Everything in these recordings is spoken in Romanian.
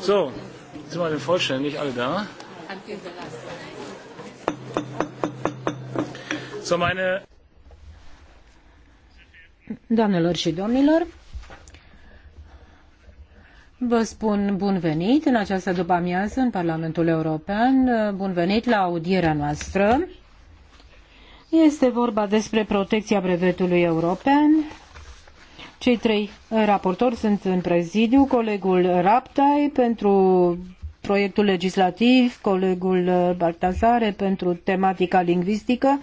So, sind wir denn vollständig alle da? So, meine Doamnelor și domnilor, vă spun bun venit în această după-amiază în Parlamentul European, bun venit la audierea noastră. Este vorba despre protecția brevetului european, cei trei eh, raportori sunt în prezidiu, colegul Raptai pentru proiectul legislativ, colegul eh, Baltazare pentru tematica lingvistică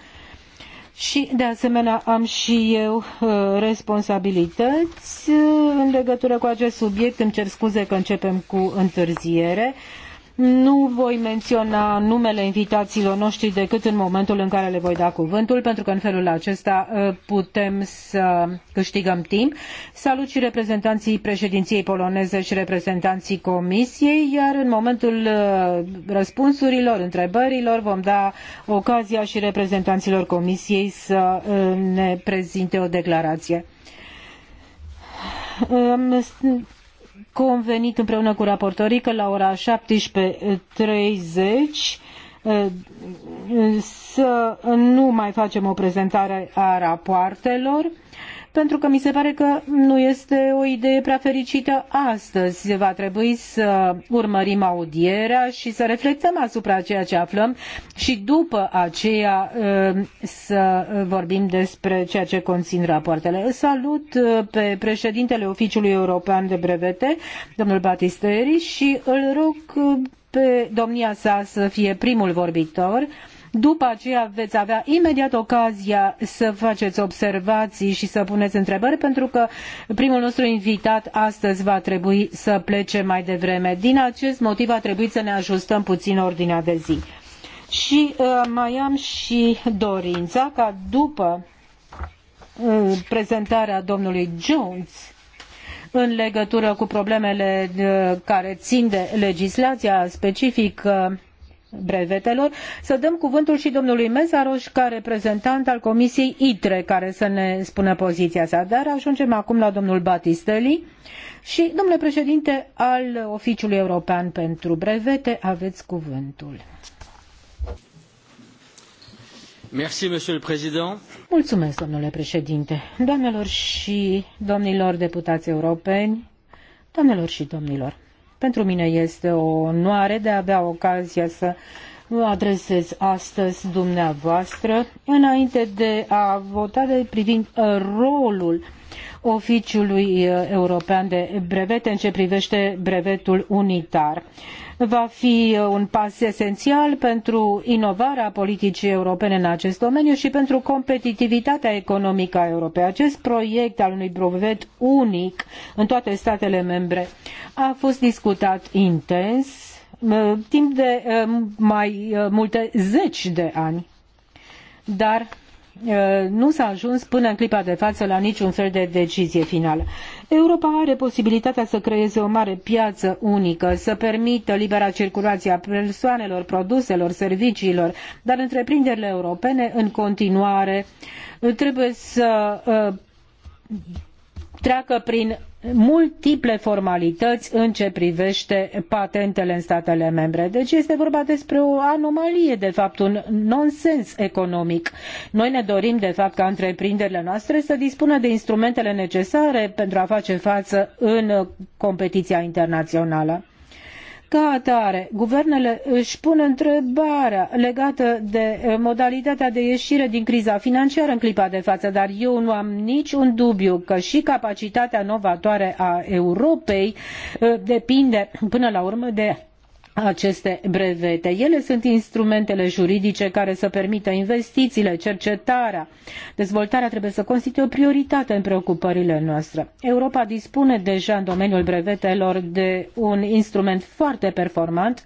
și de asemenea am și eu eh, responsabilități în legătură cu acest subiect. Îmi cer scuze că începem cu întârziere. Nu voi menționa numele invitațiilor noștri decât în momentul în care le voi da cuvântul, pentru că în felul acesta uh, putem să câștigăm timp. Salut și reprezentanții președinției poloneze și reprezentanții comisiei, iar în momentul uh, răspunsurilor, întrebărilor, vom da ocazia și reprezentanților comisiei să uh, ne prezinte o declarație. Um, convenit împreună cu raportorii că la ora 17.30 eh, să nu mai facem o prezentare a rapoartelor pentru că mi se pare că nu este o idee prea fericită astăzi. Va trebui să urmărim audierea și să reflectăm asupra ceea ce aflăm și după aceea uh, să vorbim despre ceea ce conțin rapoartele. Salut uh, pe președintele Oficiului European de Brevete, domnul Batisteri, și îl rog uh, pe domnia sa să fie primul vorbitor. Uh, după aceea veți avea imediat ocazia să faceți observații și să puneți întrebări, pentru că primul nostru invitat astăzi va trebui să plece mai devreme. Din acest motiv a trebuit să ne ajustăm puțin ordinea de zi. Și uh, mai am și dorința ca după uh, prezentarea domnului Jones în legătură cu problemele uh, care țin de legislația specifică brevetelor, să dăm cuvântul și domnului Mezaroș ca reprezentant al Comisiei ITRE, care să ne spună poziția sa. Dar ajungem acum la domnul Batisteli și, domnule președinte al Oficiului European pentru Brevete, aveți cuvântul. Merci, monsieur le président. Mulțumesc, domnule președinte. Doamnelor și domnilor deputați europeni, doamnelor și domnilor, pentru mine este o onoare de a avea ocazia să vă adresez astăzi dumneavoastră înainte de a vota de privind uh, rolul Oficiului uh, European de Brevete în ce privește brevetul unitar va fi uh, un pas esențial pentru inovarea politicii europene în acest domeniu și pentru competitivitatea economică a Europei. Acest proiect al unui brevet unic în toate statele membre a fost discutat intens uh, timp de uh, mai multe zeci de ani, dar nu s-a ajuns până în clipa de față la niciun fel de decizie finală. Europa are posibilitatea să creeze o mare piață unică, să permită libera circulație a persoanelor, produselor, serviciilor, dar întreprinderile europene în continuare trebuie să uh, treacă prin multiple formalități în ce privește patentele în statele membre. Deci este vorba despre o anomalie, de fapt un nonsens economic. Noi ne dorim, de fapt, ca întreprinderile noastre să dispună de instrumentele necesare pentru a face față în competiția internațională. Ca atare, guvernele își pun întrebarea legată de eh, modalitatea de ieșire din criza financiară în clipa de față, dar eu nu am niciun dubiu că și capacitatea novatoare a Europei eh, depinde până la urmă de aceste brevete. Ele sunt instrumentele juridice care să permită investițiile, cercetarea. Dezvoltarea trebuie să constituie o prioritate în preocupările noastre. Europa dispune deja în domeniul brevetelor de un instrument foarte performant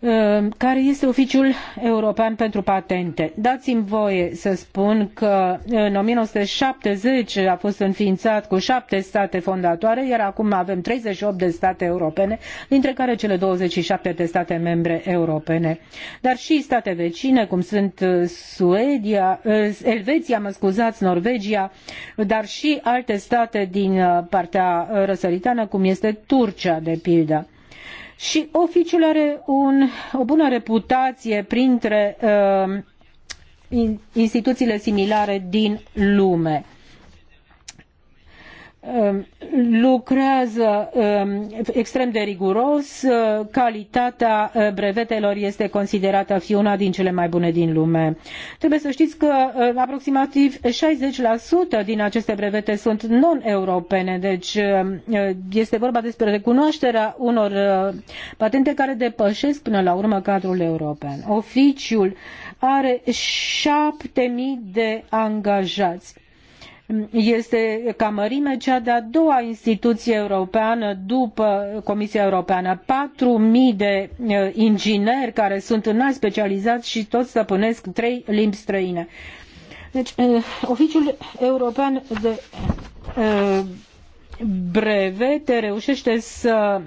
Uh, care este oficiul european pentru patente. Dați-mi voie să spun că în 1970 a fost înființat cu șapte state fondatoare, iar acum avem 38 de state europene, dintre care cele 27 de state membre europene. Dar și state vecine, cum sunt uh, Suedia, uh, Elveția, mă scuzați, Norvegia, dar și alte state din partea răsăritană, cum este Turcia, de pildă și oficiul are un, o bună reputație printre uh, instituțiile similare din lume. Um, lucrează um, extrem de riguros, uh, calitatea uh, brevetelor este considerată a fi una din cele mai bune din lume. Trebuie să știți că uh, aproximativ 60% din aceste brevete sunt non-europene, deci um, este vorba despre recunoașterea unor patente care depășesc până la urmă cadrul european. Oficiul are 7000 de angajați este ca mărime cea de-a doua instituție europeană după Comisia Europeană. 4.000 de ingineri care sunt înalt specializați și toți stăpânesc trei limbi străine. Deci, oficiul european de brevete reușește să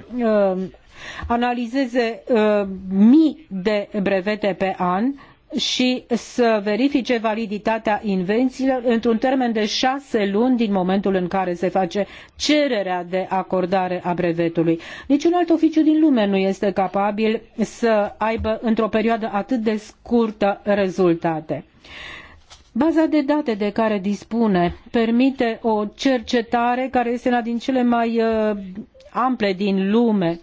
analizeze mii de brevete pe an și să verifice validitatea inveniilor într-un termen de șase luni din momentul în care se face cererea de acordare a brevetului. Niciun alt oficiu din lume nu este capabil să aibă într-o perioadă atât de scurtă rezultate. Baza de date de care dispune permite o cercetare care este una din cele mai uh, ample din lume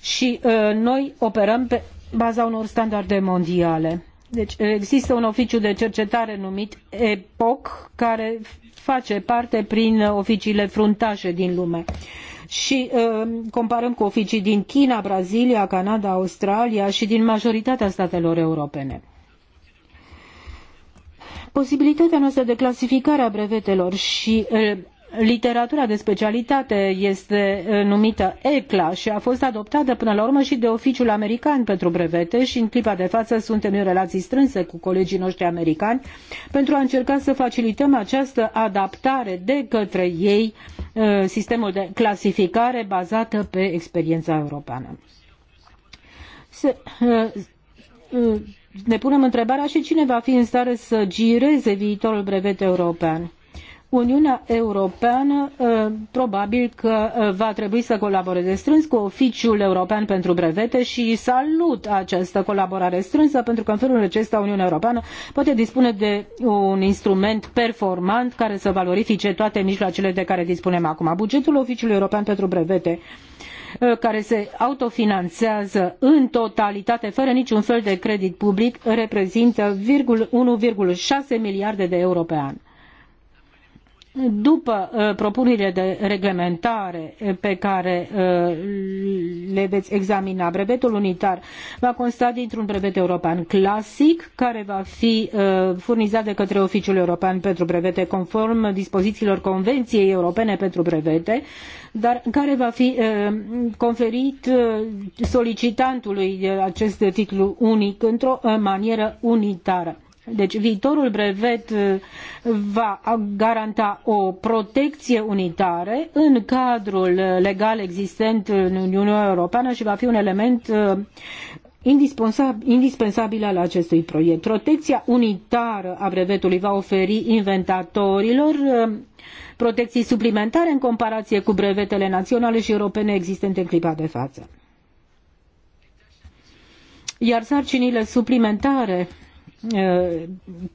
și uh, noi operăm pe baza unor standarde mondiale. Deci eh, există un oficiu de cercetare numit EPOC care face parte prin oficiile fruntașe din lume. Și eh, comparăm cu oficii din China, Brazilia, Canada, Australia și din majoritatea statelor europene. Posibilitatea noastră de clasificare a brevetelor și eh, literatura de specialitate este numită ECLA și a fost adoptată până la urmă și de oficiul american pentru brevete și în clipa de față suntem în relații strânse cu colegii noștri americani pentru a încerca să facilităm această adaptare de către ei sistemul de clasificare bazată pe experiența europeană. Se, ne punem întrebarea și cine va fi în stare să gireze viitorul brevet european Uniunea Europeană ă, probabil că ă, va trebui să colaboreze strâns cu Oficiul European pentru Brevete și salut această colaborare strânsă pentru că în felul acesta Uniunea Europeană poate dispune de un instrument performant care să valorifice toate mijloacele de care dispunem acum. Bugetul Oficiului European pentru Brevete ă, care se autofinanțează în totalitate, fără niciun fel de credit public, reprezintă 1,6 miliarde de euro pe an după uh, propunerile de reglementare uh, pe care uh, le veți examina, brevetul unitar va consta dintr-un brevet european clasic care va fi furnizat de către Oficiul European pentru Brevete conform dispozițiilor Convenției Europene pentru Brevete, dar care va fi conferit solicitantului acest titlu unic într-o manieră unitară deci viitorul brevet uh, va garanta o protecție unitară în cadrul uh, legal existent în Uniunea Europeană și va fi un element uh, indispensabil al acestui proiect. Protecția unitară a brevetului va oferi inventatorilor protecții suplimentare în comparație cu brevetele naționale și europene existente în clipa de față. Iar sarcinile suplimentare Uh,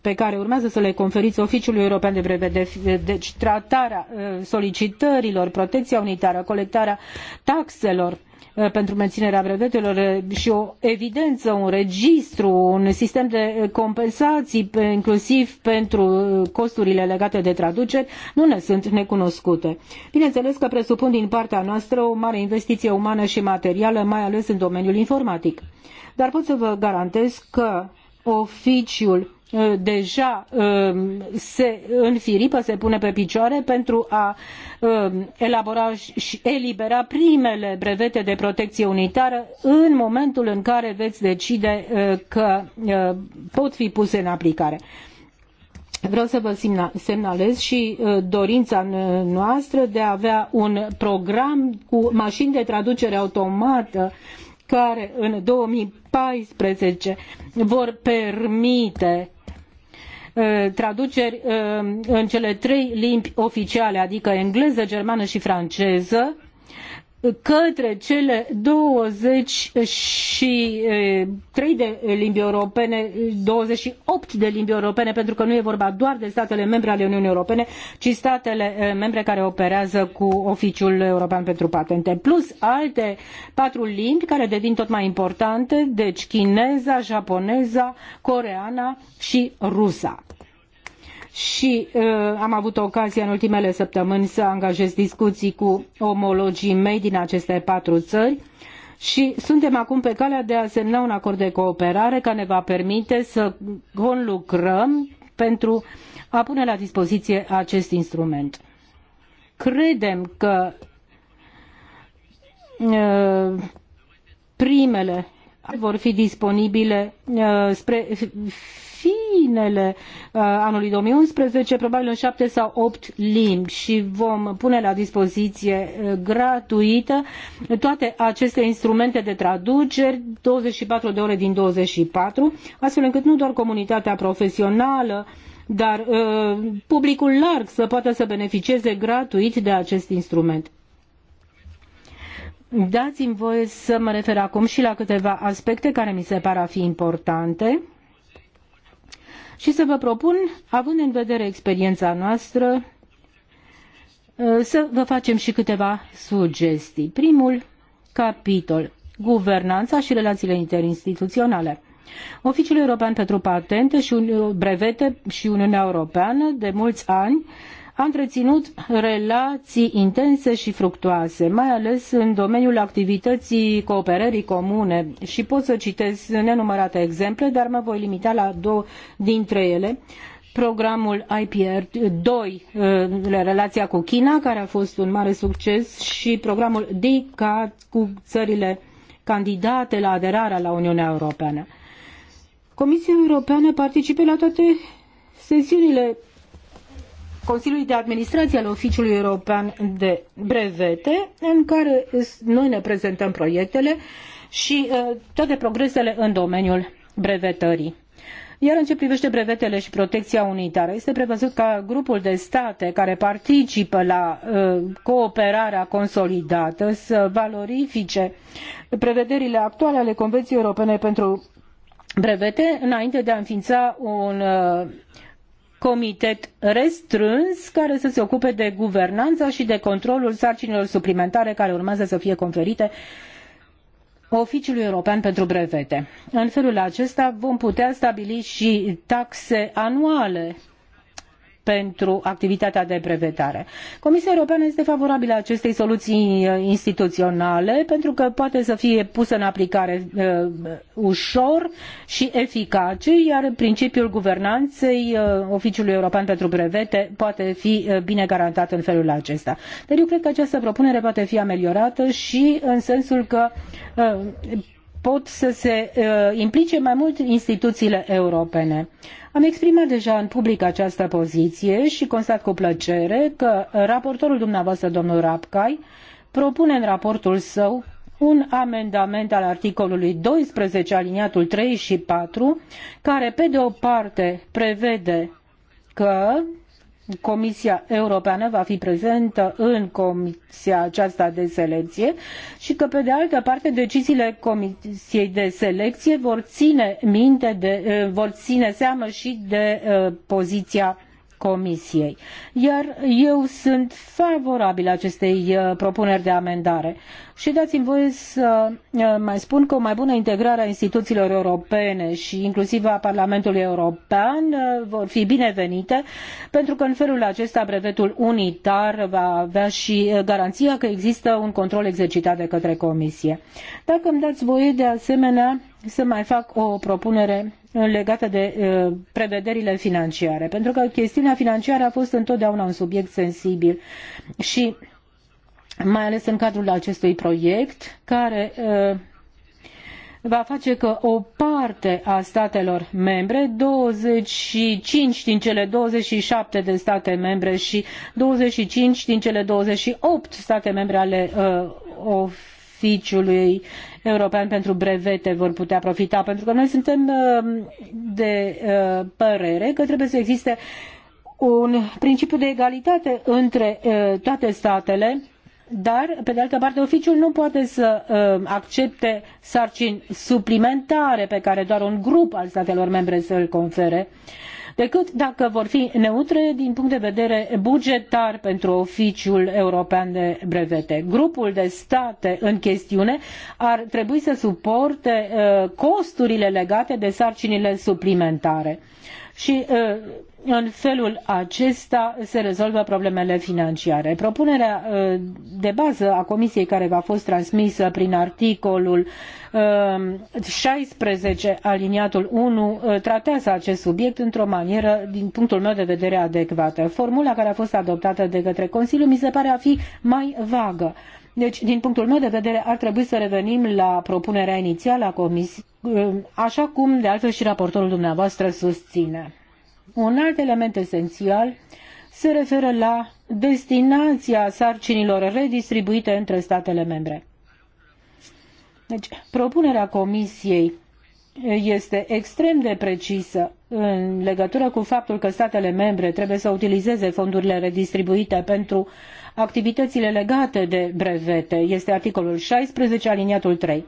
pe care urmează să le conferiți Oficiului European de Prevedere, deci tratarea uh, solicitărilor, protecția unitară, colectarea taxelor uh, pentru menținerea brevetelor și o evidență, un registru, un sistem de compensații, inclusiv pentru costurile legate de traduceri, nu ne sunt necunoscute. Bineînțeles că presupun din partea noastră o mare investiție umană și materială, mai ales în domeniul informatic. Dar pot să vă garantez că oficiul uh, deja um, se înfiripă, se pune pe picioare pentru a um, elabora și elibera primele brevete de protecție unitară în momentul în care veți decide uh, că uh, pot fi puse în aplicare. Vreau să vă semnalez și dorința noastră de a avea un program cu mașini de traducere automată care în 2014 vor permite uh, traduceri uh, în cele trei limbi oficiale, adică engleză, germană și franceză, către cele 23 de limbi europene, 28 de limbi europene, pentru că nu e vorba doar de statele membre ale Uniunii Europene, ci statele membre care operează cu Oficiul European pentru Patente, plus alte patru limbi care devin tot mai importante, deci chineza, japoneza, coreana și rusa și uh, am avut ocazia în ultimele săptămâni să angajez discuții cu omologii mei din aceste patru țări și suntem acum pe calea de a semna un acord de cooperare care ne va permite să conlucrăm pentru a pune la dispoziție acest instrument. Credem că uh, primele vor fi disponibile uh, spre finele uh, anului 2011, probabil în 7 sau 8 limbi și vom pune la dispoziție uh, gratuită toate aceste instrumente de traduceri 24 de ore din 24, astfel încât nu doar comunitatea profesională, dar uh, publicul larg să poată să beneficieze gratuit de acest instrument. Dați-mi voie să mă refer acum și la câteva aspecte care mi se par a fi importante și să vă propun, având în vedere experiența noastră, uh, să vă facem și câteva sugestii. Primul capitol, guvernanța și relațiile interinstituționale. Oficiul European pentru Patente și Brevete și Uniunea Europeană de mulți ani a întreținut relații intense și fructuoase, mai ales în domeniul activității cooperării comune și pot să citez nenumărate exemple, dar mă voi limita la două dintre ele programul IPR 2, eh, relația cu China, care a fost un mare succes, și programul DICA cu țările candidate la aderarea la Uniunea Europeană. Comisia Europeană participă la toate sesiunile Consiliului de Administrație al Oficiului European de Brevete, în care noi ne prezentăm proiectele și uh, toate progresele în domeniul brevetării. Iar în ce privește brevetele și protecția unitară, este prevăzut ca grupul de state care participă la uh, cooperarea consolidată să valorifice prevederile actuale ale Convenției Europene pentru brevete înainte de a înființa un uh, comitet restrâns care să se ocupe de guvernanța și de controlul sarcinilor suplimentare care urmează să fie conferite Oficiului European pentru Brevete. În felul acesta vom putea stabili și taxe anuale pentru activitatea de brevetare. Comisia Europeană este favorabilă acestei soluții uh, instituționale pentru că poate să fie pusă în aplicare uh, ușor și eficace, iar principiul guvernanței uh, Oficiului European pentru Brevete poate fi bine garantat în felul acesta. Deci eu cred că această propunere poate fi ameliorată și în sensul că pot să se uh, implice mai mult instituțiile europene. Am exprimat deja în public această poziție și constat cu plăcere că raportorul dumneavoastră, domnul Rapcai, propune în raportul său un amendament al articolului 12, aliniatul 3 și 4, care, pe de o parte, prevede că Comisia Europeană va fi prezentă în comisia aceasta de selecție și că, pe de altă parte, deciziile comisiei de selecție vor ține minte de, eh, vor ține seamă și de eh, poziția Comisiei. Iar eu sunt favorabil acestei uh, propuneri de amendare. Și dați-mi voie să uh, mai spun că o mai bună integrare a instituțiilor europene și inclusiv a Parlamentului European uh, vor fi binevenite, pentru că în felul acesta brevetul unitar va avea și garanția că există un control exercitat de către Comisie. Dacă îmi dați voie de asemenea să mai fac o propunere legată de uh, prevederile financiare, pentru că chestiunea financiară a fost întotdeauna un subiect sensibil și mai ales în cadrul acestui proiect care uh, va face că o parte a statelor membre, 25 din cele 27 de state membre și 25 din cele 28 state membre ale uh, of Oficiului European pentru Brevete vor putea profita, pentru că noi suntem uh, de uh, părere că trebuie să existe un principiu de egalitate între uh, toate statele dar, pe de altă parte, oficiul nu poate să uh, accepte sarcini suplimentare pe care doar un grup al statelor membre să îl confere. Uh, decât dacă vor fi neutre din punct de vedere bugetar pentru Oficiul European de Brevete. Grupul de state în chestiune ar trebui să suporte uh, costurile legate de sarcinile suplimentare. Și uh, în felul acesta se rezolvă problemele financiare. Propunerea uh, de bază a comisiei care v-a fost transmisă prin articolul 16 uh, aliniatul 1 uh, tratează acest subiect într-o manieră, din punctul meu de vedere, adecvată. Formula care a fost adoptată de către Consiliu mi se pare a fi mai vagă. Deci, din punctul meu de vedere, ar trebui să revenim la propunerea inițială a Comisiei, așa cum, de altfel, și raportorul dumneavoastră susține. Un alt element esențial se referă la destinația sarcinilor redistribuite între statele membre. Deci, propunerea Comisiei este extrem de precisă în legătură cu faptul că statele membre trebuie să utilizeze fondurile redistribuite pentru activitățile legate de brevete. Este articolul 16, aliniatul 3.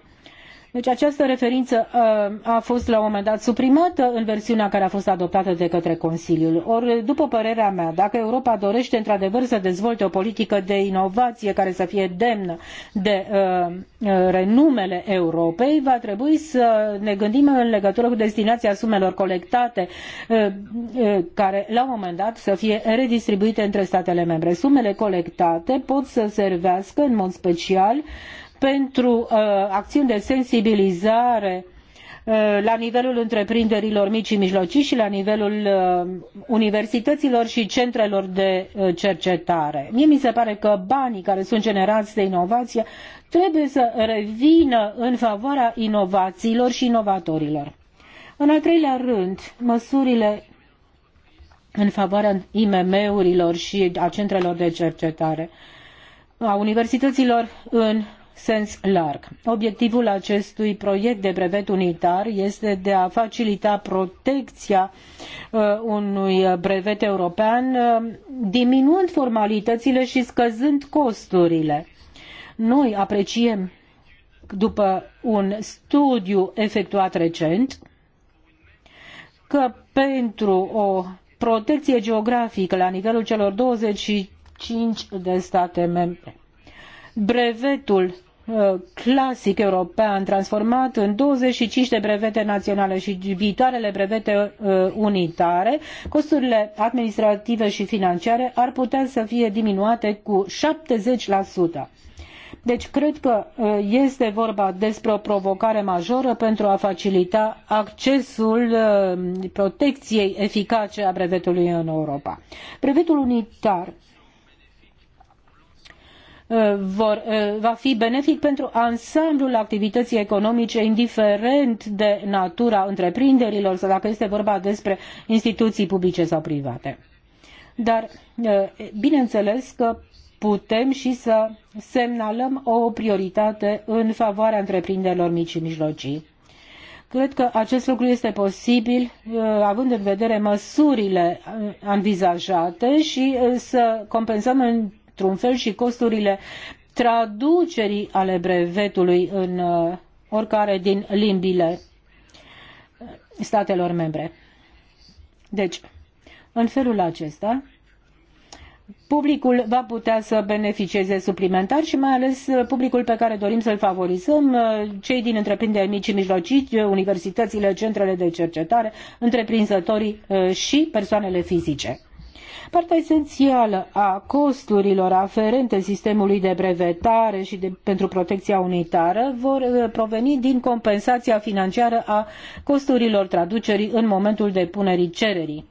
Deci această referință uh, a fost la un moment dat suprimată în versiunea care a fost adoptată de către Consiliul. Or, după părerea mea, dacă Europa dorește într-adevăr să dezvolte o politică de inovație care să fie demnă de uh, uh, renumele Europei, va trebui să ne gândim în legătură cu destinația sumelor colectate uh, uh, care la un moment dat să fie redistribuite între statele membre. Sumele colectate pot să servească în mod special uh, pentru uh, acțiuni de sensibilizare uh, la nivelul întreprinderilor mici și mijlocii și la nivelul uh, universităților și centrelor de uh, cercetare. Mie mi se pare că banii care sunt generați de inovație trebuie să revină în favoarea inovațiilor și inovatorilor. În al treilea rând, măsurile în favoarea IMM-urilor și a centrelor de cercetare, a universităților în sens larg. Obiectivul acestui proiect de brevet unitar este de a facilita protecția uh, unui brevet european, uh, diminuând formalitățile și scăzând costurile. Noi apreciem după un studiu efectuat recent că pentru o protecție geografică la nivelul celor 25 de state membre brevetul Uh, clasic european transformat în 25 de brevete naționale și viitoarele brevete uh, unitare, costurile administrative și financiare ar putea să fie diminuate cu 70%. Deci cred că uh, este vorba despre o provocare majoră pentru a facilita accesul protecției eficace a brevetului în Europa. Brevetul unitar vor, eh, va fi benefic pentru ansamblul activității economice, indiferent de natura întreprinderilor sau dacă este vorba despre instituții publice sau private. Dar, eh, bineînțeles că putem și să semnalăm o prioritate în favoarea întreprinderilor mici și mijlocii. Cred că acest lucru este posibil eh, având în vedere măsurile anvizajate și să compensăm în într-un fel și costurile traducerii ale brevetului în uh, oricare din limbile statelor membre. Deci, în felul acesta, publicul va putea să beneficieze suplimentar și mai ales uh, publicul pe care dorim să-l favorizăm, uh, cei din întreprinderi mici și mijlocii, universitățile, centrele de cercetare, întreprinzătorii și persoanele fizice. Partea esențială a costurilor aferente sistemului de brevetare și de, pentru protecția unitară vor uh, proveni din compensația financiară a costurilor traducerii în momentul depunerii cererii.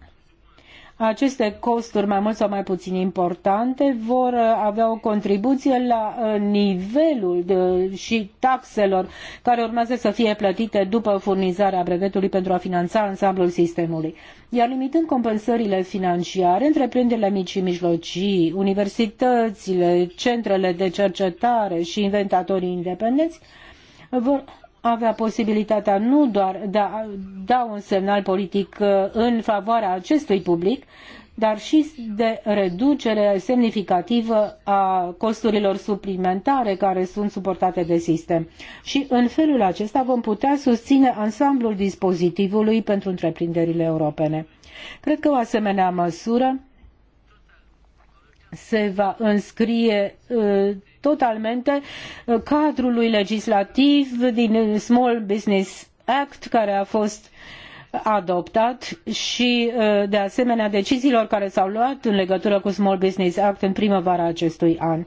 Aceste costuri, mai mult sau mai puțin importante, vor uh, avea o contribuție la uh, nivelul de, și taxelor care urmează să fie plătite după furnizarea brevetului pentru a finanța ansamblul sistemului. Iar limitând compensările financiare, întreprinderile mici și mijlocii, universitățile, centrele de cercetare și inventatorii independenți vor avea posibilitatea nu doar de a da un semnal politic uh, în favoarea acestui public, dar și de reducere semnificativă a costurilor suplimentare care sunt suportate de sistem. Și în felul acesta vom putea susține ansamblul dispozitivului pentru întreprinderile europene. Cred că o asemenea măsură se va înscrie uh, totalmente uh, cadrului legislativ din Small Business Act care a fost adoptat și uh, de asemenea deciziilor care s-au luat în legătură cu Small Business Act în primăvara acestui an.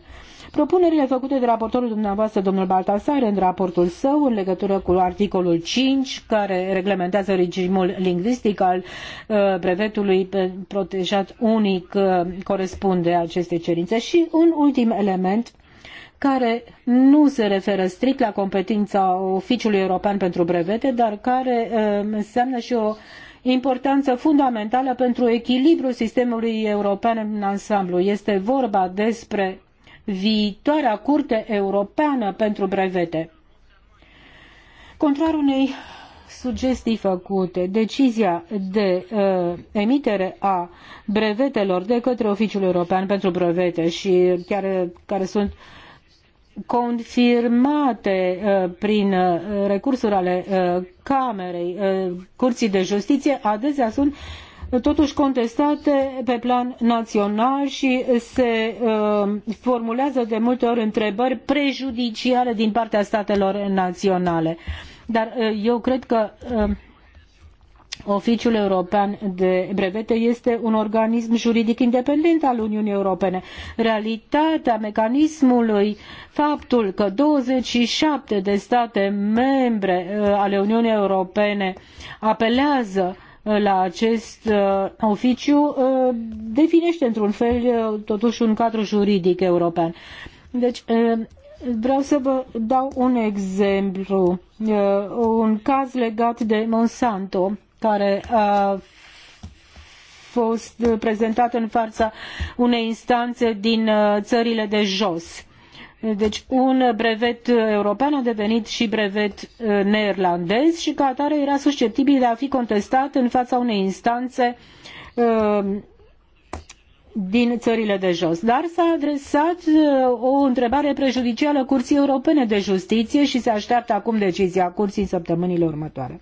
Propunerile făcute de raportorul dumneavoastră, domnul Baltasar, în raportul său, în legătură cu articolul 5, care reglementează regimul lingvistic al uh, brevetului protejat unic, uh, corespunde acestei cerințe. Și un ultim element care nu se referă strict la competența Oficiului European pentru Brevete, dar care uh, înseamnă și o importanță fundamentală pentru echilibrul sistemului european în ansamblu. Este vorba despre viitoarea Curte Europeană pentru Brevete. Contrar unei sugestii făcute, decizia de uh, emitere a brevetelor de către Oficiul European pentru Brevete și chiar uh, care sunt confirmate uh, prin uh, recursuri ale uh, Camerei uh, Curții de Justiție, adesea sunt uh, totuși contestate pe plan național și se uh, formulează de multe ori întrebări prejudiciale din partea statelor naționale. Dar uh, eu cred că uh, Oficiul European de Brevete este un organism juridic independent al Uniunii Europene. Realitatea mecanismului, faptul că 27 de state membre uh, ale Uniunii Europene apelează uh, Uh, la acest uh, oficiu uh, definește într-un fel totuși un cadru juridic european. Deci vreau să vă dau un exemplu, un caz legat de Monsanto care a fost prezentat în fața unei instanțe din țările de jos deci un brevet uh, european a devenit și brevet uh, neerlandez și ca atare era susceptibil de a fi contestat în fața unei instanțe uh, din țările de jos. Dar s-a adresat o întrebare prejudicială Curții Europene de Justiție și se așteaptă acum decizia Curții în săptămânile următoare.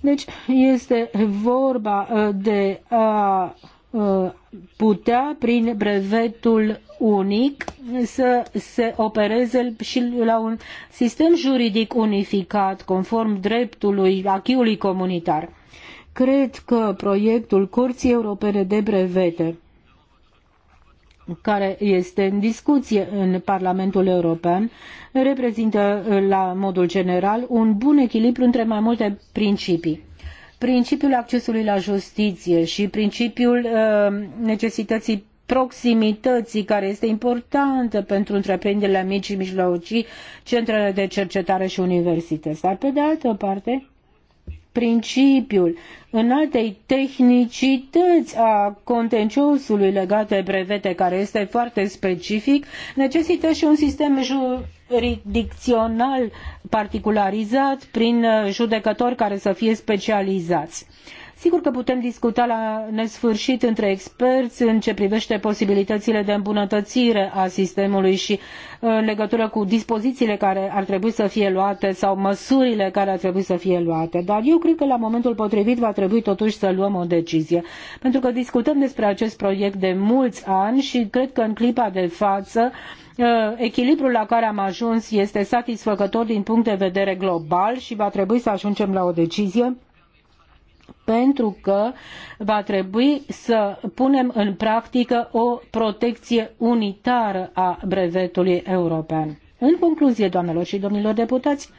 Deci este vorba de a Uh, putea, prin brevetul unic, să se opereze și la un sistem juridic unificat, conform dreptului, achiului comunitar. Cred că proiectul Curții Europene de Brevete, care este în discuție în Parlamentul European, reprezintă, la modul general, un bun echilibru între mai multe principii principiul accesului la justiție și principiul uh, necesității proximității care este importantă pentru întreprinderile mici și mijlocii, centrele de cercetare și universități. Dar pe de altă parte, principiul înaltei tehnicități a contenciosului legat de brevete, care este foarte specific, necesită și un sistem juridicțional particularizat prin judecători care să fie specializați. Sigur că putem discuta la nesfârșit între experți în ce privește posibilitățile de îmbunătățire a sistemului și uh, în legătură cu dispozițiile care ar trebui să fie luate sau măsurile care ar trebui să fie luate. Dar eu cred că la momentul potrivit va trebui totuși să luăm o decizie. Pentru că discutăm despre acest proiect de mulți ani și cred că în clipa de față uh, echilibrul la care am ajuns este satisfăcător din punct de vedere global și va trebui să ajungem la o decizie pentru că va trebui să punem în practică o protecție unitară a brevetului european. În concluzie, doamnelor și domnilor deputați,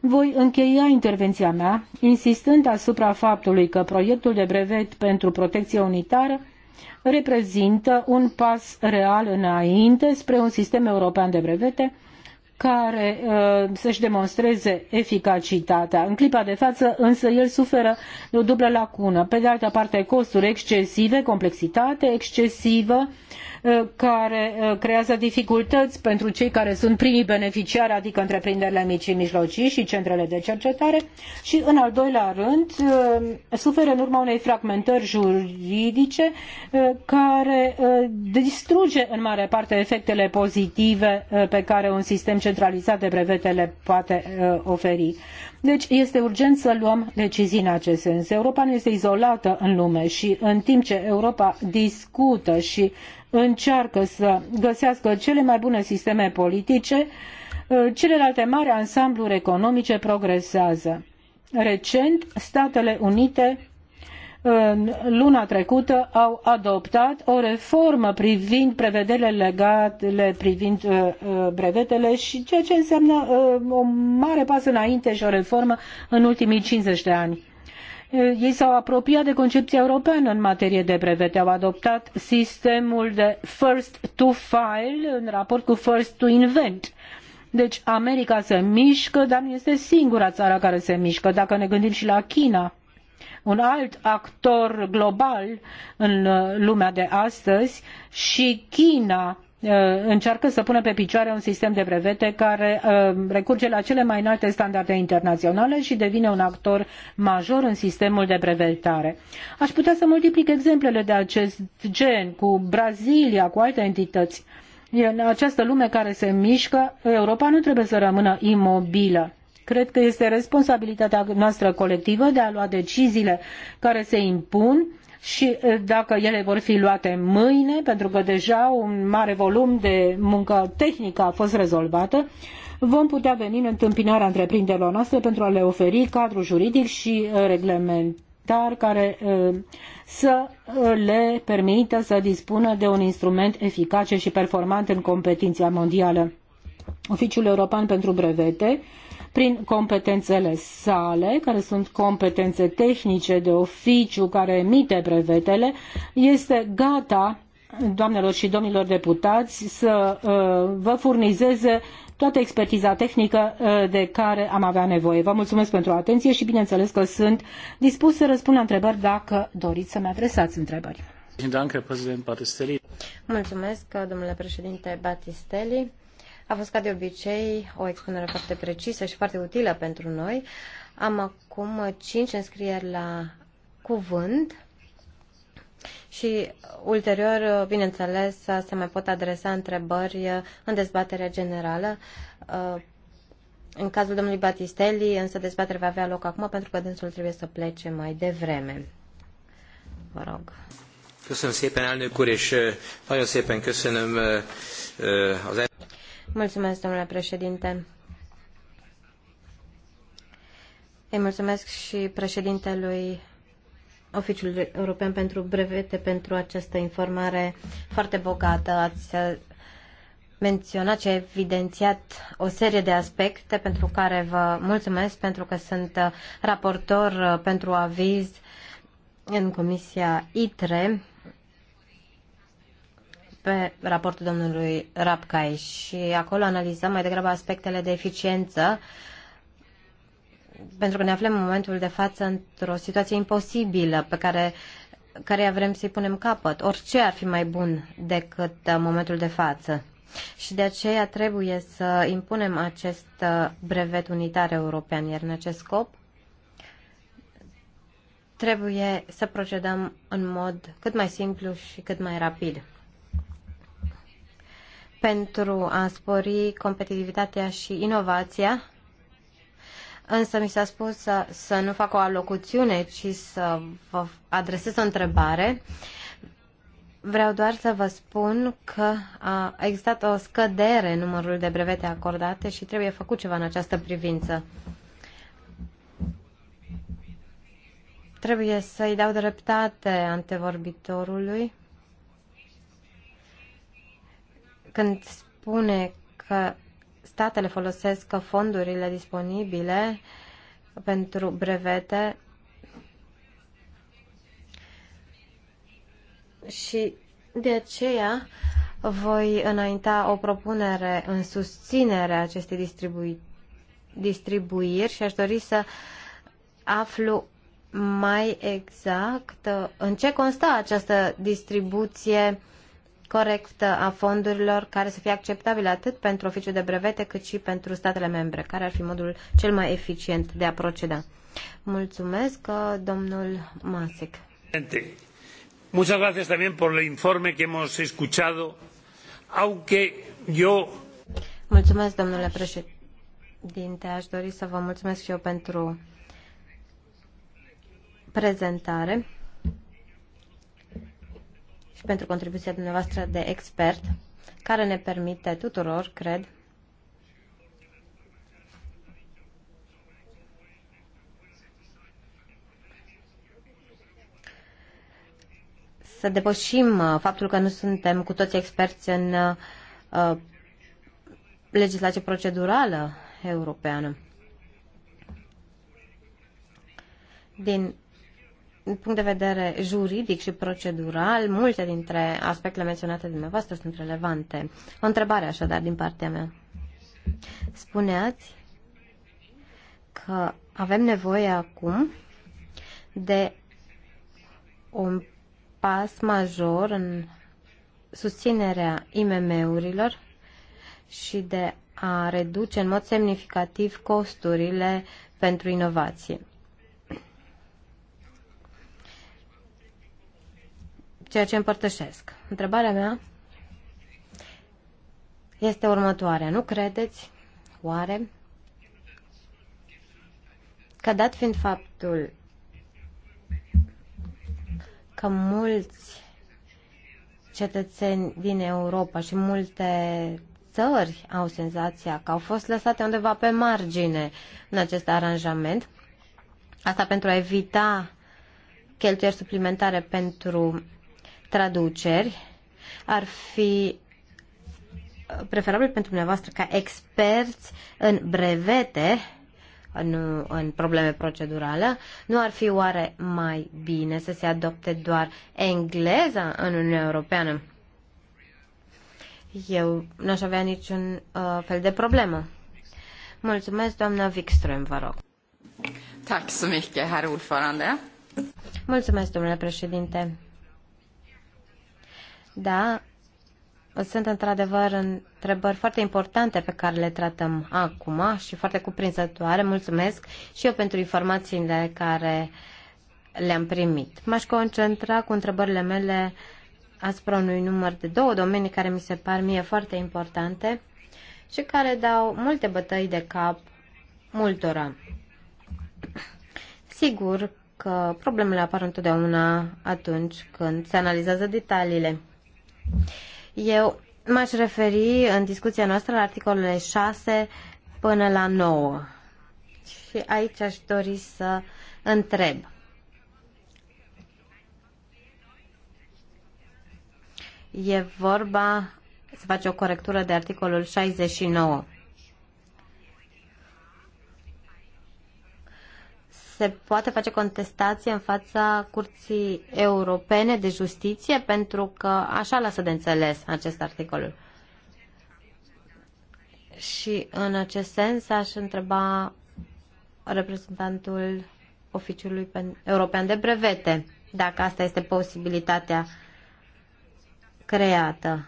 voi încheia intervenția mea insistând asupra faptului că proiectul de brevet pentru protecție unitară reprezintă un pas real înainte spre un sistem european de brevete care uh, să-și demonstreze eficacitatea. În clipa de față, însă, el suferă de o dublă lacună. Pe de altă parte, costuri excesive, complexitate excesivă, uh, Uh, care uh, creează dificultăți pentru cei care sunt primii beneficiari, adică întreprinderile mici și mijlocii și centrele de cercetare și, în al doilea rând, uh, suferă în urma unei fragmentări juridice care distruge în mare parte efectele pozitive pe care un sistem centralizat de brevete le poate oferi. Deci este urgent să luăm decizii în acest sens. Europa nu este izolată în lume și în timp ce Europa discută și încearcă să găsească cele mai bune sisteme politice, uh, celelalte mari ansambluri economice progresează. Recent, Statele Unite luna trecută au adoptat o reformă privind prevederile legate, privind uh, uh, brevetele și ceea ce înseamnă o mare pas înainte și o reformă în ultimii 50 de ani ei s-au apropiat de concepția europeană în materie de brevete. Au adoptat sistemul de first to file în raport cu first to invent. Deci America se mișcă, dar nu este singura țară care se mișcă. Dacă ne gândim și la China, un alt actor global în lumea de astăzi și China Uh, încearcă să pună pe picioare un sistem de brevete care uh, recurge la cele mai înalte standarde internaționale și devine un actor major în sistemul de brevetare. Aș putea să multiplic exemplele de acest gen cu Brazilia, cu alte entități. În această lume care se mișcă, Europa nu trebuie să rămână imobilă. Cred că este responsabilitatea noastră colectivă de a lua deciziile care se impun și dacă ele vor fi luate mâine, pentru că deja un mare volum de muncă tehnică a fost rezolvată, vom putea veni în întâmpinarea întreprinderilor noastre pentru a le oferi cadru juridic și reglementar care să le permită să dispună de un instrument eficace și performant în competiția mondială. Oficiul European pentru Brevete prin competențele sale, care sunt competențe tehnice de oficiu care emite brevetele, este gata, doamnelor și domnilor deputați, să uh, vă furnizeze toată expertiza tehnică uh, de care am avea nevoie. Vă mulțumesc pentru atenție și bineînțeles că sunt dispus să răspund la întrebări dacă doriți să-mi adresați întrebări. Mulțumesc, domnule președinte Battistelli. A fost ca de obicei o expunere foarte precisă și foarte utilă pentru noi. Am acum cinci înscrieri la cuvânt și ulterior, bineînțeles, se mai pot adresa întrebări în dezbaterea generală. Uh, în cazul domnului Batistelli, însă dezbaterea va avea loc acum pentru că dânsul trebuie să plece mai devreme. Vă rog. Köszönöm szépen, elnök úr, és uh, nagyon szépen köszönöm uh, az Mulțumesc, domnule președinte. Îi mulțumesc și președintelui Oficiul European pentru Brevete pentru această informare foarte bogată. Ați menționat și evidențiat o serie de aspecte pentru care vă mulțumesc, pentru că sunt raportor pentru aviz în Comisia ITRE pe raportul domnului Rapcai și acolo analizăm mai degrabă aspectele de eficiență pentru că ne aflăm în momentul de față într-o situație imposibilă pe care care vrem să-i punem capăt. Orice ar fi mai bun decât uh, momentul de față. Și de aceea trebuie să impunem acest uh, brevet unitar european, iar în acest scop trebuie să procedăm în mod cât mai simplu și cât mai rapid pentru a spori competitivitatea și inovația, însă mi s-a spus să, să nu fac o alocuțiune, ci să vă adresez o întrebare. Vreau doar să vă spun că a existat o scădere în numărul de brevete acordate și trebuie făcut ceva în această privință. Trebuie să-i dau dreptate antevorbitorului. când spune că statele folosesc fondurile disponibile pentru brevete și de aceea voi înainta o propunere în susținerea acestei distribui- distribuiri și aș dori să aflu mai exact în ce constă această distribuție uh, corectă a fondurilor care să fie acceptabilă atât pentru oficiul de brevete cât și pentru statele membre, care ar fi modul cel mai eficient de a proceda. Mulțumesc, uh, domnul Masic. Muchas gracias también por el informe que hemos escuchado, aunque yo... Mulțumesc, domnule președinte. Aș dori să vă mulțumesc și eu pentru prezentare și pentru contribuția dumneavoastră de expert, care ne permite tuturor, cred, să depășim uh, faptul că nu suntem cu toți experți în uh, legislație procedurală europeană. Din din punct de vedere juridic și procedural, multe dintre aspectele menționate de dumneavoastră sunt relevante. O întrebare așadar din partea mea. Spuneați că avem nevoie acum de un pas major în susținerea IMM-urilor și de a reduce în mod semnificativ costurile pentru inovație. ceea ce împărtășesc. Întrebarea mea este următoarea. Nu credeți, oare, că dat fiind faptul că mulți cetățeni din Europa și multe țări au senzația că au fost lăsate undeva pe margine în acest aranjament. Asta pentru a evita cheltuieli suplimentare pentru traduceri ar fi uh, preferabil pentru dumneavoastră ca experți în brevete, în, în probleme procedurale, nu ar fi oare mai bine să se adopte doar engleza în Uniunea Europeană? Eu n-aș avea niciun uh, fel de problemă. Mulțumesc, doamna Wikström, vă rog. Tack så mycket, herr ordförande. Mulțumesc, domnule președinte. Da, sunt într-adevăr întrebări foarte importante pe care le tratăm acum și foarte cuprinzătoare. Mulțumesc și eu pentru informațiile care le-am primit. M-aș concentra cu întrebările mele asupra unui număr de două domenii care mi se par mie foarte importante și care dau multe bătăi de cap multora. Sigur că problemele apar întotdeauna atunci când se analizează detaliile. Eu m-aș referi în discuția noastră la articolele 6 până la 9. Și aici aș dori să întreb. E vorba, să face o corectură de articolul 69. se poate face contestație în fața Curții Europene de Justiție, pentru că așa lasă de înțeles acest articol. Și în acest sens aș întreba reprezentantul Oficiului European de Brevete dacă asta este posibilitatea creată.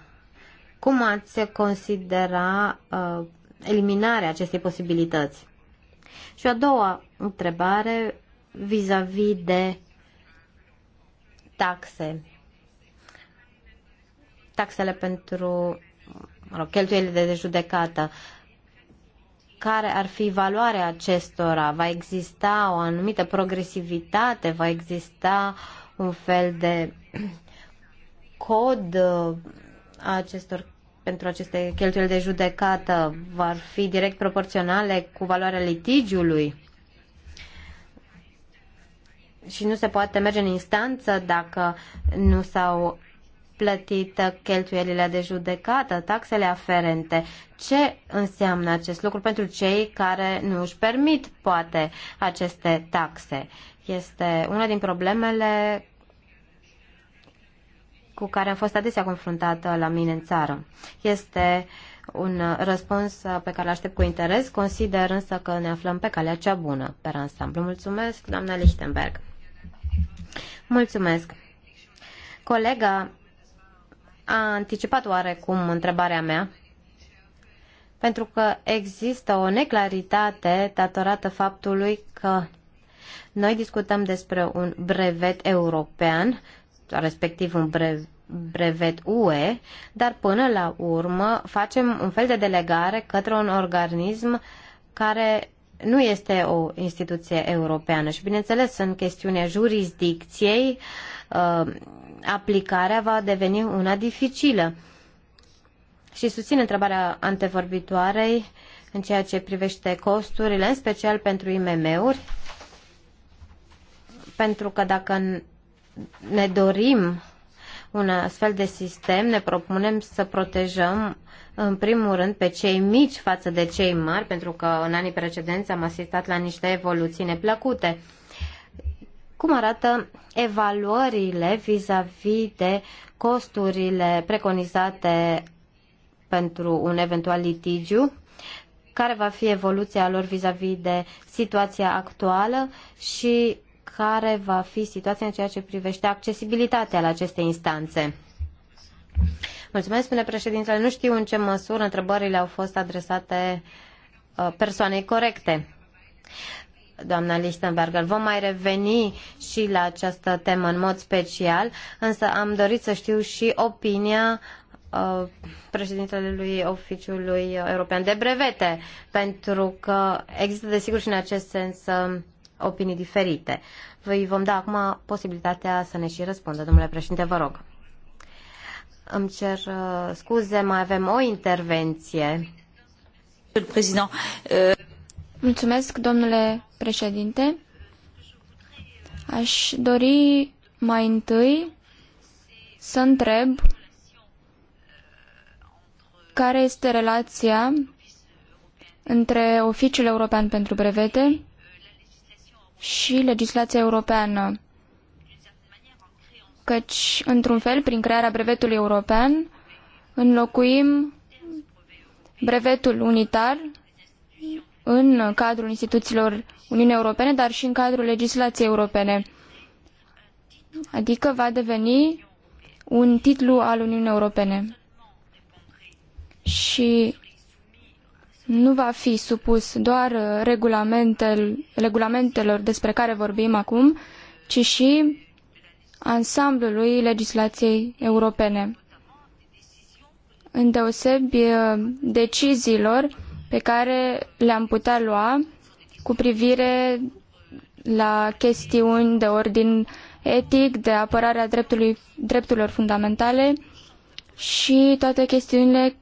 Cum ați considera uh, eliminarea acestei posibilități? Și a doua întrebare vis-a-vis -vis de taxe. Taxele pentru mă rog, cheltuielile de judecată. Care ar fi valoarea acestora? Va exista o anumită progresivitate? Va exista un fel de cod uh, a acestor pentru aceste cheltuieli de judecată vor fi direct proporționale cu valoarea litigiului și nu se poate merge în instanță dacă nu s-au plătit cheltuielile de judecată, taxele aferente. Ce înseamnă acest lucru pentru cei care nu își permit, poate, aceste taxe? Este una din problemele cu care am fost adesea confruntată uh, la mine în țară. Este un uh, răspuns uh, pe care l aștept cu interes, consider însă că ne aflăm pe calea cea bună pe ansamblu. Mulțumesc, doamna Lichtenberg. Mulțumesc. Colega a anticipat oarecum întrebarea mea, pentru că există o neclaritate datorată faptului că noi discutăm despre un brevet european respectiv un brevet UE, dar până la urmă facem un fel de delegare către un organism care nu este o instituție europeană și, bineînțeles, în chestiunea jurisdicției, uh, aplicarea va deveni una dificilă. Și susțin întrebarea antevorbitoarei în ceea ce privește costurile, în special pentru IMM-uri, pentru că dacă ne dorim un astfel de sistem, ne propunem să protejăm în primul rând pe cei mici față de cei mari, pentru că în anii precedenți am asistat la niște evoluții neplăcute. Cum arată evaluările vis-a-vis -vis de costurile preconizate pentru un eventual litigiu? Care va fi evoluția lor vis-a-vis -vis de situația actuală și care va fi situația în ceea ce privește accesibilitatea la aceste instanțe. Mulțumesc, spune președintele. Nu știu în ce măsură întrebările au fost adresate uh, persoanei corecte. Doamna Lichtenberger, vom mai reveni și la această temă în mod special, însă am dorit să știu și opinia uh, președintelui Oficiului European de Brevete, pentru că există desigur și în acest sens uh, opinii diferite. Vă vom da acum posibilitatea să ne și răspundă. Domnule președinte, vă rog. Îmi cer uh, scuze, mai avem o intervenție. Uh, Mulțumesc, domnule președinte. Aș dori mai întâi să întreb care este relația între Oficiul European pentru Brevete și legislația europeană. Căci, într-un fel, prin crearea brevetului european, înlocuim brevetul unitar în cadrul instituțiilor Uniunii Europene, dar și în cadrul legislației europene. Adică va deveni un titlu al Uniunii Europene. Și nu va fi supus doar uh, regulamentel, regulamentelor despre care vorbim acum, ci și ansamblului legislației europene, îndeosebi uh, deciziilor pe care le-am putea lua cu privire la chestiuni de ordin etic, de apărare a drepturilor fundamentale și toate chestiunile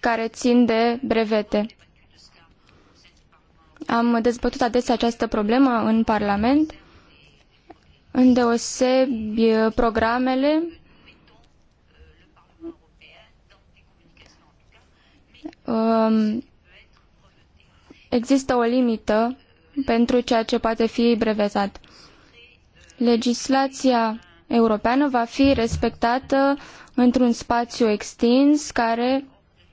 care țin de brevete. Am dezbătut adesea această problemă în Parlament, îndeosebi programele um, există o limită pentru ceea ce poate fi brevetat. Legislația europeană va fi respectată într-un spațiu extins care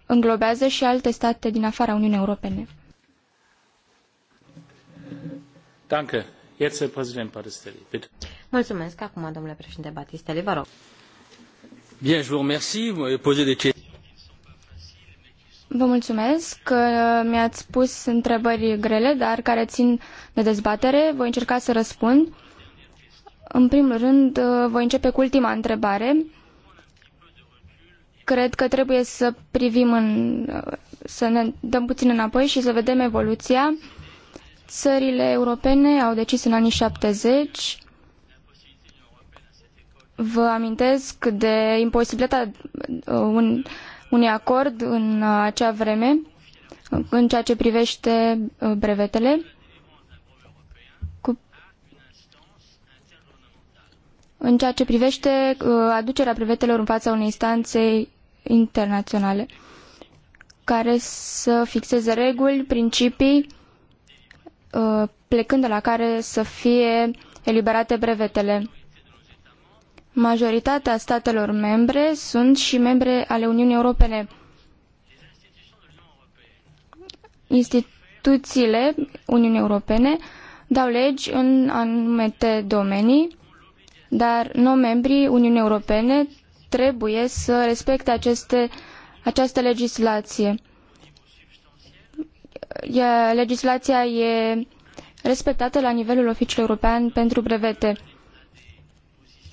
înglobează și alte state din afara Uniunii Europene. Danke. Jetzt Präsident Battistelli, bitte. Mulțumesc. Acum, domnule președinte Battistelli, vă rog. Bien, je vous remercie. Vous m'avez posé des questions. Vă mulțumesc că mi-ați pus întrebări grele, dar care țin de dezbatere. Voi încerca să răspund. În primul rând, voi începe cu ultima întrebare cred că trebuie să privim în, să ne dăm puțin înapoi și să vedem evoluția. Țările europene au decis în anii 70 Vă amintesc de imposibilitatea uh, un, unui acord în acea vreme în ceea ce privește uh, brevetele. Cu... În ceea ce privește uh, aducerea brevetelor în fața unei instanțe internaționale care să fixeze reguli, principii, uh, plecând de la care să fie eliberate brevetele. Majoritatea statelor membre sunt și membre ale Uniunii Europene. Instituțiile Uniunii Europene dau legi în anumite domenii, dar nu membrii Uniunii Europene trebuie să respecte aceste, această legislație. legislația e respectată la nivelul Oficiului European pentru brevete.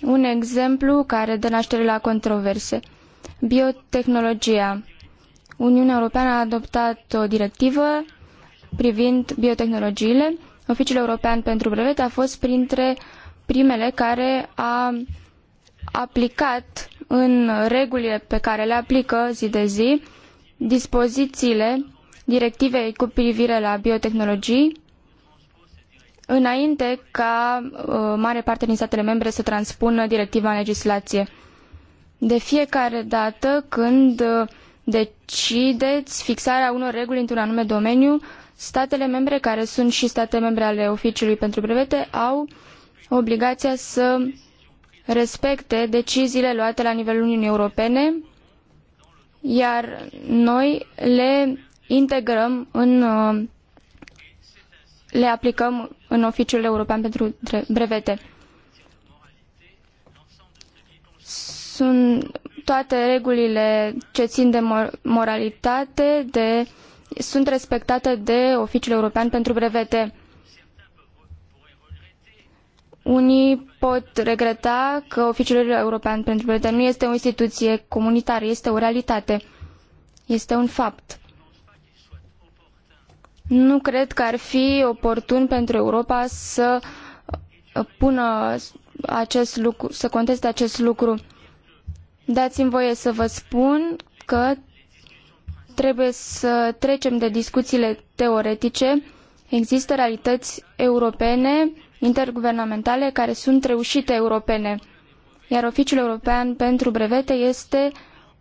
Un exemplu care dă naștere la controverse. Biotehnologia. Uniunea Europeană a adoptat o directivă privind biotehnologiile. Oficiul European pentru brevete a fost printre primele care a aplicat în regulile pe care le aplică zi de zi dispozițiile directivei cu privire la biotehnologii înainte ca uh, mare parte din statele membre să transpună directiva în legislație. De fiecare dată când uh, decideți fixarea unor reguli într-un anume domeniu, statele membre, care sunt și state membre ale Oficiului pentru Brevete, au obligația să respecte deciziile luate la nivelul Uniunii Europene, iar noi le integrăm în uh, le aplicăm în Oficiul European pentru Brevete. Sunt toate regulile ce țin de moralitate de, sunt respectate de Oficiul European pentru Brevete. Unii pot regreta că Oficiul European pentru Bretanie nu este o instituție comunitară, este o realitate, este un fapt. Nu cred că ar fi oportun pentru Europa să pună acest lucru, să conteste acest lucru. Dați-mi voie să vă spun că trebuie să trecem de discuțiile teoretice. Există realități europene interguvernamentale care sunt reușite europene. Iar Oficiul European pentru Brevete este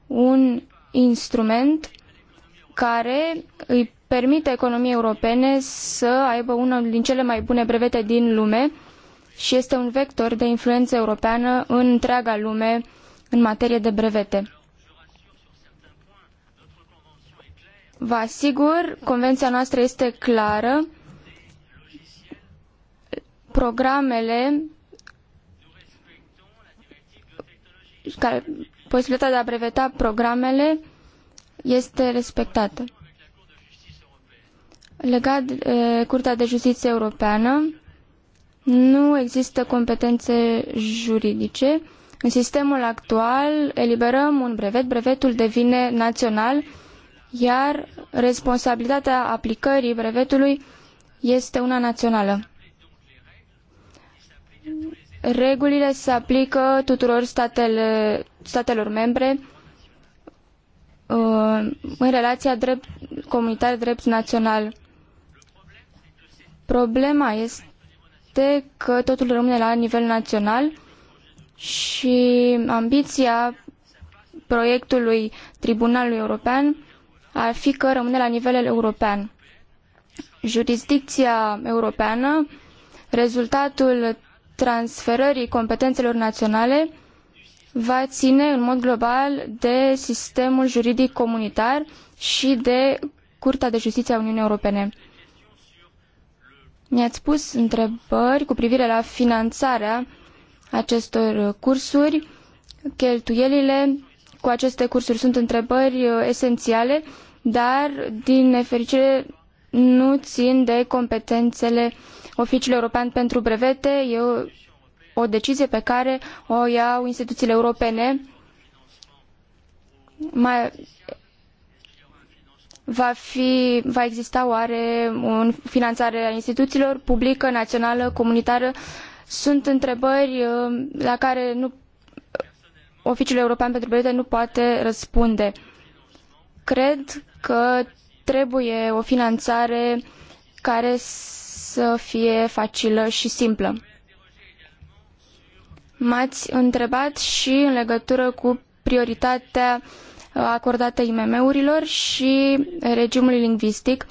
un instrument care îi permite economiei europene să aibă unul din cele mai bune brevete din lume și este un vector de influență europeană în întreaga lume în materie de brevete. Vă asigur, convenția noastră este clară programele care, posibilitatea de a breveta programele este respectată. Legat de Curtea de Justiție Europeană, nu există competențe juridice. În sistemul actual eliberăm un brevet, brevetul devine național, iar responsabilitatea aplicării brevetului este una națională regulile se aplică tuturor statele, statelor membre uh, în relația drept, comunitar drept național. Problema este că totul rămâne la nivel național și ambiția proiectului Tribunalului European ar fi că rămâne la nivel european. Jurisdicția europeană, rezultatul transferării competențelor naționale va ține în mod global de sistemul juridic comunitar și de Curtea de Justiție a Uniunii Europene. Mi-ați pus întrebări cu privire la finanțarea acestor cursuri, cheltuielile cu aceste cursuri sunt întrebări uh, esențiale, dar din nefericire nu țin de competențele uh, Oficiul European pentru Brevete e o, decizie pe care o iau instituțiile europene. Mai, va, fi, va exista oare o finanțare a instituțiilor publică, națională, comunitară? Sunt întrebări uh, la care nu, Oficiul European pentru Brevete nu poate răspunde. Cred că trebuie o finanțare care să fie facilă și simplă. M-ați întrebat și în legătură cu prioritatea acordată IMM-urilor și regimului lingvistic.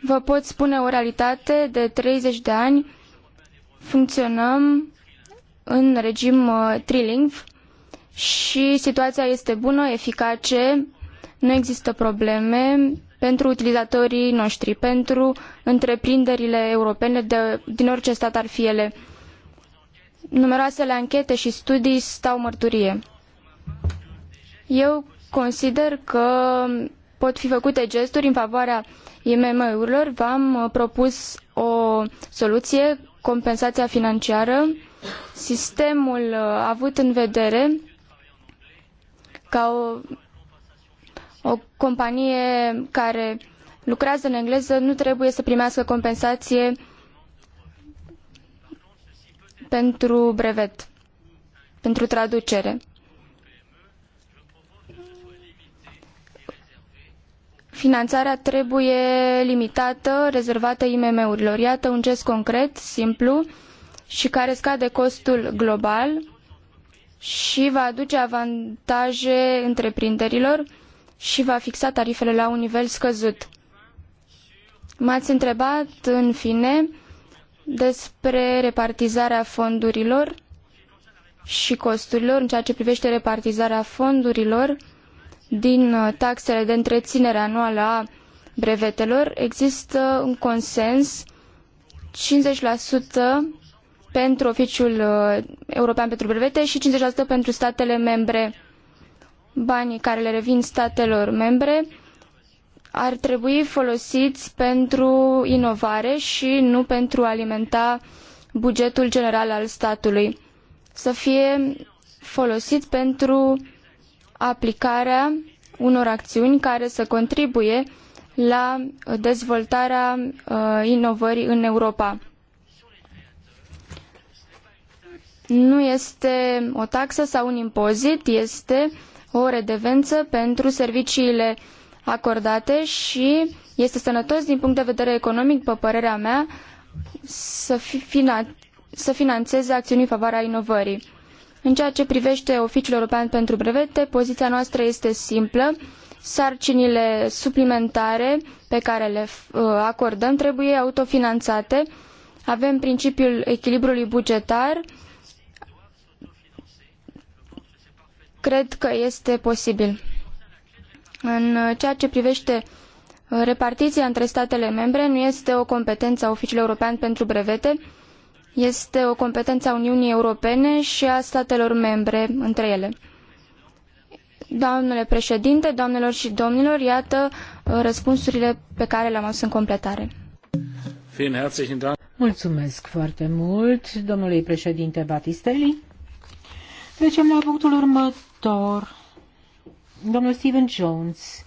Vă pot spune o realitate de 30 de ani. Funcționăm în regim uh, trilingv și situația este bună, eficace, nu există probleme pentru utilizatorii noștri, pentru întreprinderile europene de, din orice stat ar fi ele. Numeroasele anchete și studii stau mărturie. Eu consider că pot fi făcute gesturi în favoarea IMM-urilor. V-am propus o soluție, compensația financiară. Sistemul uh, avut în vedere ca o o companie care lucrează în engleză nu trebuie să primească compensație pentru brevet, pentru traducere. Finanțarea trebuie limitată, rezervată IMM-urilor. Iată un gest concret, simplu și care scade costul global și va aduce avantaje întreprinderilor și va fixa tarifele la un nivel scăzut. M-ați întrebat, în fine, despre repartizarea fondurilor și costurilor în ceea ce privește repartizarea fondurilor din uh, taxele de întreținere anuală a brevetelor, există un consens 50% pentru oficiul uh, european pentru brevete și 50% pentru statele membre banii care le revin statelor membre ar trebui folosiți pentru inovare și nu pentru a alimenta bugetul general al statului. Să fie folosit pentru aplicarea unor acțiuni care să contribuie la dezvoltarea uh, inovării în Europa. Nu este o taxă sau un impozit, este o redevență pentru serviciile acordate și este sănătos din punct de vedere economic, pe părerea mea, să, fina să finanțeze acțiuni în favoarea inovării. În ceea ce privește Oficiul European pentru Brevete, poziția noastră este simplă. Sarcinile suplimentare pe care le uh, acordăm trebuie autofinanțate. Avem principiul echilibrului bugetar uh, cred că este posibil. În ceea ce privește repartiția între statele membre, nu este o competență a Oficiului European pentru Brevete, este o competență a Uniunii Europene și a statelor membre între ele. Doamnele președinte, doamnelor și domnilor, iată uh, răspunsurile pe care le-am adus în completare. Mulțumesc foarte mult, domnului președinte Battistelli. Trecem la punctul următor raportor, domnul Steven Jones,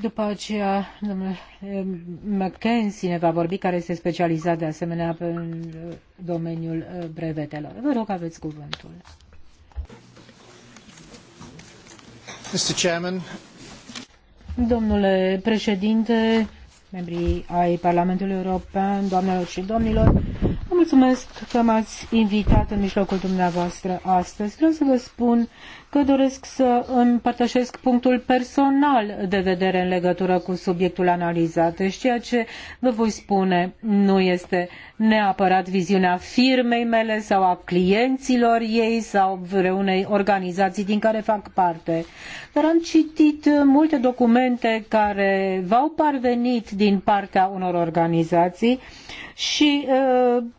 după aceea, domnul eh, McKenzie ne va vorbi, care este specializat de asemenea pe eh, domeniul eh, brevetelor. Vă rog, aveți cuvântul. Mr. Chairman. Domnule președinte, membrii ai Parlamentului European, doamnelor și domnilor, Mulțumesc că m-ați invitat în mijlocul dumneavoastră astăzi. Vreau să vă spun că doresc să împărtășesc punctul personal de vedere în legătură cu subiectul analizat. Deci ceea ce vă voi spune nu este neapărat viziunea firmei mele sau a clienților ei sau vreunei organizații din care fac parte. Dar am citit multe documente care v-au parvenit din partea unor organizații și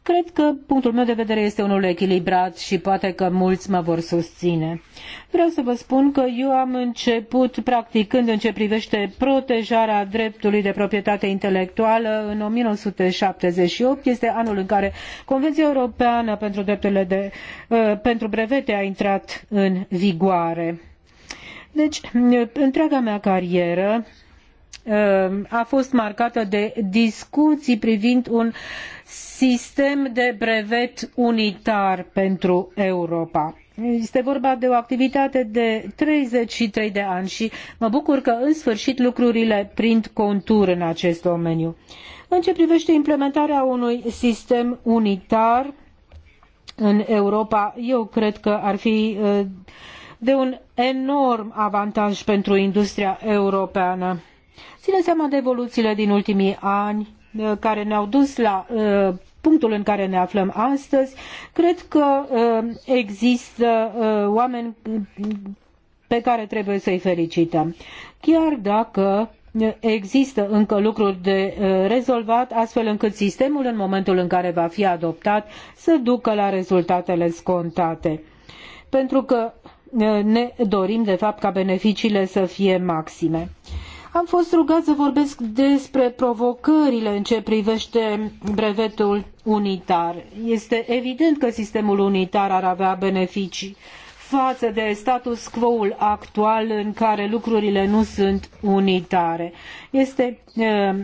cred că punctul meu de vedere este unul echilibrat și poate că mulți mă vor susține. Vreau să vă spun că eu am început practicând în ce privește protejarea dreptului de proprietate intelectuală în 1978. Este anul în care Convenția Europeană pentru, drepturile de, pentru brevete a intrat în vigoare. Deci, întreaga mea carieră a fost marcată de discuții privind un sistem de brevet unitar pentru Europa. Este vorba de o activitate de 33 de ani și mă bucur că în sfârșit lucrurile prind contur în acest domeniu. În ce privește implementarea unui sistem unitar în Europa, eu cred că ar fi uh, de un enorm avantaj pentru industria europeană Ține seama de evoluțiile din ultimii ani uh, care ne-au dus la uh, punctul în care ne aflăm astăzi, cred că uh, există oameni pe care trebuie să-i felicităm. Chiar dacă există încă lucruri de rezolvat, astfel încât sistemul, în momentul în care va fi adoptat, să ducă la rezultatele scontate. Pentru că ne dorim, de fapt, ca beneficiile să fie maxime. Am fost rugat să vorbesc despre provocările în ce privește brevetul unitar. Este evident că sistemul unitar ar avea beneficii față de status quo-ul actual în care lucrurile nu sunt unitare. Este e, eh,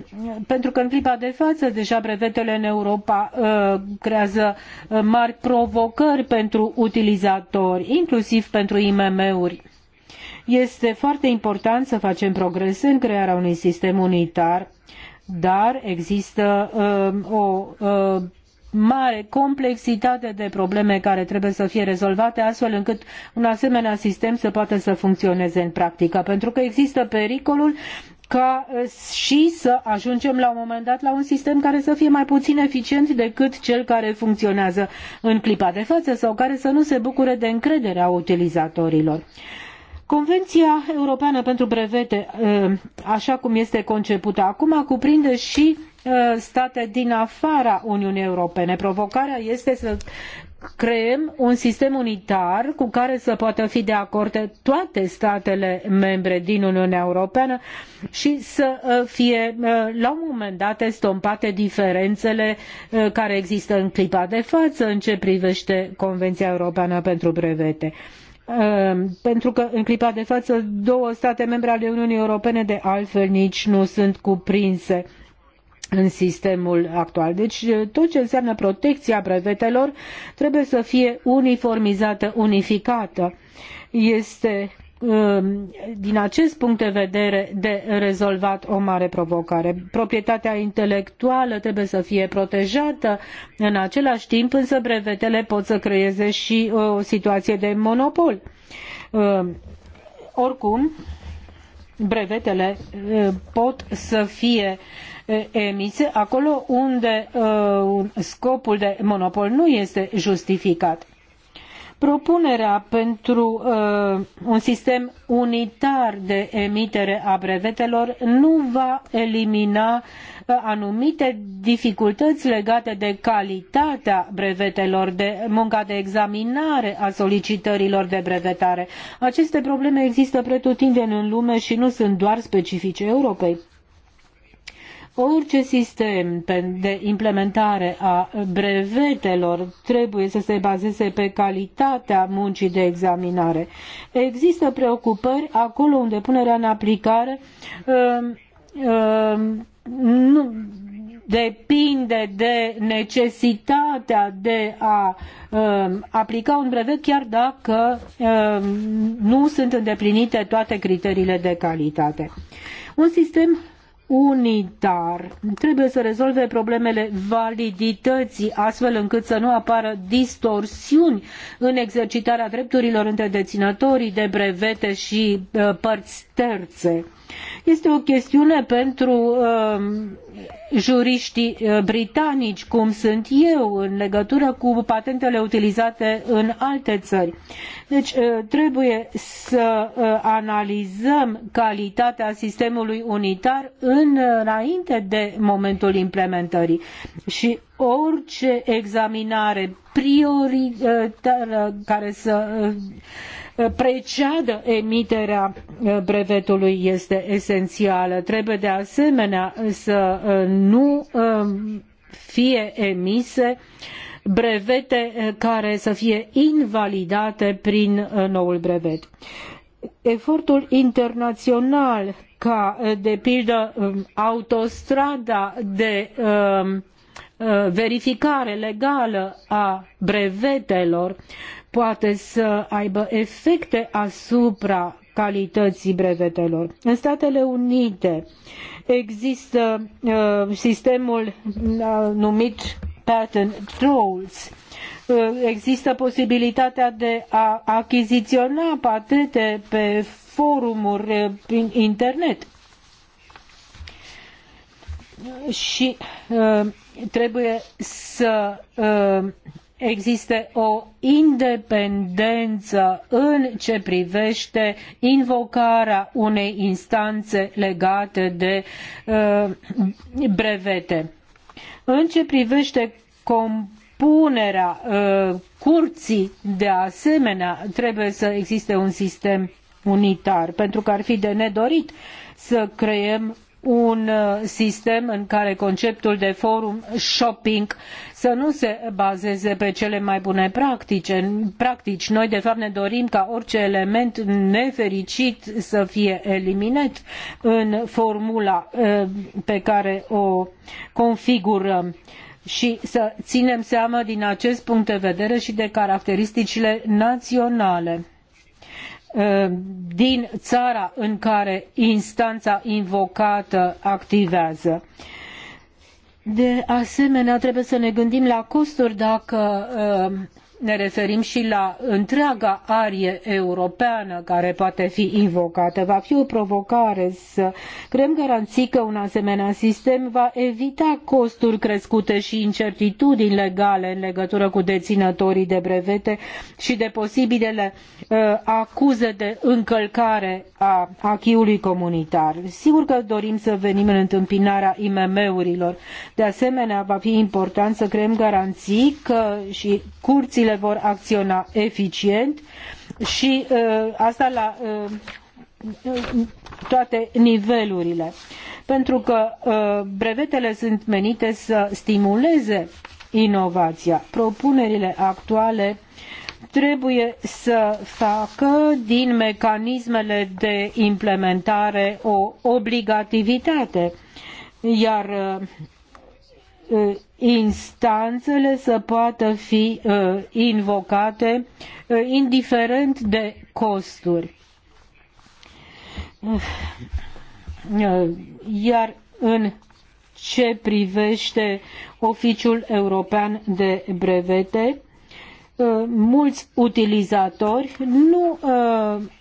pentru că în clipa de față deja brevetele în Europa e, eh, creează eh, mari provocări pentru utilizatori, inclusiv pentru IMM-uri. Este foarte important să facem progrese în crearea unui sistem unitar, dar există uh, o uh, mare complexitate de probleme care trebuie să fie rezolvate astfel încât un asemenea sistem să poată să funcționeze în practică, pentru că există pericolul ca uh, și să ajungem la un moment dat la un sistem care să fie mai puțin eficient decât cel care funcționează în clipa de față sau care să nu se bucure de încrederea utilizatorilor. Convenția Europeană pentru Brevete, ă, așa cum este concepută acum, cuprinde și ă, state din afara Uniunii Europene. Provocarea este să creăm un sistem unitar cu care să poată fi de acord toate statele membre din Uniunea Europeană și să ă, fie la un moment dat estompate diferențele care există în clipa de față în ce privește Convenția Europeană pentru Brevete. Ehm, pentru că în clipa de față două state membre ale Uniunii Europene de altfel nici nu sunt cuprinse în sistemul actual. Deci eh, tot ce înseamnă protecția brevetelor trebuie să fie uniformizată, unificată. Este Um, din acest punct de vedere de rezolvat o mare provocare. Proprietatea intelectuală trebuie să fie protejată, în același timp însă brevetele pot să creeze și uh, o situație de monopol. Um, oricum, brevetele uh, pot să fie uh, emise acolo unde scopul de monopol nu este justificat. Propunerea pentru uh, un sistem unitar de emitere a brevetelor nu va elimina uh, anumite dificultăți legate de calitatea brevetelor, de munca de examinare a solicitărilor de brevetare. Aceste probleme există pretutindeni în lume și nu sunt doar specifice Europei. Orice sistem de implementare a brevetelor trebuie să se bazeze pe calitatea muncii de examinare. Există preocupări acolo unde punerea în aplicare uh, uh, nu depinde de necesitatea de a uh, aplica un brevet chiar dacă uh, nu sunt îndeplinite toate criteriile de calitate. Un sistem unitar. Trebuie să rezolve problemele validității, astfel încât să nu apară distorsiuni în exercitarea drepturilor între deținătorii de brevete și uh, părți terțe. Este o chestiune pentru um, uh, juriștii britanici, cum sunt eu, în legătură cu patentele utilizate în alte țări. Deci uh, trebuie să uh, analizăm calitatea sistemului unitar în înainte de momentul implementării. Și orice examinare prioritară care să uh, Eh, preceadă emiterea eh, brevetului este esențială. Trebuie de asemenea eh, să nu fie emise brevete care să fie invalidate prin noul brevet. Efortul internațional ca, de pildă, autostrada de verificare legală a brevetelor poate să aibă efecte asupra calității brevetelor. În Statele Unite există uh, sistemul uh, numit Patent Trolls. Uh, există posibilitatea de a achiziționa patente pe forumuri uh, prin internet. Și uh, trebuie să uh, existe o independență în ce privește invocarea unei instanțe legate de uh, brevete. În ce privește compunerea uh, curții, de asemenea, trebuie să existe un sistem unitar, pentru că ar fi de nedorit să creăm un uh, sistem în care conceptul de forum shopping să nu se bazeze pe cele mai bune practice. practici. Noi, de fapt, ne dorim ca orice element nefericit să fie eliminat în formula uh, pe care o configurăm și să ținem seama din acest punct de vedere și de caracteristicile naționale Uh, din țara în care instanța invocată activează. De asemenea, trebuie să ne gândim la costuri dacă uh, ne referim și la întreaga arie europeană care poate fi invocată. Va fi o provocare să creăm garanții că un asemenea sistem va evita costuri crescute și incertitudini legale în legătură cu deținătorii de brevete și de posibilele uh, acuze de încălcare a achiului comunitar. Sigur că dorim să venim în întâmpinarea IMM-urilor. De asemenea, va fi important să creăm garanții că și curțile instituțiile vor acționa eficient și uh, asta la uh, toate nivelurile. Pentru că uh, brevetele sunt menite să stimuleze inovația. Propunerile actuale trebuie să facă din mecanismele de implementare o obligativitate, iar Uh, instanțele să poată fi uh, invocate uh, indiferent de costuri. Iar în ce privește Oficiul European de Brevete, mulți utilizatori nu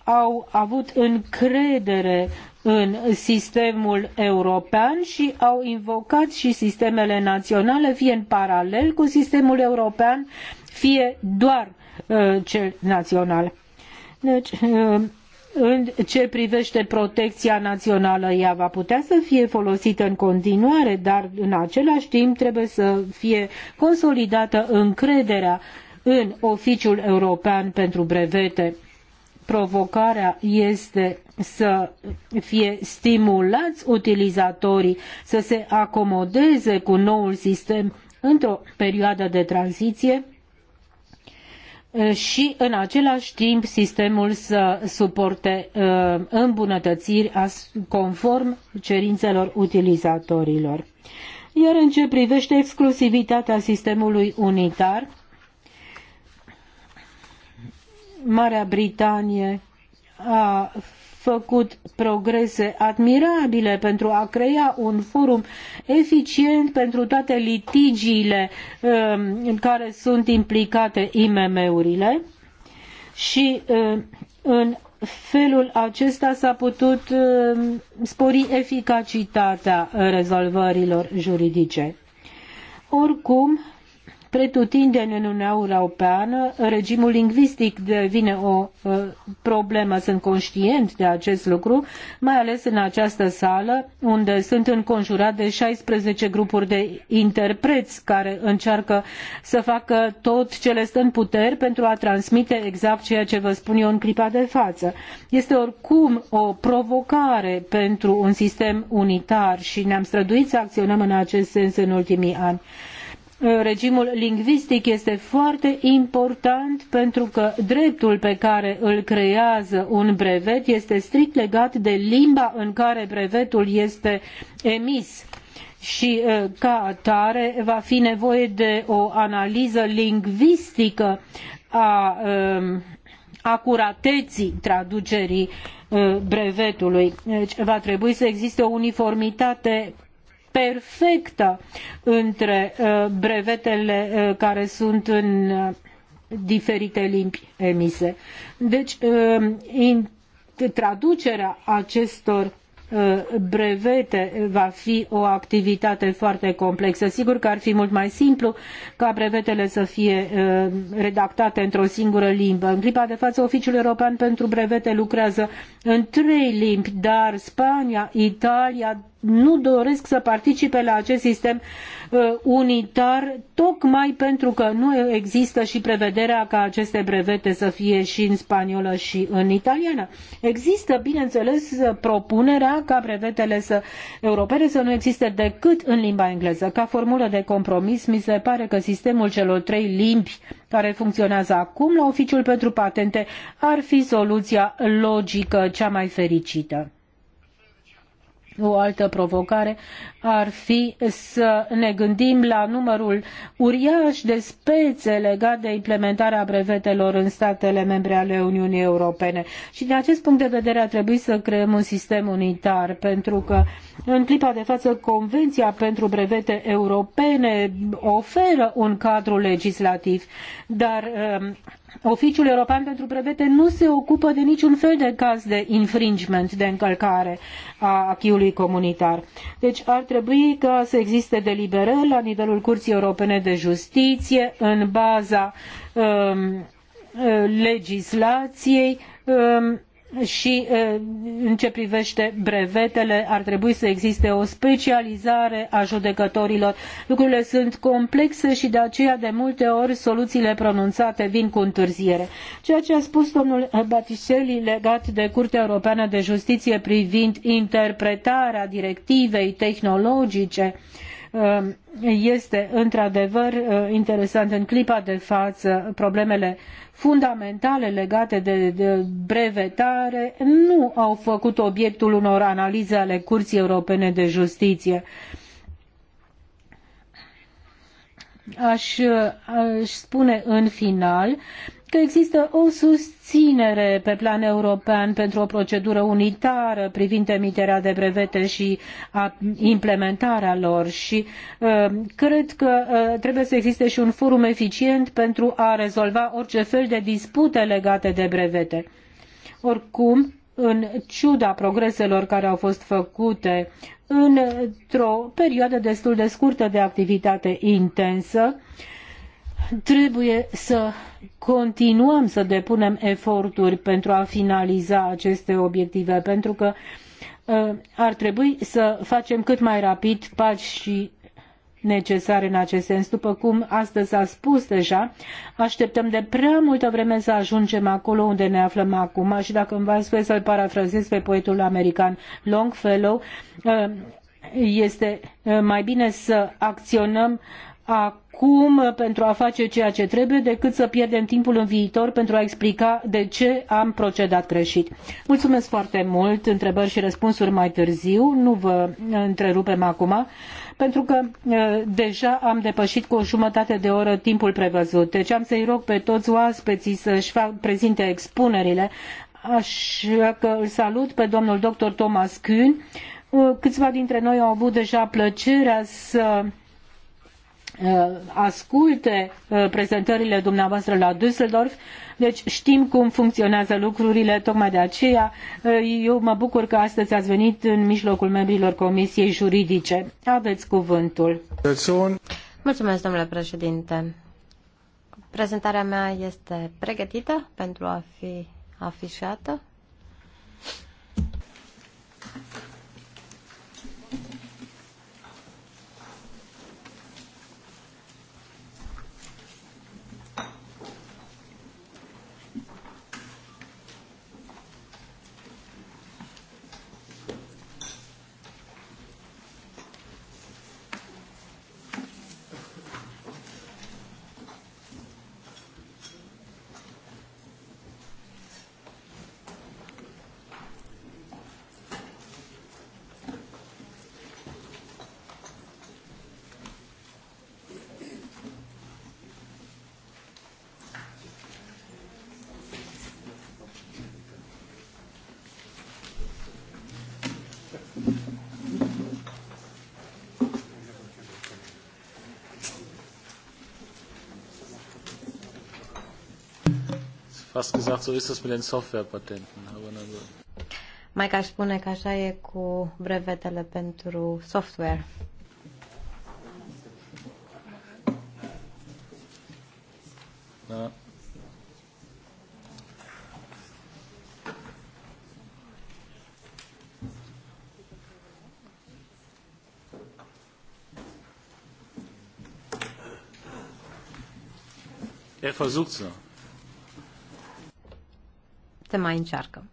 au avut încredere în sistemul european și au invocat și sistemele naționale, fie în paralel cu sistemul european, fie doar uh, cel național. Deci, uh, în ce privește protecția națională, ea va putea să fie folosită în continuare, dar în același timp trebuie să fie consolidată încrederea în Oficiul European pentru Brevete. Provocarea este să fie stimulați utilizatorii să se acomodeze cu noul sistem într-o perioadă de tranziție și în același timp sistemul să suporte uh, îmbunătățiri conform cerințelor utilizatorilor. Iar în ce privește exclusivitatea sistemului unitar, Marea Britanie a făcut progrese admirabile pentru a crea un forum eficient pentru toate litigiile um, în care sunt implicate IMM-urile și um, în felul acesta s-a putut um, spori eficacitatea rezolvărilor juridice. Oricum, pretutindeni în Uniunea Europeană, regimul lingvistic devine o uh, problemă, sunt conștient de acest lucru, mai ales în această sală, unde sunt înconjurat de 16 grupuri de interpreți care încearcă să facă tot ce le stă în puteri pentru a transmite exact ceea ce vă spun eu în clipa de față. Este oricum o provocare pentru un sistem unitar și ne-am străduit să acționăm în acest sens în ultimii ani. Uh, regimul lingvistic este foarte important pentru că dreptul pe care îl creează un brevet este strict legat de limba în care brevetul este emis și uh, ca atare va fi nevoie de o analiză lingvistică a um, acurateții traducerii uh, brevetului. Deci, va trebui să existe o uniformitate perfectă între uh, brevetele uh, care sunt în uh, diferite limbi emise. Deci, traducerea acestor Uh, brevete va fi o activitate foarte complexă. Sigur că ar fi mult mai simplu ca brevetele să fie uh, redactate într-o singură limbă. În clipa de față, Oficiul European pentru Brevete lucrează în trei limbi, dar Spania, Italia nu doresc să participe la acest sistem Uh, unitar, tocmai pentru că nu există și prevederea ca aceste brevete să fie și în spaniolă și în italiană. Există, bineînțeles, propunerea ca brevetele să, europene să nu existe decât în limba engleză. Ca formulă de compromis, mi se pare că sistemul celor trei limbi care funcționează acum la Oficiul pentru Patente ar fi soluția logică cea mai fericită. O altă provocare ar fi să ne gândim la numărul uriaș de spețe legat de implementarea brevetelor în statele membre ale Uniunii Europene. Și din acest punct de vedere ar trebui să creăm un sistem unitar, pentru că în clipa de față Convenția pentru brevete europene oferă un cadru legislativ, dar um, Oficiul European pentru Brevete nu se ocupă de niciun fel de caz de infringement, de încălcare a acquis comunitar. Deci ar trebui ca să existe deliberări la nivelul Curții Europene de Justiție în baza um, uh, legislației um, și în ce privește brevetele ar trebui să existe o specializare a judecătorilor. Lucrurile sunt complexe și de aceea de multe ori soluțiile pronunțate vin cu întârziere. Ceea ce a spus domnul Baticelli legat de Curtea Europeană de Justiție privind interpretarea directivei tehnologice este într-adevăr interesant. În clipa de față, problemele uh, fundamentale legate de, de brevetare nu au făcut obiectul unor analize ale Curții Europene de Justiție. Aș, aș spune în final că există o susținere pe plan european pentru o procedură unitară privind emiterea de brevete și implementarea lor și uh, cred că uh, trebuie să existe și un forum eficient pentru a rezolva orice fel de dispute legate de brevete. Oricum, în ciuda progreselor care au fost făcute într-o perioadă destul de scurtă de activitate intensă, uh, Trebuie să continuăm să depunem eforturi pentru a finaliza aceste obiective, pentru că ă, ar trebui să facem cât mai rapid pași și necesare în acest sens. După cum astăzi s-a spus deja, așteptăm de prea multă vreme să ajungem acolo unde ne aflăm acum și dacă îmi v să-l parafrazez pe poetul american Longfellow, ă, este ă, mai bine să acționăm acum acum uh, pentru a face ceea ce trebuie decât să pierdem timpul în viitor pentru a explica de ce am procedat greșit. Mulțumesc foarte mult, întrebări și răspunsuri mai târziu, nu vă uh, întrerupem acum, pentru că uh, deja am depășit cu o jumătate de oră timpul prevăzut. Deci am să-i rog pe toți oaspeții să-și prezinte expunerile, așa că îl salut pe domnul dr. Thomas Kuhn. Câțiva dintre noi au avut deja plăcerea să Uh, asculte uh, prezentările dumneavoastră la Düsseldorf, deci știm cum funcționează lucrurile, tocmai de aceea uh, eu mă bucur că astăzi ați venit în mijlocul membrilor Comisiei Juridice. Aveți cuvântul. Mulțumesc, domnule președinte. Prezentarea mea este pregătită pentru a fi afișată. fast gesagt, so ist es mit den Softwarepatenten. Mike aș spune că așa e cu brevetele pentru software. Da. Er versucht es se mai încearcă.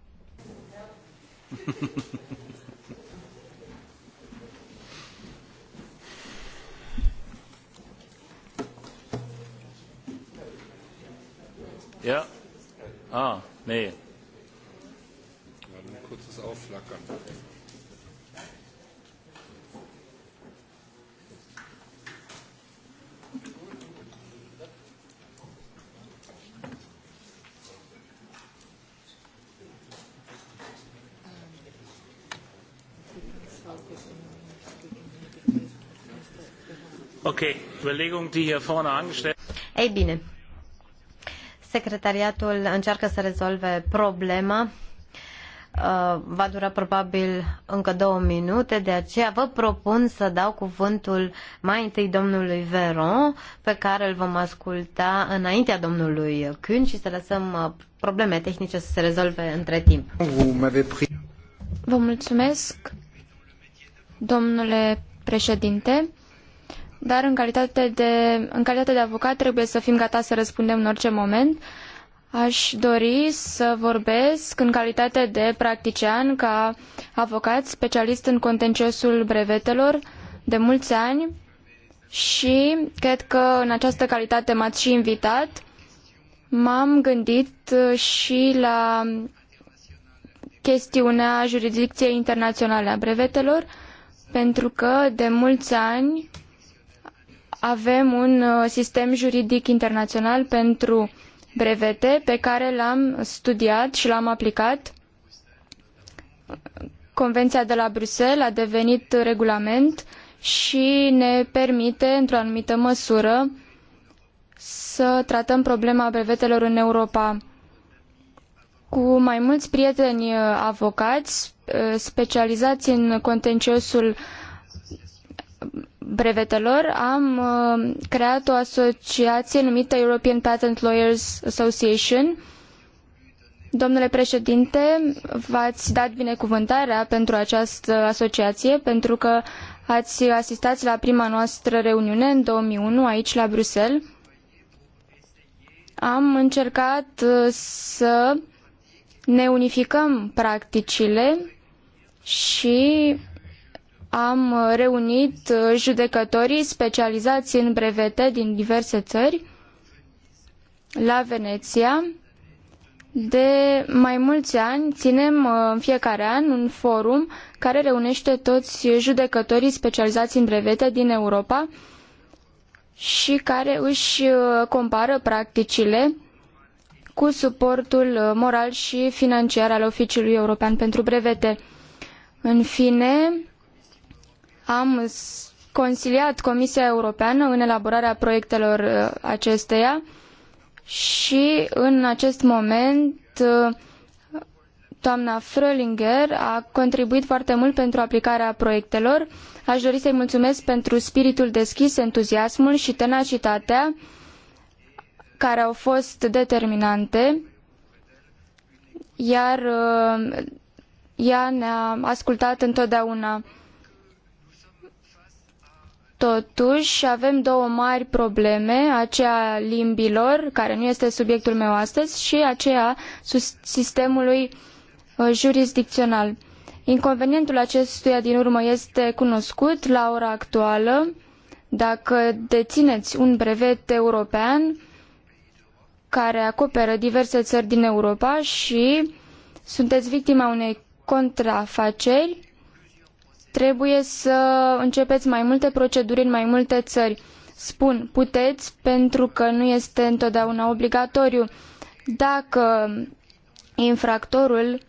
Ja. Ah, nee. Ei bine, secretariatul încearcă să rezolve problema. Uh, va dura probabil încă două minute, de aceea vă propun să dau cuvântul mai întâi domnului Veron, pe care îl vom asculta înaintea domnului Kühn și să lăsăm uh, probleme tehnice să se rezolve între timp. Vă mulțumesc, domnule președinte dar în calitate de, în calitate de avocat trebuie să fim gata să răspundem în orice moment. Aș dori să vorbesc în calitate de practician ca avocat specialist în contenciosul brevetelor de mulți ani și cred că în această calitate m-ați și invitat. M-am gândit și la chestiunea jurisdicției internaționale a brevetelor, pentru că de mulți ani avem un uh, sistem juridic internațional pentru brevete pe care l-am studiat și l-am aplicat. Convenția de la Bruxelles a devenit regulament și ne permite, într-o anumită măsură, să tratăm problema brevetelor în Europa. Cu mai mulți prieteni uh, avocați uh, specializați în contenciosul brevetelor, am uh, creat o asociație numită European Patent Lawyers Association. Domnule președinte, v-ați dat binecuvântarea pentru această asociație, pentru că ați asistat la prima noastră reuniune în 2001 aici la Bruxelles. Am încercat uh, să ne unificăm practicile și am uh, reunit uh, judecătorii specializați în brevete din diverse țări la Veneția. De mai mulți ani ținem uh, în fiecare an un forum care reunește toți judecătorii specializați în brevete din Europa și care își compară practicile cu suportul moral și financiar al Oficiului European pentru Brevete. În fine, am consiliat Comisia Europeană în elaborarea proiectelor uh, acesteia și în acest moment uh, doamna Frölinger a contribuit foarte mult pentru aplicarea proiectelor. Aș dori să-i mulțumesc pentru spiritul deschis, entuziasmul și tenacitatea care au fost determinante, iar uh, ea ne-a ascultat întotdeauna. Totuși, avem două mari probleme, aceea limbilor, care nu este subiectul meu astăzi, și aceea sistemului uh, jurisdicțional. Inconvenientul acestuia din urmă este cunoscut la ora actuală. Dacă dețineți un brevet european care acoperă diverse țări din Europa și sunteți victima unei contrafaceri, trebuie să începeți mai multe proceduri în mai multe țări. Spun puteți pentru că nu este întotdeauna obligatoriu. Dacă infractorul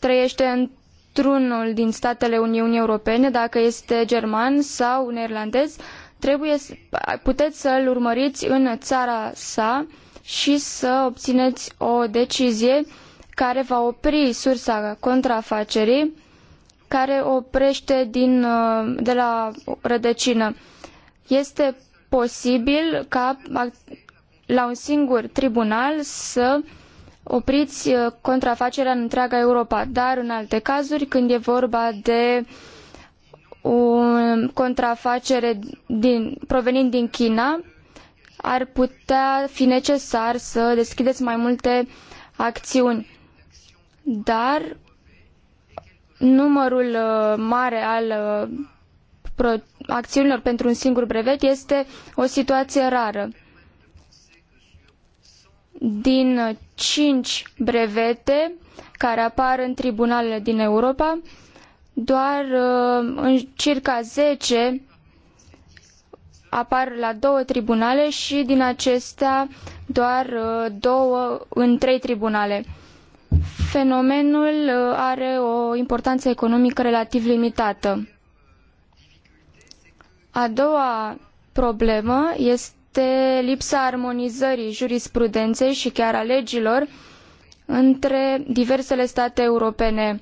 trăiește într-unul din statele Uniunii Europene, dacă este german sau neerlandez, trebuie, puteți să-l urmăriți în țara sa și să obțineți o decizie care va opri sursa contrafacerii care o oprește din, uh, de la rădăcină. Este posibil ca la un singur tribunal să opriți uh, contrafacerea în întreaga Europa, dar în alte cazuri, când e vorba de o contrafacere din, provenind din China, ar putea fi necesar să deschideți mai multe acțiuni. Dar numărul uh, mare al uh, acțiunilor pentru un singur brevet este o situație rară. Din cinci brevete care apar în tribunalele din Europa, doar uh, în circa zece apar la două tribunale și din acestea doar două în trei tribunale fenomenul uh, are o importanță economică relativ limitată. A doua problemă este lipsa armonizării jurisprudenței și chiar a legilor între diversele state europene.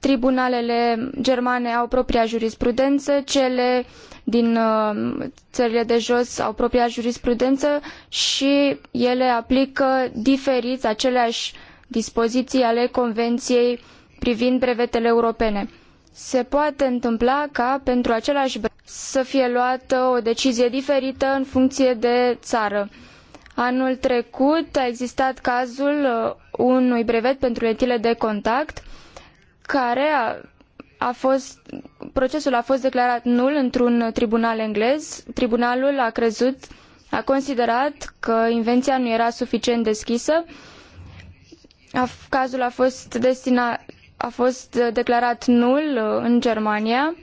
Tribunalele germane au propria jurisprudență, cele din uh, țările de jos au propria jurisprudență și ele aplică diferit aceleași dispoziții ale Convenției privind brevetele europene. Se poate întâmpla ca pentru același brevet să fie luată o decizie diferită în funcție de țară. Anul trecut a existat cazul uh, unui brevet pentru lentile de contact care a, a fost, procesul a fost declarat nul într-un tribunal englez. Tribunalul a crezut, a considerat că invenția nu era suficient deschisă uh, Cazul a fost, destina, a fost uh, declarat nul uh, în Germania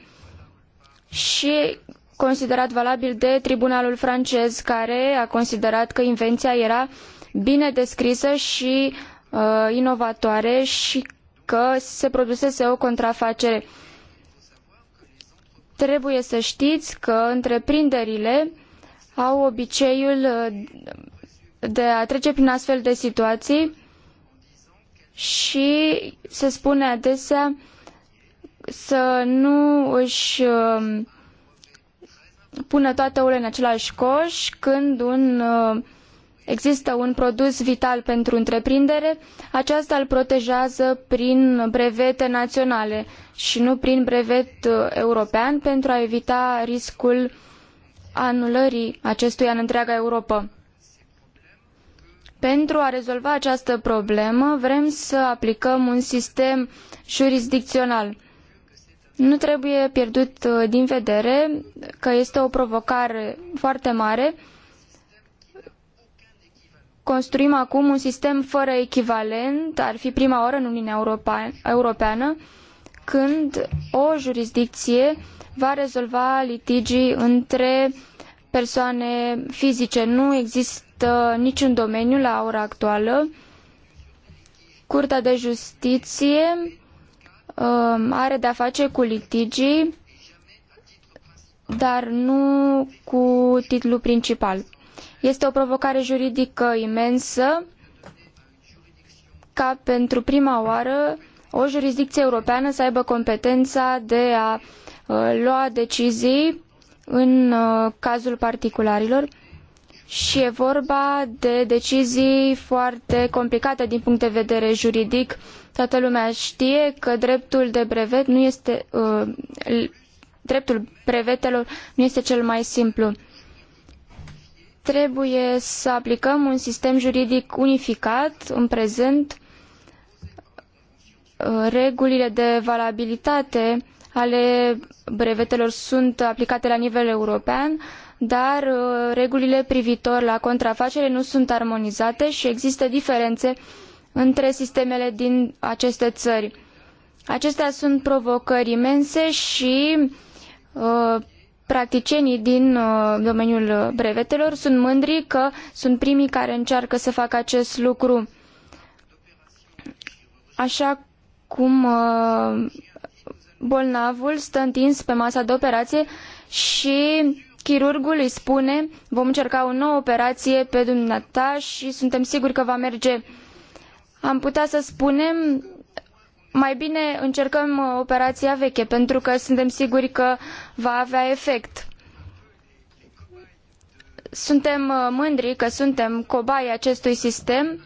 și considerat valabil de tribunalul francez, care a considerat că invenția era bine descrisă și uh, inovatoare și că se produsese o contrafacere. Trebuie să știți că întreprinderile au obiceiul uh, de a trece prin astfel de situații și se spune adesea să nu își um, pună toate ouăle în același coș când un, um, există un produs vital pentru întreprindere, aceasta îl protejează prin brevete naționale și nu prin brevet uh, european pentru a evita riscul anulării acestuia în întreaga Europa. Pentru a rezolva această problemă, vrem să aplicăm un sistem jurisdicțional. Nu trebuie pierdut uh, din vedere că este o provocare foarte mare. Construim acum un sistem fără echivalent, ar fi prima oară în Uniunea Europeană, când o jurisdicție va rezolva litigii între persoane fizice. Nu există niciun domeniu la ora actuală. Curtea de Justiție um, are de-a face cu litigii, dar nu cu titlul principal. Este o provocare juridică imensă ca pentru prima oară o jurisdicție europeană să aibă competența de a uh, lua decizii în uh, cazul particularilor și e vorba de decizii foarte complicate din punct de vedere juridic. Toată lumea știe că dreptul de brevet nu este uh, dreptul brevetelor nu este cel mai simplu. Trebuie să aplicăm un sistem juridic unificat în prezent uh, regulile de valabilitate ale brevetelor sunt aplicate la nivel european, dar uh, regulile privitor la contrafacere nu sunt armonizate și există diferențe între sistemele din aceste țări. Acestea sunt provocări imense și uh, practicienii din uh, domeniul brevetelor sunt mândri că sunt primii care încearcă să facă acest lucru. Așa cum uh, bolnavul stă întins pe masa de operație și chirurgul îi spune vom încerca o nouă operație pe dumneata și suntem siguri că va merge. Am putea să spunem mai bine încercăm uh, operația veche pentru că suntem siguri că va avea efect. Suntem uh, mândri că suntem cobai acestui sistem,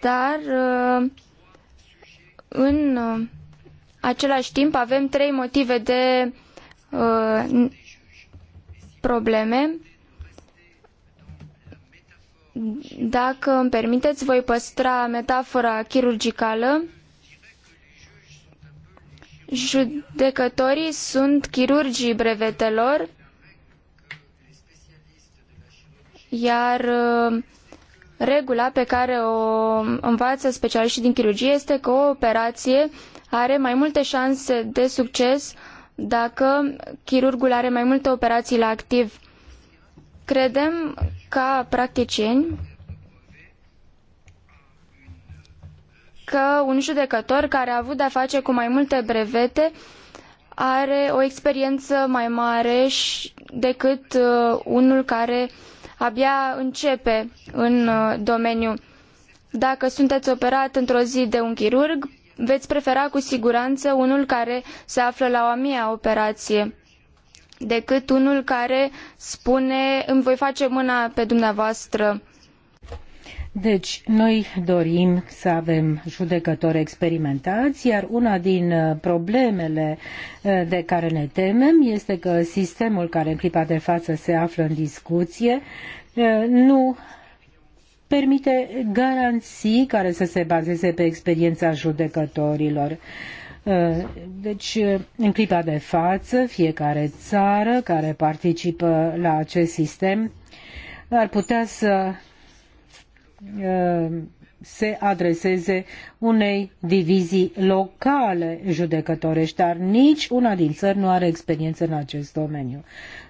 dar uh, în același timp avem trei motive de uh, probleme. Dacă îmi permiteți, voi păstra metafora chirurgicală. Judecătorii sunt chirurgii brevetelor, iar uh, regula pe care o învață specialiștii din chirurgie este că o operație are mai multe șanse de succes dacă chirurgul are mai multe operații la activ. Credem ca practicieni că un judecător care a avut de-a face cu mai multe brevete are o experiență mai mare decât uh, unul care abia începe în uh, domeniu. Dacă sunteți operat într-o zi de un chirurg, veți prefera cu siguranță unul care se află la o a mea operație decât unul care spune îmi voi face mâna pe dumneavoastră. Deci, noi dorim să avem judecători experimentați, iar una din uh, problemele uh, de care ne temem este că sistemul care în clipa de față se află în discuție uh, nu permite garanții care să se bazeze pe experiența judecătorilor. Uh, deci, uh, în clipa de față, fiecare țară care participă la acest sistem ar putea să uh, se adreseze unei divizii locale judecătorești, dar nici una din țări nu are experiență în acest domeniu.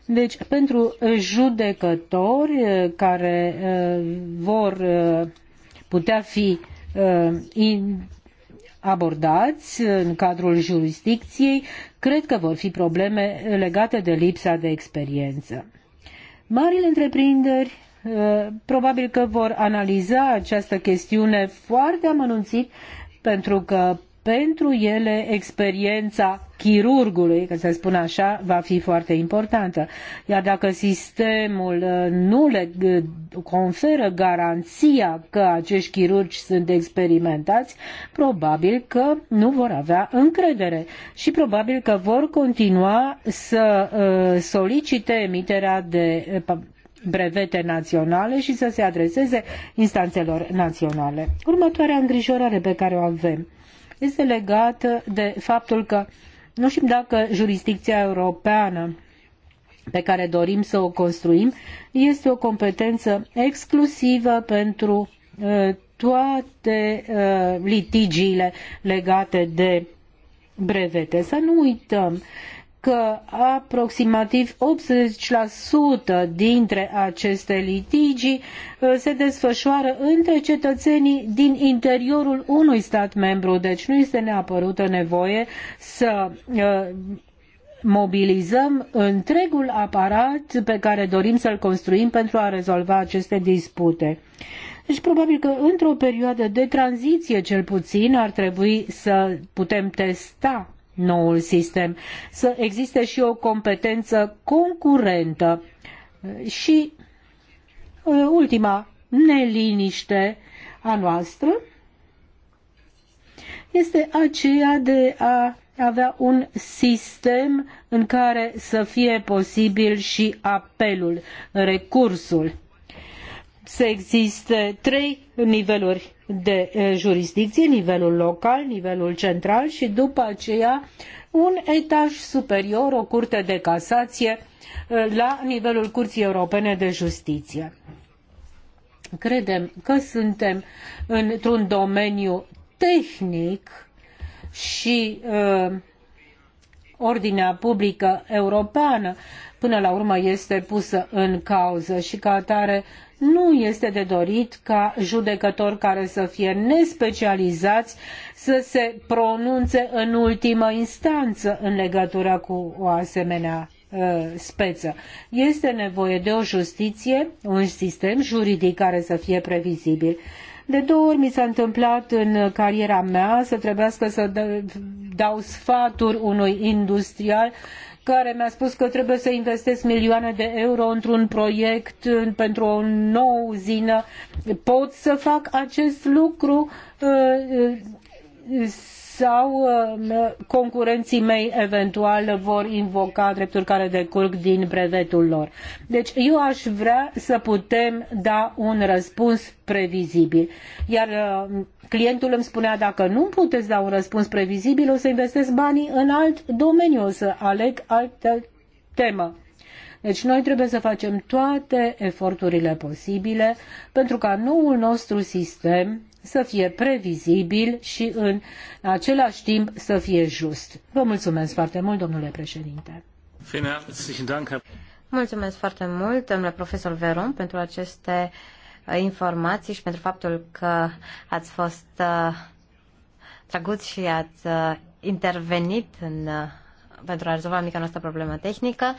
Deci, pentru judecători eh, care eh, vor eh, putea fi abordați în cadrul jurisdicției, cred că vor fi probleme legate de lipsa de experiență. Marile întreprinderi Probabil că vor analiza această chestiune foarte amănunțit, pentru că pentru ele experiența chirurgului, ca să spun așa, va fi foarte importantă. Iar dacă sistemul uh, nu le uh, conferă garanția că acești chirurgi sunt experimentați, probabil că nu vor avea încredere și probabil că vor continua să uh, solicite emiterea de brevete naționale și să se adreseze instanțelor naționale. Următoarea îngrijorare pe care o avem este legată de faptul că nu știm dacă jurisdicția europeană pe care dorim să o construim este o competență exclusivă pentru uh, toate uh, litigiile legate de brevete. Să nu uităm că aproximativ 80% dintre aceste litigii uh, se desfășoară între cetățenii din interiorul unui stat membru, deci nu este neapărută nevoie să uh, mobilizăm întregul aparat pe care dorim să-l construim pentru a rezolva aceste dispute. Deci probabil că într-o perioadă de tranziție cel puțin ar trebui să putem testa noul sistem, să existe și o competență concurentă și uh, ultima neliniște a noastră este aceea de a avea un sistem în care să fie posibil și apelul, recursul să existe trei niveluri de jurisdicție, nivelul local, nivelul central și după aceea un etaj superior, o curte de casație la nivelul Curții Europene de Justiție. Credem că suntem într-un domeniu tehnic și uh, ordinea publică europeană până la urmă este pusă în cauză și ca atare nu este de dorit ca judecători care să fie nespecializați să se pronunțe în ultimă instanță în legătură cu o asemenea uh, speță. Este nevoie de o justiție, un sistem juridic care să fie previzibil. De două ori mi s-a întâmplat în cariera mea să trebuiască să dau sfaturi unui industrial care mi-a spus că trebuie să investesc milioane de euro într-un proiect pentru o nouă uzină, pot să fac acest lucru? Uh, uh, sau uh, concurenții mei eventual vor invoca drepturi care decurg din brevetul lor. Deci eu aș vrea să putem da un răspuns previzibil. Iar uh, clientul îmi spunea, dacă nu puteți da un răspuns previzibil, o să investesc banii în alt domeniu, o să aleg altă temă. Deci noi trebuie să facem toate eforturile posibile pentru ca noul nostru sistem să fie previzibil și în același timp să fie just. Vă mulțumesc foarte mult, domnule președinte. Mulțumesc foarte mult, domnule profesor Veron, pentru aceste uh, informații și pentru faptul că ați fost uh, și ați uh, intervenit în, uh, pentru a rezolva mica noastră problemă tehnică.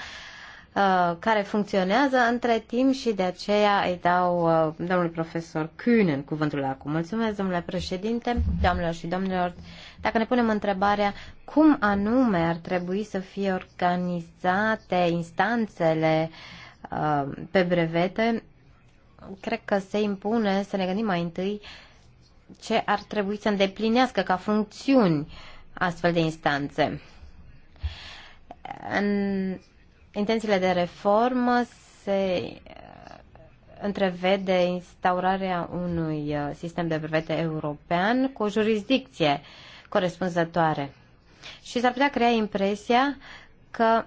Uh, care funcționează între timp și de aceea îi dau uh, domnul profesor Kühnen cuvântul acum. Mulțumesc, domnule președinte, doamnelor și domnilor. Dacă ne punem întrebarea cum anume ar trebui să fie organizate instanțele uh, pe brevete, cred că se impune să ne gândim mai întâi ce ar trebui să îndeplinească ca funcțiuni astfel de instanțe. În intențiile de reformă se uh, întrevede instaurarea unui uh, sistem de brevete european cu o jurisdicție corespunzătoare. Și s-ar putea crea impresia că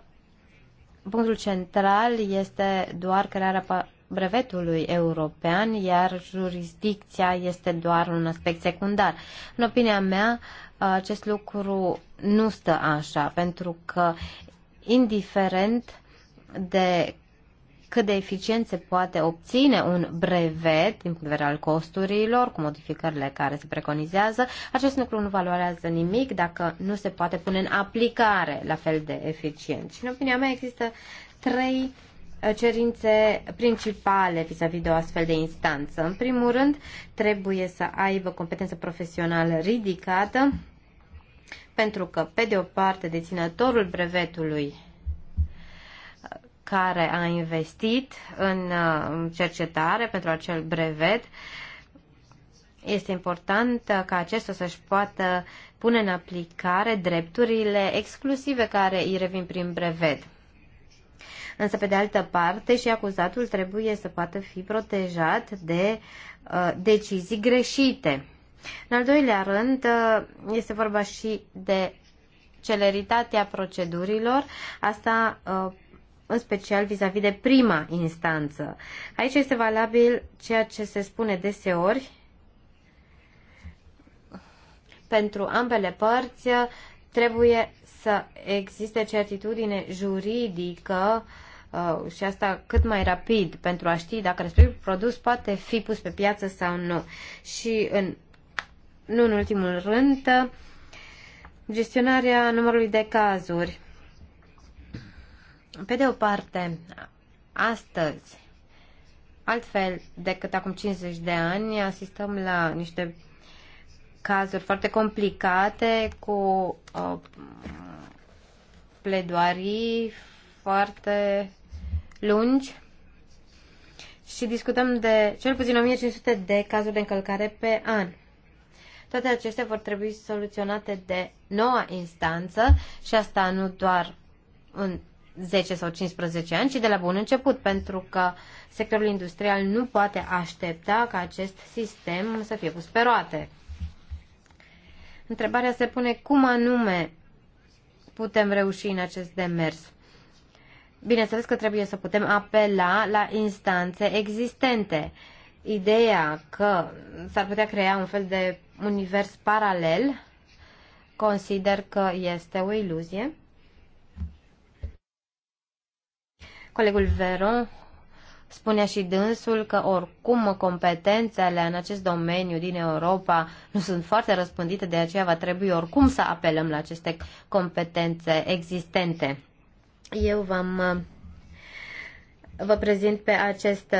punctul central este doar crearea brevetului european, iar jurisdicția este doar un aspect secundar. În opinia mea, uh, acest lucru nu stă așa, pentru că indiferent de cât de eficient se poate obține un brevet din punct de vedere al costurilor, cu modificările care se preconizează, acest lucru nu valorează nimic dacă nu se poate pune în aplicare la fel de eficient. Și în opinia mea există trei uh, cerințe principale vis-a-vis -vis de o astfel de instanță. În primul rând, trebuie să aibă competență profesională ridicată, pentru că, pe de o parte, deținătorul brevetului care a investit în cercetare pentru acel brevet, este important ca acesta să-și poată pune în aplicare drepturile exclusive care îi revin prin brevet. Însă, pe de altă parte, și acuzatul trebuie să poată fi protejat de uh, decizii greșite. În al doilea rând, uh, este vorba și de celeritatea procedurilor, asta uh, în special vis-a-vis -vis de prima instanță. Aici este valabil ceea ce se spune deseori pentru ambele părți uh, trebuie să existe certitudine juridică și asta cât mai rapid pentru a ști dacă respectivul produs poate fi pus pe piață sau nu. Și în nu în ultimul rând, gestionarea numărului de cazuri. Pe de o parte, astăzi, altfel decât acum 50 de ani, asistăm la niște cazuri foarte complicate cu uh, pledoarii foarte lungi și discutăm de cel puțin 1500 de cazuri de încălcare pe an. Toate acestea vor trebui soluționate de noua instanță și asta nu doar în 10 sau 15 ani, ci de la bun început, pentru că sectorul industrial nu poate aștepta ca acest sistem să fie pus pe roate. Întrebarea se pune cum anume putem reuși în acest demers. Bineînțeles că trebuie să putem apela la instanțe existente. Ideea că s-ar putea crea un fel de univers paralel, consider că este o iluzie. Colegul Veron spunea și dânsul că oricum competențele în acest domeniu din Europa nu sunt foarte răspândite, de aceea va trebui oricum să apelăm la aceste competențe existente. Eu v-am Vă prezint pe acest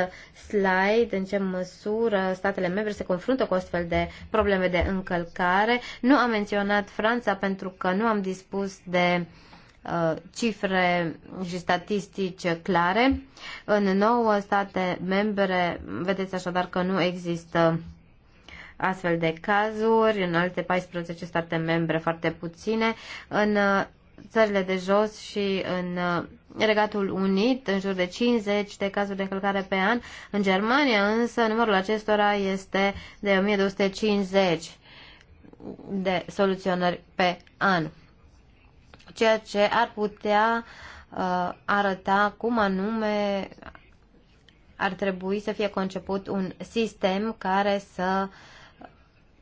slide în ce măsură statele membre se confruntă cu astfel de probleme de încălcare. Nu am menționat Franța pentru că nu am dispus de uh, cifre și statistici clare. În nouă state membre, vedeți așadar că nu există astfel de cazuri, în alte 14 state membre foarte puține. În țările de jos și în uh, Regatul Unit, în jur de 50 de cazuri de călcare pe an. În Germania însă numărul acestora este de 1250 de soluționări pe an, ceea ce ar putea uh, arăta cum anume ar trebui să fie conceput un sistem care să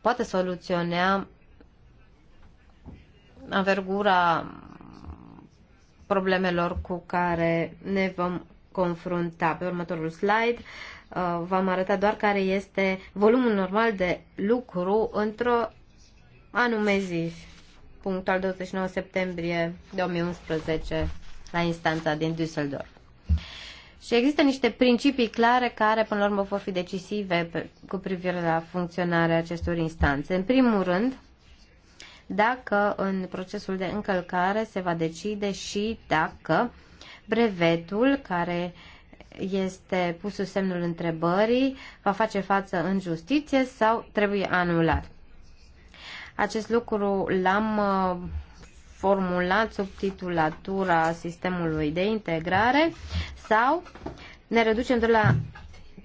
poată soluționa anvergura problemelor cu care ne vom confrunta. Pe următorul slide uh, v-am arătat doar care este volumul normal de lucru într-o anume zi, punctual 29 septembrie 2011, la instanța din Düsseldorf. Și există niște principii clare care, până la urmă, vor fi decisive cu privire la funcționarea acestor instanțe. În primul rând, dacă în procesul de încălcare se va decide și dacă brevetul care este pus sub semnul întrebării va face față în justiție sau trebuie anulat. Acest lucru l-am uh, formulat sub titulatura sistemului de integrare sau ne reducem de la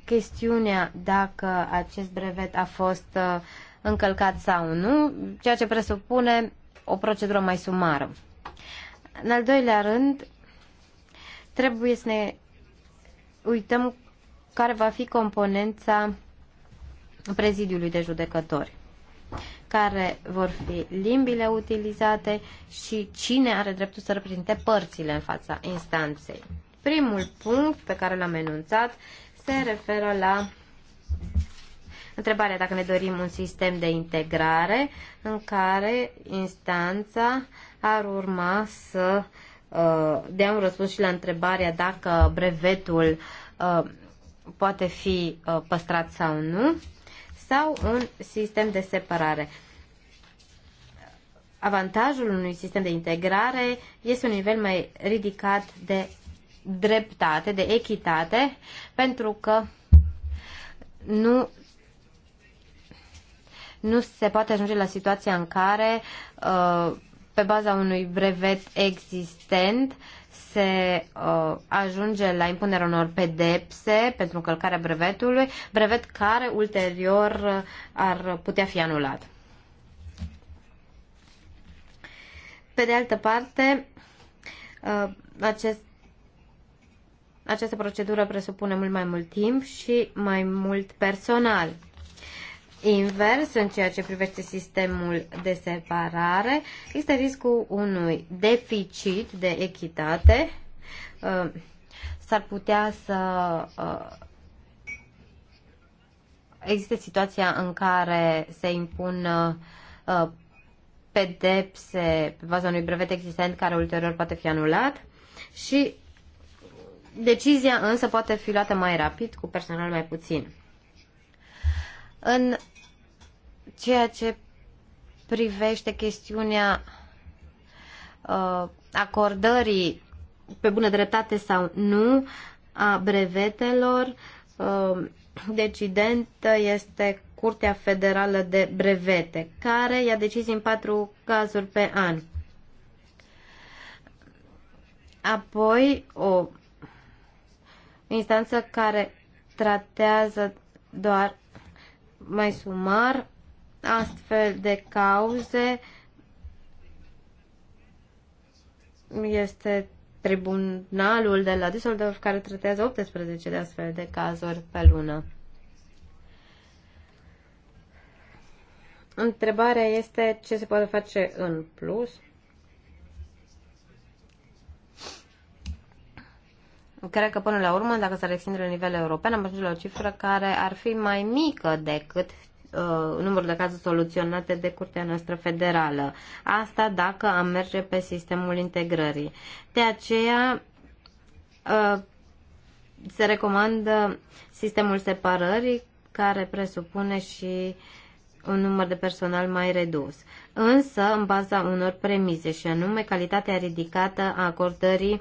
chestiunea dacă acest brevet a fost uh, încălcat sau nu, ceea ce presupune o procedură mai sumară. În al doilea rând, trebuie să ne uităm care va fi componența prezidiului de judecători, care vor fi limbile utilizate și cine are dreptul să reprezinte părțile în fața instanței. Primul punct pe care l-am enunțat se referă la Întrebarea dacă ne dorim un sistem de integrare în care instanța ar urma să uh, dea un răspuns și la întrebarea dacă brevetul uh, poate fi uh, păstrat sau nu, sau un sistem de separare. Avantajul unui sistem de integrare este un nivel mai ridicat de dreptate, de echitate, pentru că nu nu se poate ajunge la situația în care, uh, pe baza unui brevet existent, se uh, ajunge la impunerea unor pedepse pentru încălcarea brevetului, brevet care ulterior uh, ar putea fi anulat. Pe de altă parte, uh, acest, această procedură presupune mult mai mult timp și mai mult personal invers în ceea ce privește sistemul de separare. Există riscul unui deficit de echitate. Uh, s-ar putea să uh, există situația în care se impun uh, pedepse pe baza unui brevet existent care ulterior poate fi anulat și decizia însă poate fi luată mai rapid cu personal mai puțin. În ceea ce privește chestiunea uh, acordării pe bună dreptate sau nu a brevetelor, uh, decidentă este Curtea Federală de Brevete, care ia decizii în patru cazuri pe an. Apoi, o instanță care tratează doar mai sumar astfel de cauze este tribunalul de la Düsseldorf care tratează 18 de astfel de cazuri pe lună. Întrebarea este ce se poate face în plus. Cred că până la urmă, dacă s-ar extinde la nivel european, am ajuns la o cifră care ar fi mai mică decât Uh, numărul de cazuri soluționate de Curtea noastră federală. Asta dacă am merge pe sistemul integrării. De aceea uh, se recomandă sistemul separării care presupune și un număr de personal mai redus, însă în baza unor premise și anume calitatea ridicată a acordării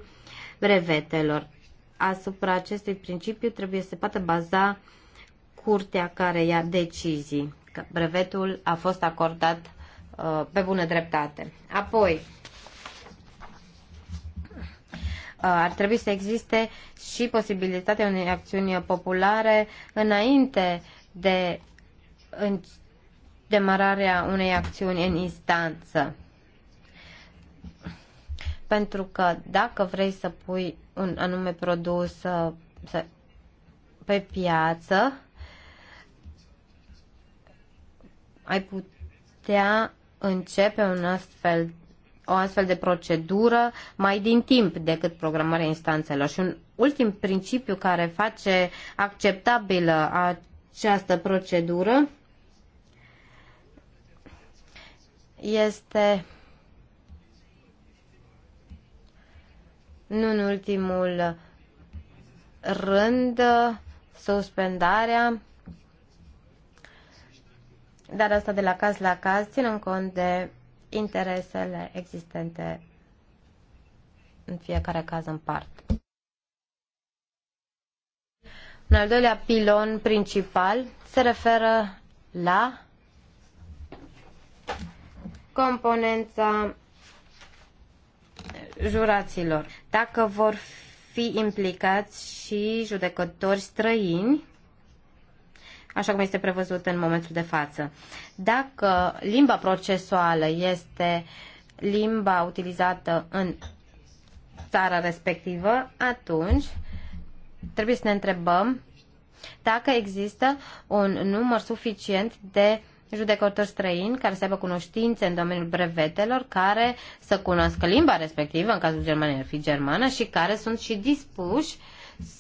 brevetelor. Asupra acestui principiu trebuie să poată baza uh, curtea care ia decizii. Că brevetul a fost acordat uh, pe bună dreptate. Apoi, uh, ar trebui să existe și posibilitatea unei acțiuni populare înainte de în demararea unei acțiuni în instanță. Pentru că dacă vrei să pui un anume produs să, uh, pe piață, ai putea începe un astfel, o astfel de procedură mai din timp decât programarea instanțelor. Și un ultim principiu care face acceptabilă această procedură este nu în ultimul rând suspendarea dar asta de la caz la caz, ținând cont de interesele existente în fiecare caz în parte. În al doilea pilon principal se referă la componența juraților. Dacă vor fi implicați și judecători străini, așa cum este prevăzut în momentul de față. Dacă limba procesuală este limba utilizată în țara respectivă, atunci trebuie să ne întrebăm dacă există un număr suficient de judecători străini care să aibă cunoștințe în domeniul brevetelor, care să cunoască limba respectivă, în cazul germanilor ar fi germană, și care sunt și dispuși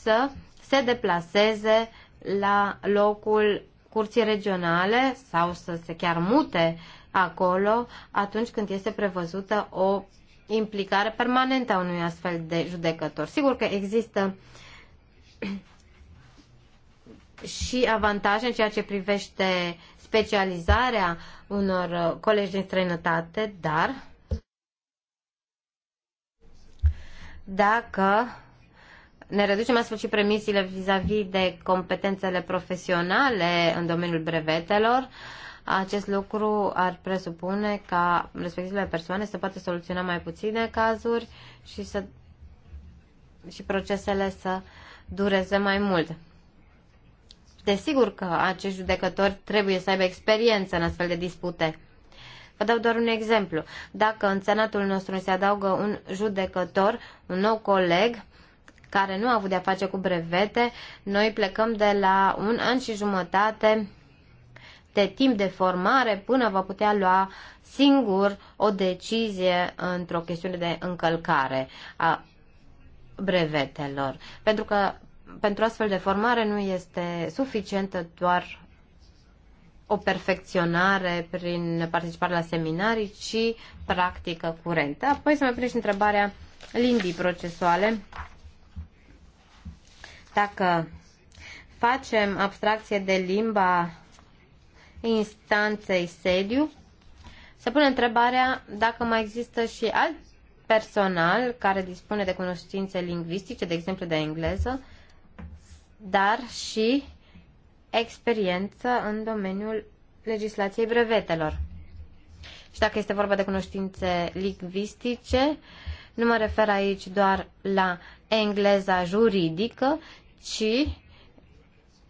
să se deplaseze uh, la locul curții regionale sau să se chiar mute acolo atunci când este prevăzută o implicare permanentă a unui astfel de judecător. Sigur că există și avantaje în ceea ce privește specializarea unor colegi din străinătate, dar dacă ne reducem astfel și premisiile vis-a-vis -vis de competențele profesionale în domeniul brevetelor, acest lucru ar presupune ca respectivele persoane să poată soluționa mai puține cazuri și, să, și procesele să dureze mai mult. Desigur că acești judecători trebuie să aibă experiență în astfel de dispute. Vă dau doar un exemplu. Dacă în senatul nostru se adaugă un judecător, un nou coleg, care nu a avut de-a face cu brevete, noi plecăm de la un an și jumătate de timp de formare până va putea lua singur o decizie într-o chestiune de încălcare a brevetelor. Pentru că pentru astfel de formare nu este suficientă doar o perfecționare prin participare la seminarii, ci practică curentă. Apoi să mai prind întrebarea limbii procesuale. Dacă facem abstracție de limba instanței sediu, se pune întrebarea dacă mai există și alt personal care dispune de cunoștințe lingvistice, de exemplu de engleză, dar și experiență în domeniul legislației brevetelor. Și dacă este vorba de cunoștințe lingvistice, nu mă refer aici doar la engleza juridică, ci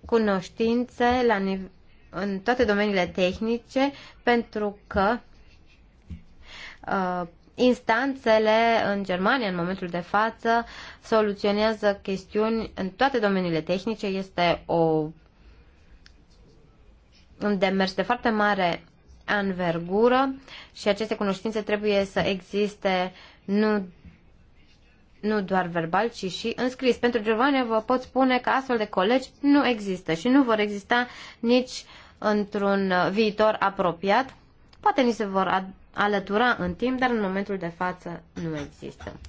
cunoștințe la în toate domeniile tehnice, pentru că uh, instanțele în Germania, în momentul de față, soluționează chestiuni în toate domeniile tehnice. Este o, un demers de foarte mare anvergură și aceste cunoștințe trebuie să existe nu nu doar verbal, ci și înscris. Pentru Giovanni vă pot spune că astfel de colegi nu există și nu vor exista nici într-un viitor apropiat. Poate ni se vor alătura în timp, dar în momentul de față nu există.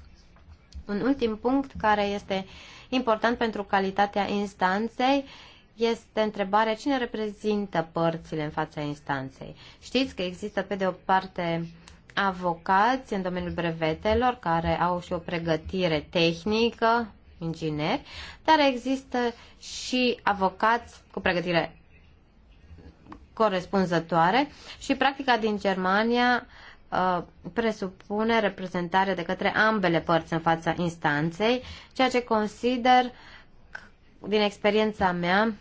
Un ultim punct care este important pentru calitatea instanței este întrebarea cine reprezintă părțile în fața instanței. Știți că există pe de o parte avocați în domeniul brevetelor care au și o pregătire tehnică, ingineri, dar există și avocați cu pregătire corespunzătoare și practica din Germania uh, presupune reprezentare de către ambele părți în fața instanței, ceea ce consider din experiența mea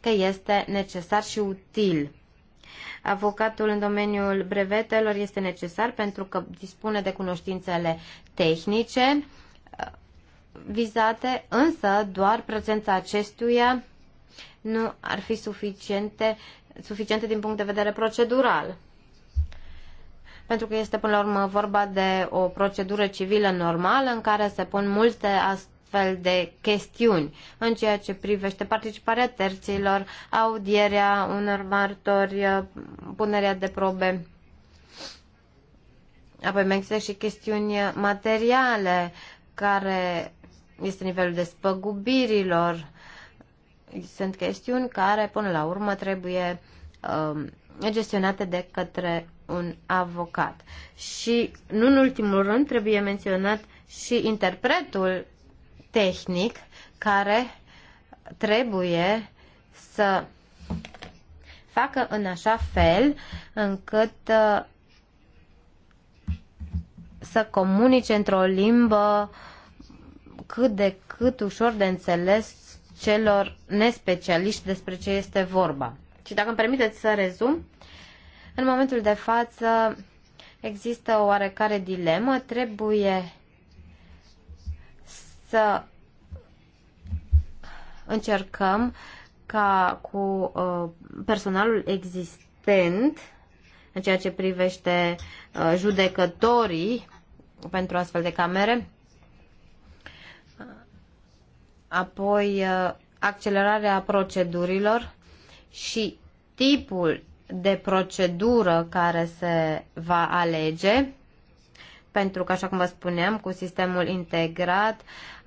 că este necesar și util Avocatul în domeniul brevetelor este necesar pentru că dispune de cunoștințele tehnice uh, vizate, însă doar prezența acestuia nu ar fi suficiente, suficiente din punct de vedere procedural. Pentru că este până la urmă vorba de o procedură civilă normală în care se pun multe aspecte fel de chestiuni în ceea ce privește participarea terților, audierea unor martori, uh, punerea de probe. Apoi mai există și chestiuni materiale, care este nivelul despăgubirilor. Sunt chestiuni care, până la urmă, trebuie uh, gestionate de către un avocat. Și, nu în ultimul rând, trebuie menționat și interpretul tehnic care trebuie să facă în așa fel încât uh, să comunice într-o limbă cât de cât ușor de înțeles celor nespecialiști despre ce este vorba. Și dacă îmi permiteți să rezum, în momentul de față există o oarecare dilemă, trebuie să încercăm ca cu uh, personalul existent în ceea ce privește uh, judecătorii pentru astfel de camere, apoi uh, accelerarea procedurilor și tipul de procedură care se va alege pentru că, așa cum vă spuneam, cu sistemul integrat,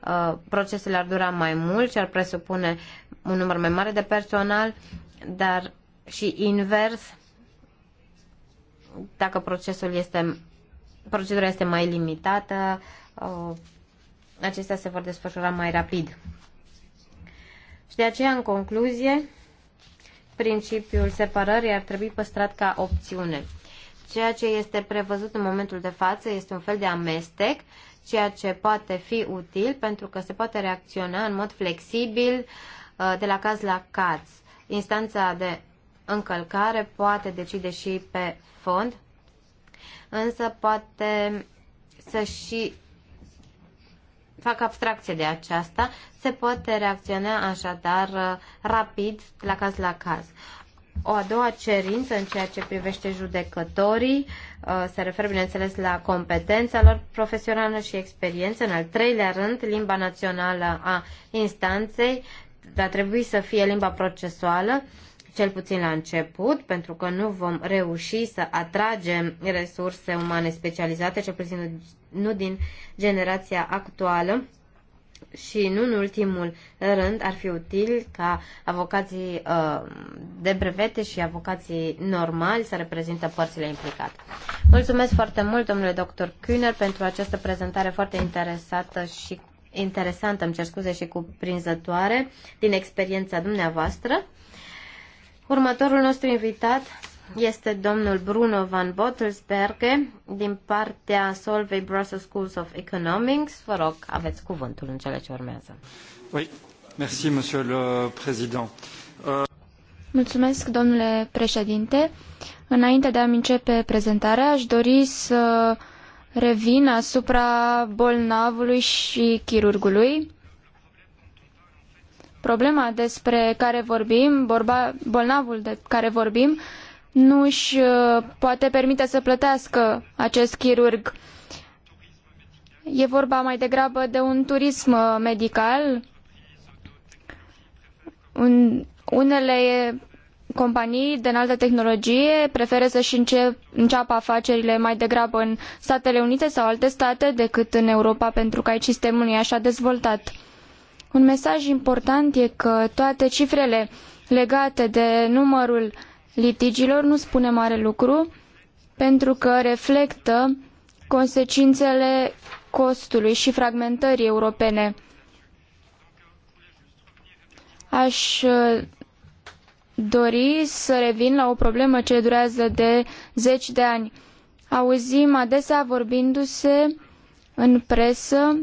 uh, procesele ar dura mai mult și ar presupune un număr mai mare de personal, dar și invers, dacă procesul este, procedura este mai limitată, uh, acestea se vor desfășura mai rapid. Și de aceea, în concluzie, principiul separării ar trebui păstrat ca opțiune. Ceea ce este prevăzut în momentul de față este un fel de amestec, ceea ce poate fi util pentru că se poate reacționa în mod flexibil uh, de la caz la caz. Instanța de încălcare poate decide și pe fond, însă poate să și fac abstracție de aceasta, se poate reacționa așadar uh, rapid de la caz la caz. O a doua cerință în ceea ce privește judecătorii uh, se referă, bineînțeles, la competența lor profesională și experiență. În al treilea rând, limba națională a instanței va trebui să fie limba procesuală, cel puțin la început, pentru că nu vom reuși să atragem resurse umane specializate, cel puțin nu din generația actuală și în un ultimul rând ar fi util ca avocații uh, de brevete și avocații normali să reprezintă părțile implicate. Mulțumesc foarte mult, domnule doctor Kühner, pentru această prezentare foarte interesată și interesantă, îmi cer scuze, și cuprinzătoare din experiența dumneavoastră. Următorul nostru invitat este domnul Bruno van Bottelsberge din partea Solvay Brussels Schools of Economics. Vă rog, aveți cuvântul în cele ce urmează. Oui. Merci, monsieur le président. Uh... Mulțumesc, domnule președinte. Înainte de a-mi începe prezentarea, aș dori să revin asupra bolnavului și chirurgului. Problema despre care vorbim, bolnavul de care vorbim, nu își uh, poate permite să plătească acest chirurg. E vorba mai degrabă de un turism uh, medical. Unele companii de înaltă tehnologie preferă să-și înceapă afacerile mai degrabă în Statele Unite sau alte state decât în Europa, pentru că aici sistemul nu e așa dezvoltat. Un mesaj important e că toate cifrele legate de numărul uh, litigilor nu spune mare lucru pentru că reflectă consecințele costului și fragmentării europene. Aș uh, dori să revin la o problemă ce durează de zeci de ani. Auzim adesea vorbindu-se în presă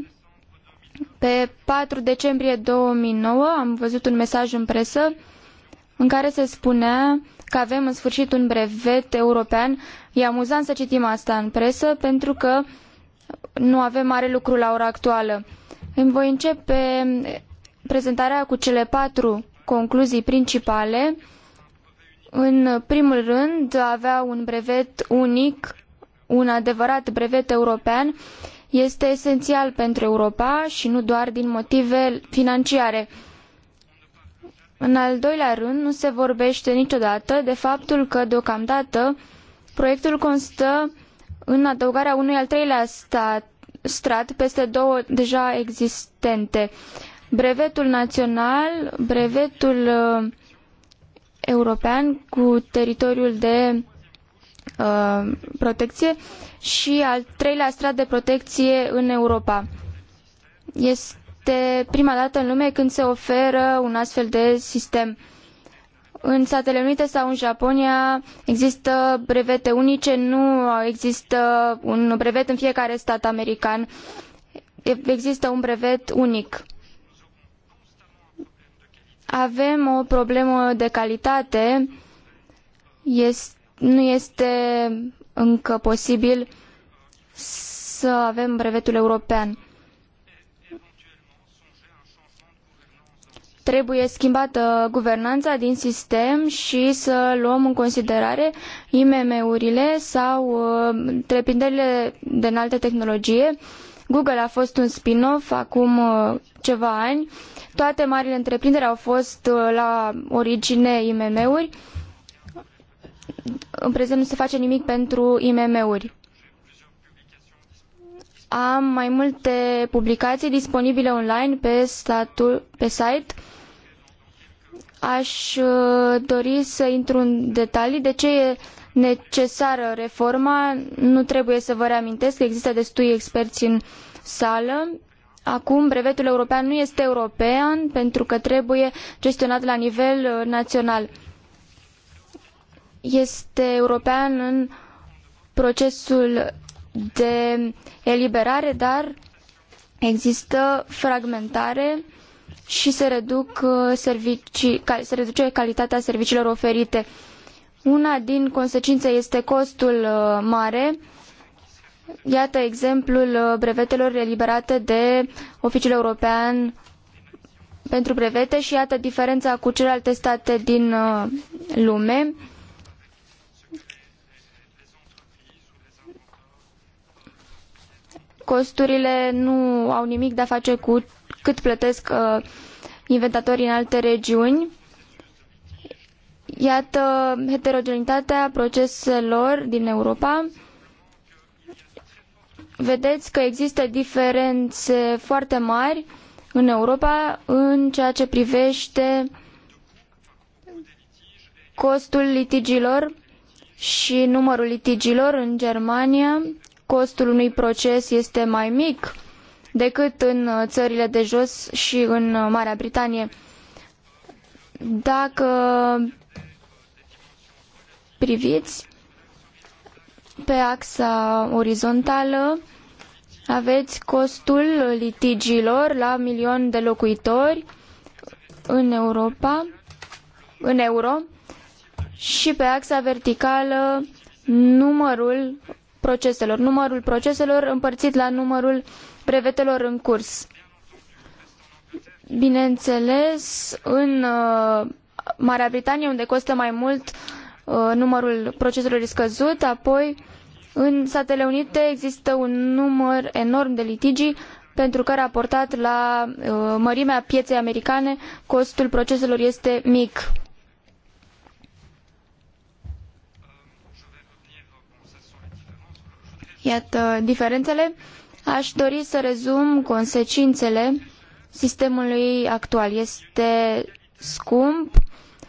pe 4 decembrie 2009 am văzut un mesaj în presă în care se spunea că avem în sfârșit un brevet european. E amuzant să citim asta în presă pentru că nu avem mare lucru la ora actuală. Îmi voi începe prezentarea cu cele patru concluzii principale. În primul rând, avea un brevet unic, un adevărat brevet european, este esențial pentru Europa și nu doar din motive financiare. În al doilea rând, nu se vorbește niciodată de faptul că, deocamdată, proiectul constă în adăugarea unui al treilea stat, strat peste două deja existente. Brevetul național, brevetul uh, european cu teritoriul de uh, protecție și al treilea strat de protecție în Europa. Este este prima dată în lume când se oferă un astfel de sistem. În Statele Unite sau în Japonia există brevete unice, nu există un brevet în fiecare stat american. Există un brevet unic. Avem o problemă de calitate. nu este încă posibil să avem brevetul european. Trebuie schimbată guvernanța din sistem și să luăm în considerare IMM-urile sau uh, întreprinderile de înaltă tehnologie. Google a fost un spin-off acum uh, ceva ani. Toate marile întreprinderi au fost uh, la origine IMM-uri. În prezent nu se face nimic pentru IMM-uri. Am mai multe publicații disponibile online pe, statul, pe site aș uh, dori să intru în detalii de ce e necesară reforma. Nu trebuie să vă reamintesc că există destui experți în sală. Acum, brevetul european nu este european pentru că trebuie gestionat la nivel uh, național. Este european în procesul de eliberare, dar există fragmentare și se, reduc uh, servicii, se reduce calitatea serviciilor oferite. Una din consecințe este costul uh, mare. Iată exemplul uh, brevetelor eliberate de Oficiul European pentru brevete și iată diferența cu celelalte state din lume. Costurile nu au nimic de a face cu cât plătesc uh, inventatorii în alte regiuni. Iată heterogenitatea proceselor din Europa. Vedeți că există diferențe foarte mari în Europa în ceea ce privește costul litigiilor și numărul litigiilor în Germania. Costul unui proces este mai mic decât în uh, țările de jos și în uh, Marea Britanie. Dacă priviți pe axa orizontală, aveți costul litigiilor la milion de locuitori în Europa, în euro, și pe axa verticală numărul proceselor, numărul proceselor împărțit la numărul brevetelor în curs. Bineînțeles, în uh, Marea Britanie, unde costă mai mult, uh, numărul proceselor este scăzut, apoi în Statele Unite există un număr enorm de litigii pentru că raportat la uh, mărimea pieței americane, costul proceselor este mic. Iată diferențele. Aș dori să rezum consecințele sistemului actual. Este scump,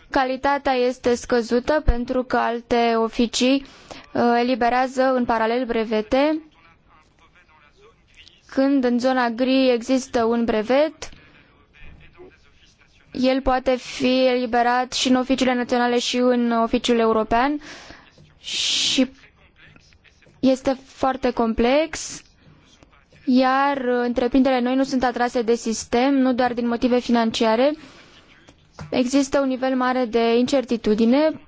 calitatea este scăzută pentru că alte oficii uh, eliberează în paralel brevete. Când în zona gri există un brevet, el poate fi eliberat și în oficiile naționale și în oficiul european și este foarte complex iar uh, întreprinderile noi nu sunt atrase de sistem, nu doar din motive financiare. Există un nivel mare de incertitudine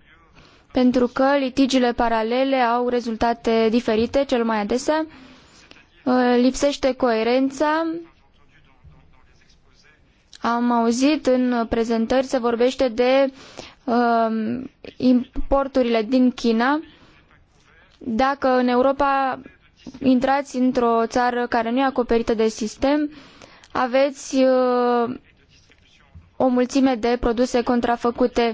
pentru că litigiile paralele au rezultate diferite cel mai adesea. Uh, lipsește coerența. Am auzit în prezentări se vorbește de um, importurile din China. Dacă în Europa intrați într-o țară care nu e acoperită de sistem, aveți uh, o mulțime de produse contrafăcute.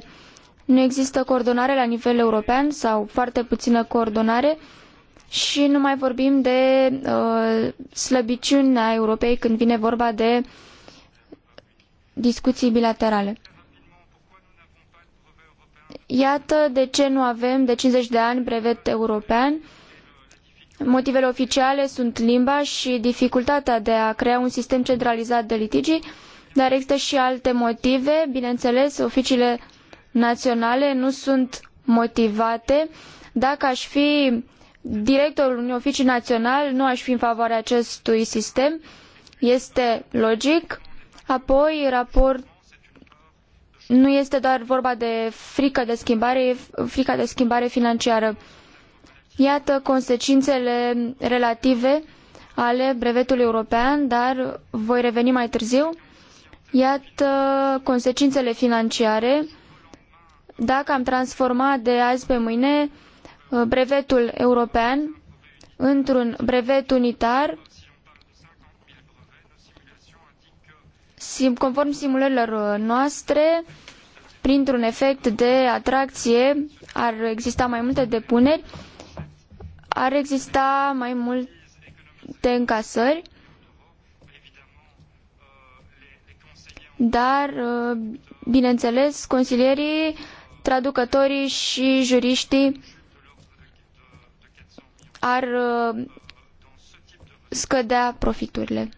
Nu există coordonare la nivel european sau foarte puțină coordonare și nu mai vorbim de uh, slăbiciunea Europei când vine vorba de discuții bilaterale. Iată de ce nu avem de 50 de ani brevet european Motivele oficiale sunt limba și dificultatea de a crea un sistem centralizat de litigii, dar există și alte motive. Bineînțeles, oficiile naționale nu sunt motivate. Dacă aș fi directorul unui oficiu național, nu aș fi în favoarea acestui sistem. Este logic. Apoi, raport nu este doar vorba de frică de schimbare, e frica de schimbare financiară. Iată consecințele relative ale brevetului european, dar voi reveni mai târziu. Iată consecințele financiare. Dacă am transformat de azi pe mâine uh, brevetul european într-un brevet unitar, conform simulărilor noastre, printr-un efect de atracție, ar exista mai multe depuneri ar exista mai multe încasări, dar, uh, bineînțeles, consilierii, traducătorii și juriștii ar uh, scădea profiturile.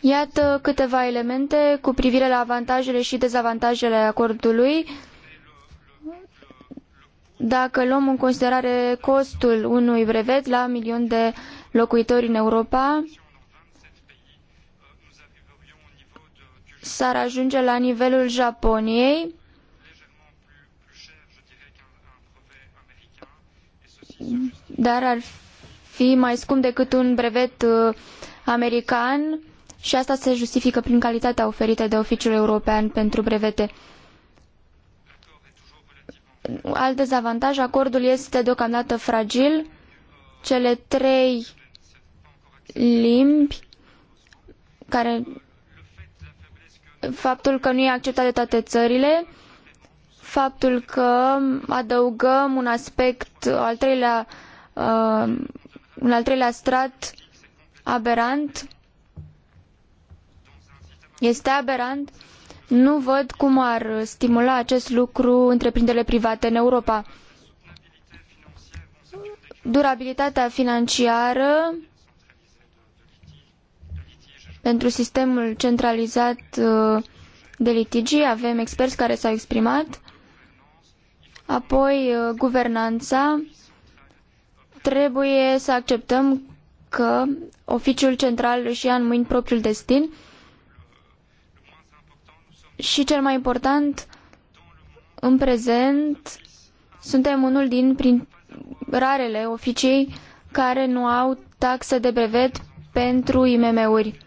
Iată câteva elemente cu privire la avantajele și dezavantajele acordului dacă luăm în considerare costul unui brevet la milion de locuitori în Europa, s-ar ajunge la nivelul Japoniei, dar ar fi mai scump decât un brevet uh, american și asta se justifică prin calitatea oferită de oficiul european pentru brevete alt dezavantaj, acordul este deocamdată fragil. Cele trei limbi care faptul că nu e acceptat de toate țările, faptul că adăugăm un aspect al treilea uh, un al treilea strat aberant este aberant nu văd cum ar stimula acest lucru întreprinderile private în Europa. Durabilitatea financiară pentru sistemul centralizat uh, de litigi avem experți care s-au exprimat. Apoi, uh, guvernanța. Trebuie să acceptăm că oficiul central își ia în mâini propriul destin și cel mai important, în prezent, suntem unul din prin rarele oficii care nu au taxe de brevet pentru IMM-uri.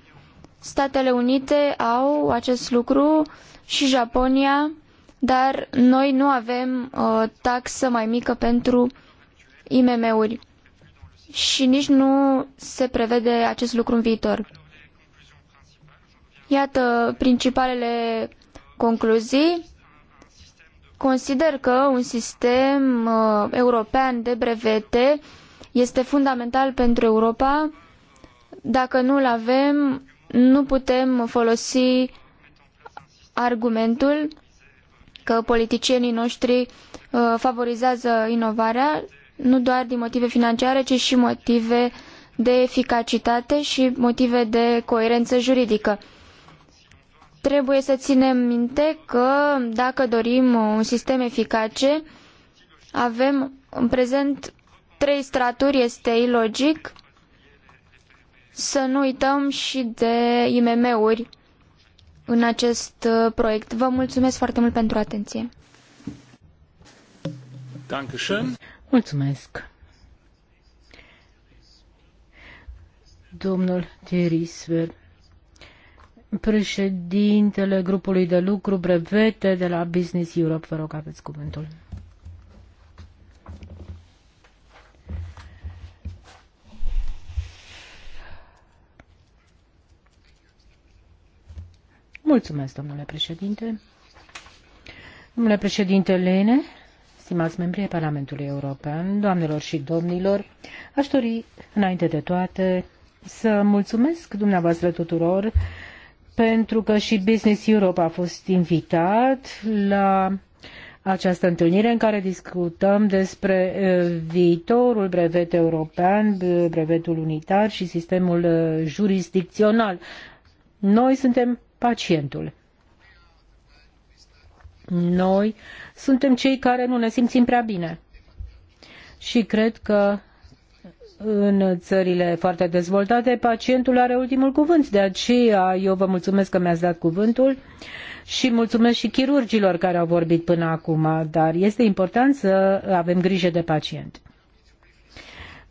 Statele Unite au acest lucru și Japonia, dar noi nu avem uh, taxă mai mică pentru IMM-uri și nici nu se prevede acest lucru în viitor. Iată principalele concluzii, consider că un sistem uh, european de brevete este fundamental pentru Europa. Dacă nu-l avem, nu putem folosi argumentul că politicienii noștri uh, favorizează inovarea, nu doar din motive financiare, ci și motive de eficacitate și motive de coerență juridică. Trebuie să ținem minte că dacă dorim un sistem eficace, avem în prezent trei straturi, este ilogic să nu uităm și de IMM-uri în acest uh, proiect. Vă mulțumesc foarte mult pentru atenție. Mulțumesc. Domnul Thierry președintele grupului de lucru brevete de la Business Europe. Vă rog, aveți cuvântul. Mulțumesc, domnule președinte. Domnule președinte Lene, stimați membrii Parlamentului European, doamnelor și domnilor, aș dori, înainte de toate, să mulțumesc dumneavoastră tuturor pentru că și Business Europe a fost invitat la această întâlnire în care discutăm despre viitorul brevet european, brevetul unitar și sistemul jurisdicțional. Noi suntem pacientul. Noi suntem cei care nu ne simțim prea bine. Și cred că în țările foarte dezvoltate, pacientul are ultimul cuvânt. De aceea eu vă mulțumesc că mi-ați dat cuvântul și mulțumesc și chirurgilor care au vorbit până acum, dar este important să avem grijă de pacient.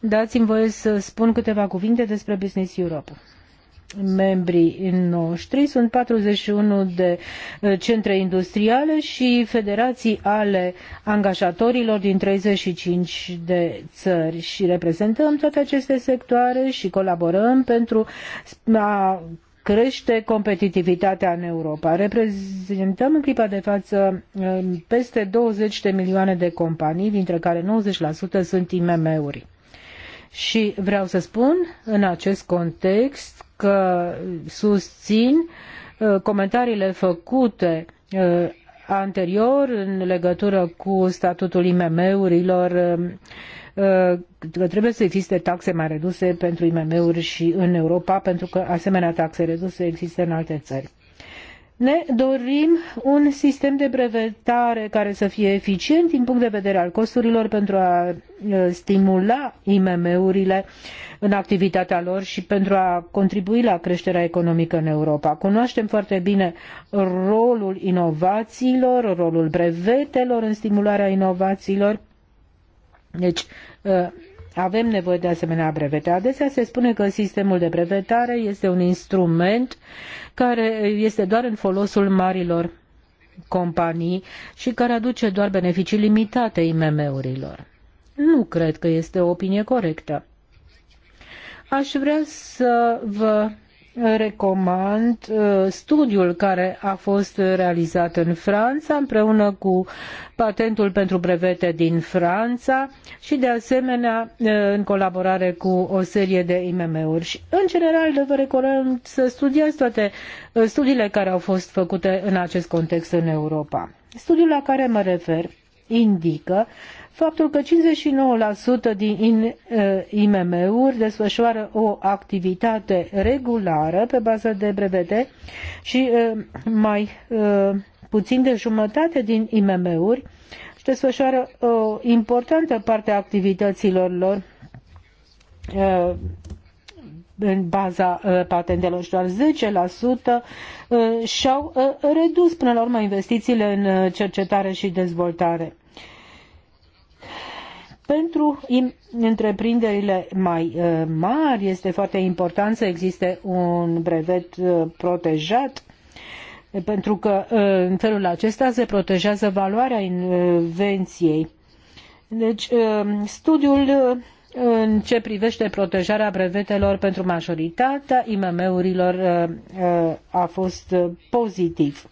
Dați-mi voie să spun câteva cuvinte despre Business Europe membrii noștri. Sunt 41 de eh, centre industriale și federații ale angajatorilor din 35 de țări și reprezentăm toate aceste sectoare și colaborăm pentru a crește competitivitatea în Europa. Reprezentăm în clipa de față eh, peste 20 de milioane de companii, dintre care 90% sunt IMM-uri. Și vreau să spun în acest context că susin uh, comentariile făcute uh, anterior în legătură cu statutul IMM-urilor uh, că trebuie să existe taxe mai reduse pentru IMM-uri și în Europa, pentru că asemenea taxe reduse există în alte țări. Ne dorim un sistem de brevetare care să fie eficient din punct de vedere al costurilor pentru a stimula IMM-urile în activitatea lor și pentru a contribui la creșterea economică în Europa. Cunoaștem foarte bine rolul inovațiilor, rolul brevetelor în stimularea inovațiilor. Deci, uh, avem nevoie de asemenea brevete. Adesea se spune că sistemul de brevetare este un instrument care este doar în folosul marilor companii și care aduce doar beneficii limitate IMM-urilor. Nu cred că este o opinie corectă. Aș vrea să vă recomand uh, studiul care a fost realizat în Franța împreună cu patentul pentru brevete din Franța și de asemenea uh, în colaborare cu o serie de IMM-uri. Și în general vă recomand să studiați toate uh, studiile care au fost făcute în acest context în Europa. Studiul la care mă refer indică faptul că 59% din IMM-uri uh, desfășoară o activitate regulară pe bază de brevete și uh, mai uh, puțin de jumătate din IMM-uri își desfășoară o importantă parte a activităților lor în baza patentelor și doar 10% și-au redus până la urmă investițiile în cercetare și dezvoltare. Pentru întreprinderile mai uh, mari este foarte important să existe un brevet uh, protejat pentru că uh, în felul acesta se protejează valoarea invenției. Deci, studiul în ce privește protejarea brevetelor pentru majoritatea IMM-urilor a fost pozitiv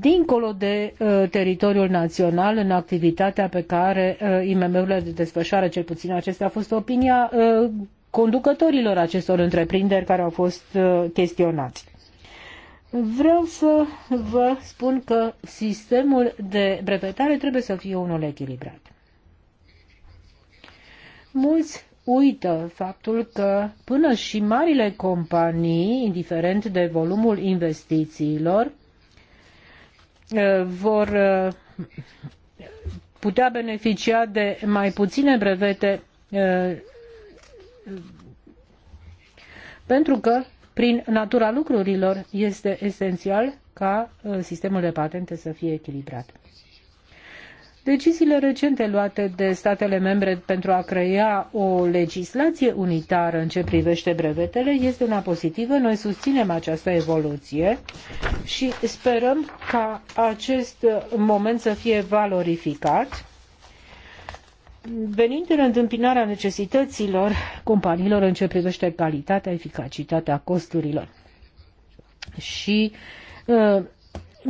dincolo de uh, teritoriul național în activitatea pe care uh, IMM-urile de desfășoară, cel puțin acestea, a fost opinia uh, conducătorilor acestor întreprinderi care au fost chestionați. Vreau să vă spun că sistemul de brevetare trebuie să fie unul echilibrat. Mulți uită faptul că până și marile companii, indiferent de volumul investițiilor, Uh, vor uh, putea beneficia de mai puține brevete uh, pentru că prin natura lucrurilor este esențial ca sistemul de patente să fie echilibrat. Deciziile recente luate de statele membre pentru a crea o legislație unitară în ce privește brevetele este una pozitivă. Noi susținem această evoluție și sperăm ca acest moment să fie valorificat venind în întâmpinarea necesităților companiilor în ce privește calitatea, eficacitatea costurilor. Și uh,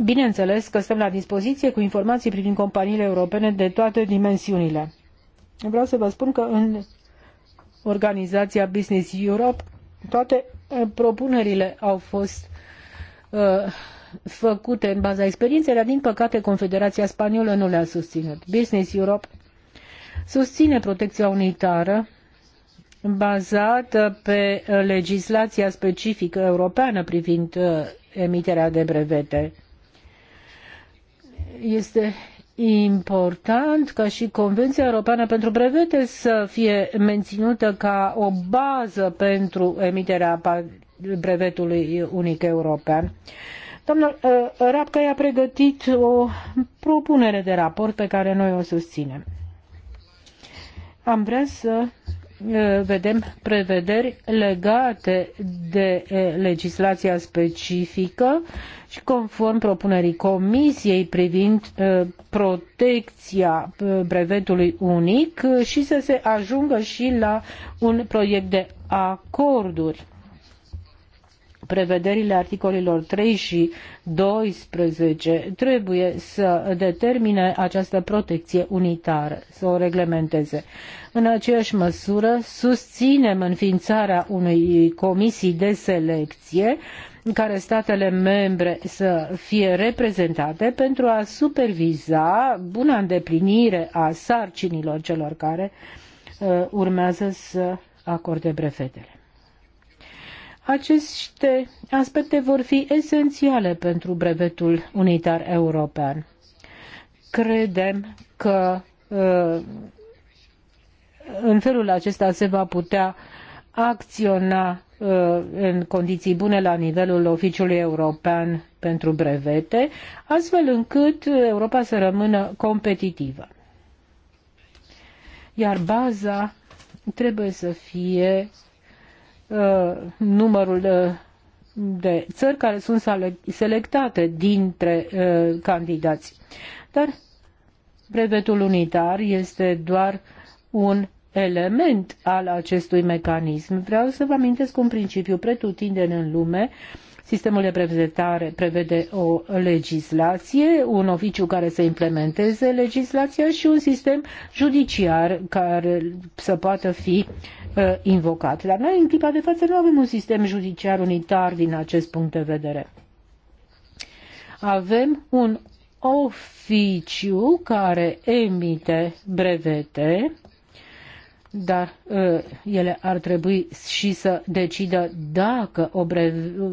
Bineînțeles că stăm la dispoziție cu informații privind companiile europene de toate dimensiunile. Vreau să vă spun că în organizația Business Europe toate eh, propunerile au fost uh, făcute în baza experienței, dar din păcate Confederația Spaniolă nu le-a susținut. Business Europe susține protecția unitară bazată pe eh, legislația specifică europeană privind emiterea de brevete este important ca și Convenția Europeană pentru Brevete să fie menținută ca o bază pentru emiterea brevetului unic european. Doamnă, uh, Rapca i-a pregătit o propunere de raport pe care noi o susținem. Am vrea să Eh, vedem prevederi legate de eh, legislația specifică și conform propunerii Comisiei privind eh, protecția brevetului unic și să se ajungă și la un proiect de acorduri prevederile articolilor 3 și 12 trebuie să determine această protecție unitară, să o reglementeze. În aceeași măsură, susținem înființarea unei comisii de selecție în care statele membre să fie reprezentate pentru a superviza buna îndeplinire a sarcinilor celor care uh, urmează să acorde brevetele. Aceste aspecte vor fi esențiale pentru brevetul unitar european. Credem că uh, în felul acesta se va putea acționa uh, în condiții bune la nivelul Oficiului European pentru brevete, astfel încât Europa să rămână competitivă. Iar baza trebuie să fie Uh, numărul uh, de țări care sunt selectate dintre uh, candidați. Dar brevetul unitar este doar un element al acestui mecanism. Vreau să vă amintesc un principiu pretutindeni în lume. Sistemul de prezentare prevede o legislație, un oficiu care să implementeze legislația și un sistem judiciar care să poată fi uh, Uh, invocat. Dar noi, în clipa de față, nu avem un sistem judiciar unitar din acest punct de vedere. Avem un oficiu care emite brevete dar ă, ele ar trebui și să decidă dacă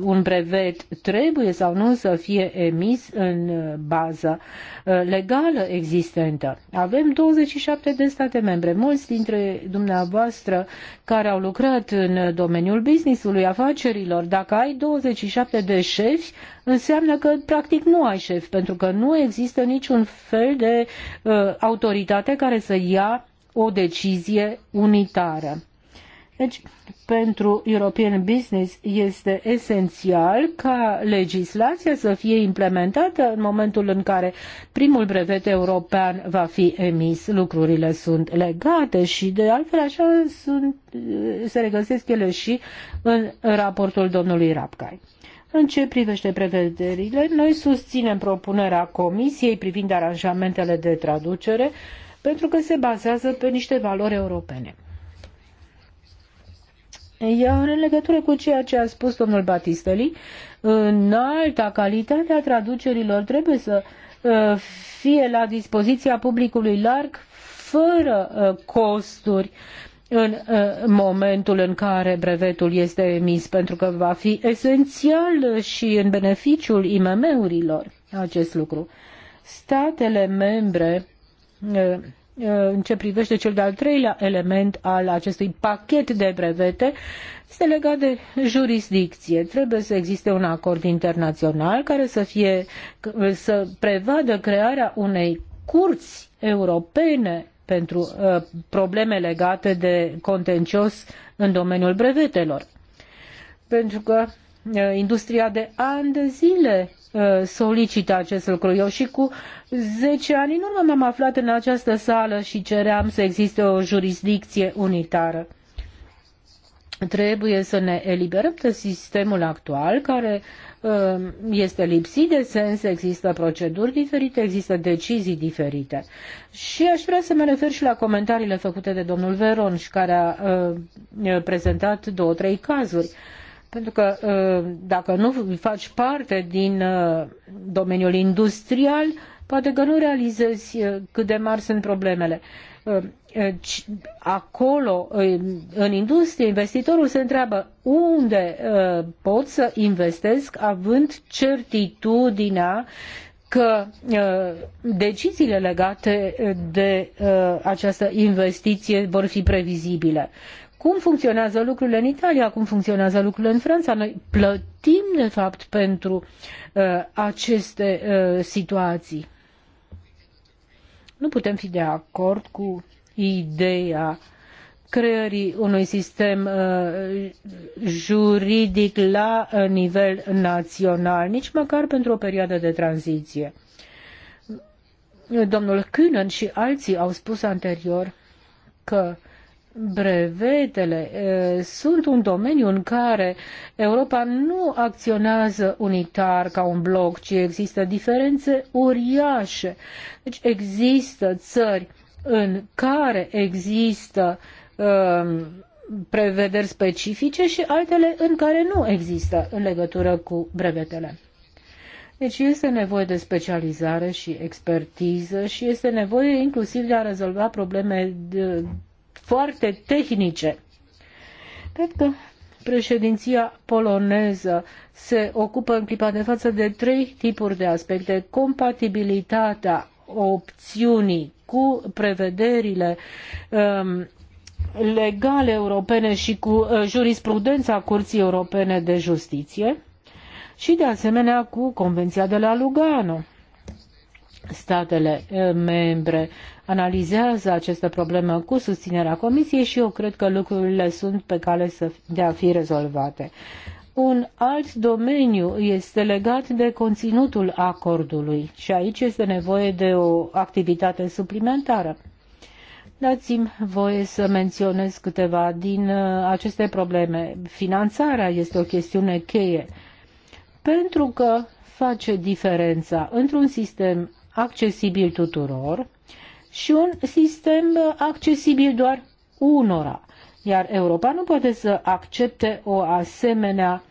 un brevet trebuie sau nu să fie emis în ă, baza ă, legală existentă. Avem 27 de state membre, mulți dintre dumneavoastră care au lucrat în domeniul businessului, afacerilor. Dacă ai 27 de șefi, înseamnă că practic nu ai șef, pentru că nu există niciun fel de uh, autoritate care să ia o decizie unitară. Deci, pentru European Business este esențial ca legislația să fie implementată în momentul în care primul brevet european va fi emis. Lucrurile sunt legate și de altfel așa sunt, se regăsesc ele și în raportul domnului Rapcai. În ce privește prevederile, noi susținem propunerea Comisiei privind aranjamentele de traducere pentru că se bazează pe niște valori europene. Iar în legătură cu ceea ce a spus domnul Batisteli, în alta calitate a traducerilor trebuie să uh, fie la dispoziția publicului larg fără uh, costuri în uh, momentul în care brevetul este emis, pentru că va fi esențial și în beneficiul IMM-urilor acest lucru. Statele membre în ce privește cel de-al treilea element al acestui pachet de brevete, este legat de jurisdicție. Trebuie să existe un acord internațional care să, fie, să prevadă crearea unei curți europene pentru uh, probleme legate de contencios în domeniul brevetelor. Pentru că Eh, industria de ani de zile eh, solicită acest lucru. Eu și cu 10 ani în urmă m-am aflat în această sală și ceream să existe o jurisdicție unitară. Trebuie să ne eliberăm de sistemul actual care eh, este lipsit de sens, există proceduri diferite, există decizii diferite. Și aș vrea să mă refer și la comentariile făcute de domnul Veron și care a prezentat două, trei cazuri. Pentru că uh, dacă nu faci parte din uh, domeniul industrial, poate că nu realizezi uh, cât de mari sunt problemele. Acolo, în industrie, investitorul se întreabă unde pot să investesc având certitudinea că deciziile legate de această investiție vor fi previzibile cum funcționează lucrurile în Italia, cum funcționează lucrurile în Franța. Noi plătim, de fapt, pentru uh, aceste uh, situații. Nu putem fi de acord cu ideea creării unui sistem uh, juridic la uh, nivel național, nici măcar pentru o perioadă de tranziție. Domnul Cunan și alții au spus anterior că uh, brevetele sunt un domeniu în care Europa nu acționează unitar ca un bloc, ci există diferențe uriașe. Deci există țări în care există um, prevederi specifice și altele în care nu există în legătură cu brevetele. Deci este nevoie de specializare și expertiză și este nevoie inclusiv de a rezolva probleme de, foarte tehnice. Cred că președinția poloneză se ocupă în clipa de față de trei tipuri de aspecte. Compatibilitatea opțiunii cu prevederile um, legale europene și cu uh, jurisprudența Curții Europene de Justiție și, de asemenea, cu Convenția de la Lugano statele eh, membre analizează această problemă cu susținerea Comisiei și eu cred că lucrurile sunt pe cale să, de a fi rezolvate. Un alt domeniu este legat de conținutul acordului și aici este nevoie de o activitate suplimentară. Dați-mi voie să menționez câteva din eh, aceste probleme. Finanțarea este o chestiune cheie pentru că face diferența într-un sistem accesibil tuturor și un sistem accesibil doar unora. Iar Europa nu poate să accepte o asemenea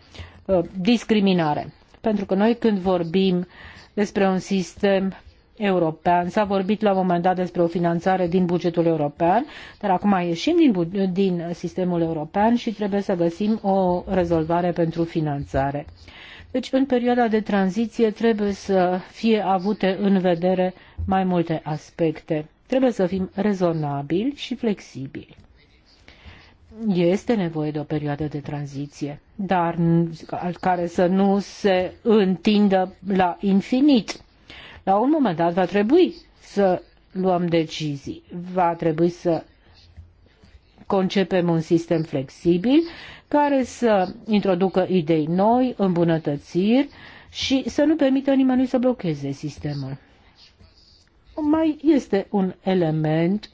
uh, discriminare. Pentru că noi când vorbim despre un sistem european, s-a vorbit la un moment dat despre o finanțare din bugetul european, dar acum ieșim din, din sistemul european și trebuie să găsim o rezolvare pentru finanțare. Deci, în perioada de tranziție trebuie să fie avute în vedere mai multe aspecte. Trebuie să fim rezonabili și flexibili. Este nevoie de o perioadă de tranziție, dar care să nu se întindă la infinit. La un moment dat va trebui să luăm decizii, va trebui să concepem un sistem flexibil care să introducă idei noi, îmbunătățiri și să nu permită nimănui să blocheze sistemul. Mai este un element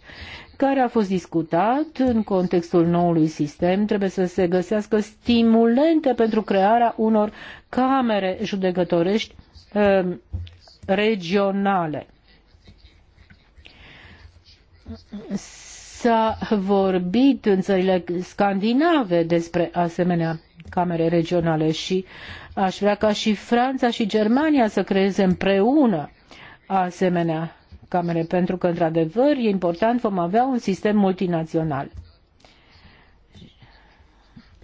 care a fost discutat în contextul noului sistem. Trebuie să se găsească stimulente pentru crearea unor camere judecătorești ehm, regionale S-a vorbit în țările scandinave despre asemenea camere regionale și aș vrea ca și Franța și Germania să creeze împreună asemenea camere, pentru că, într-adevăr, e important, vom avea un sistem multinațional.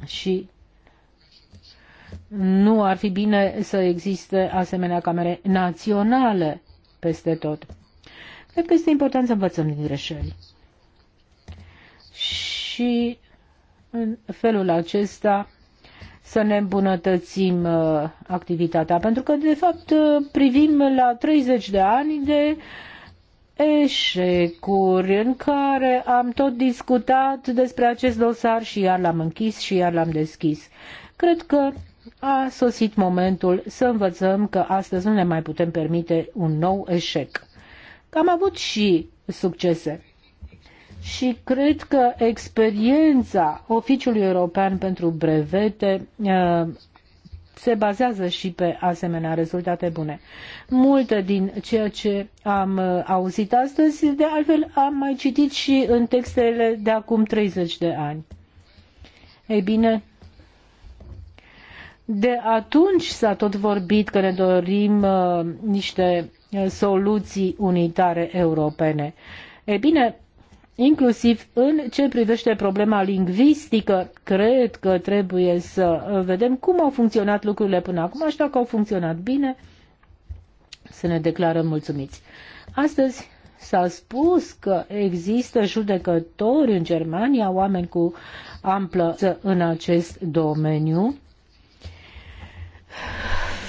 Și nu ar fi bine să existe asemenea camere naționale peste tot. Cred că este important să învățăm din greșeli și în felul acesta să ne îmbunătățim uh, activitatea, pentru că, de fapt, uh, privim la 30 de ani de eșecuri în care am tot discutat despre acest dosar și iar l-am închis și iar l-am deschis. Cred că a sosit momentul să învățăm că astăzi nu ne mai putem permite un nou eșec. Am avut și succese și cred că experiența Oficiului European pentru Brevete uh, se bazează și pe asemenea rezultate bune. Multe din ceea ce am uh, auzit astăzi, de altfel am mai citit și în textele de acum 30 de ani. Ei bine, de atunci s-a tot vorbit că ne dorim uh, niște uh, soluții unitare europene. Ei bine, inclusiv în ce privește problema lingvistică, cred că trebuie să vedem cum au funcționat lucrurile până acum și dacă au funcționat bine, să ne declarăm mulțumiți. Astăzi s-a spus că există judecători în Germania, oameni cu amplă în acest domeniu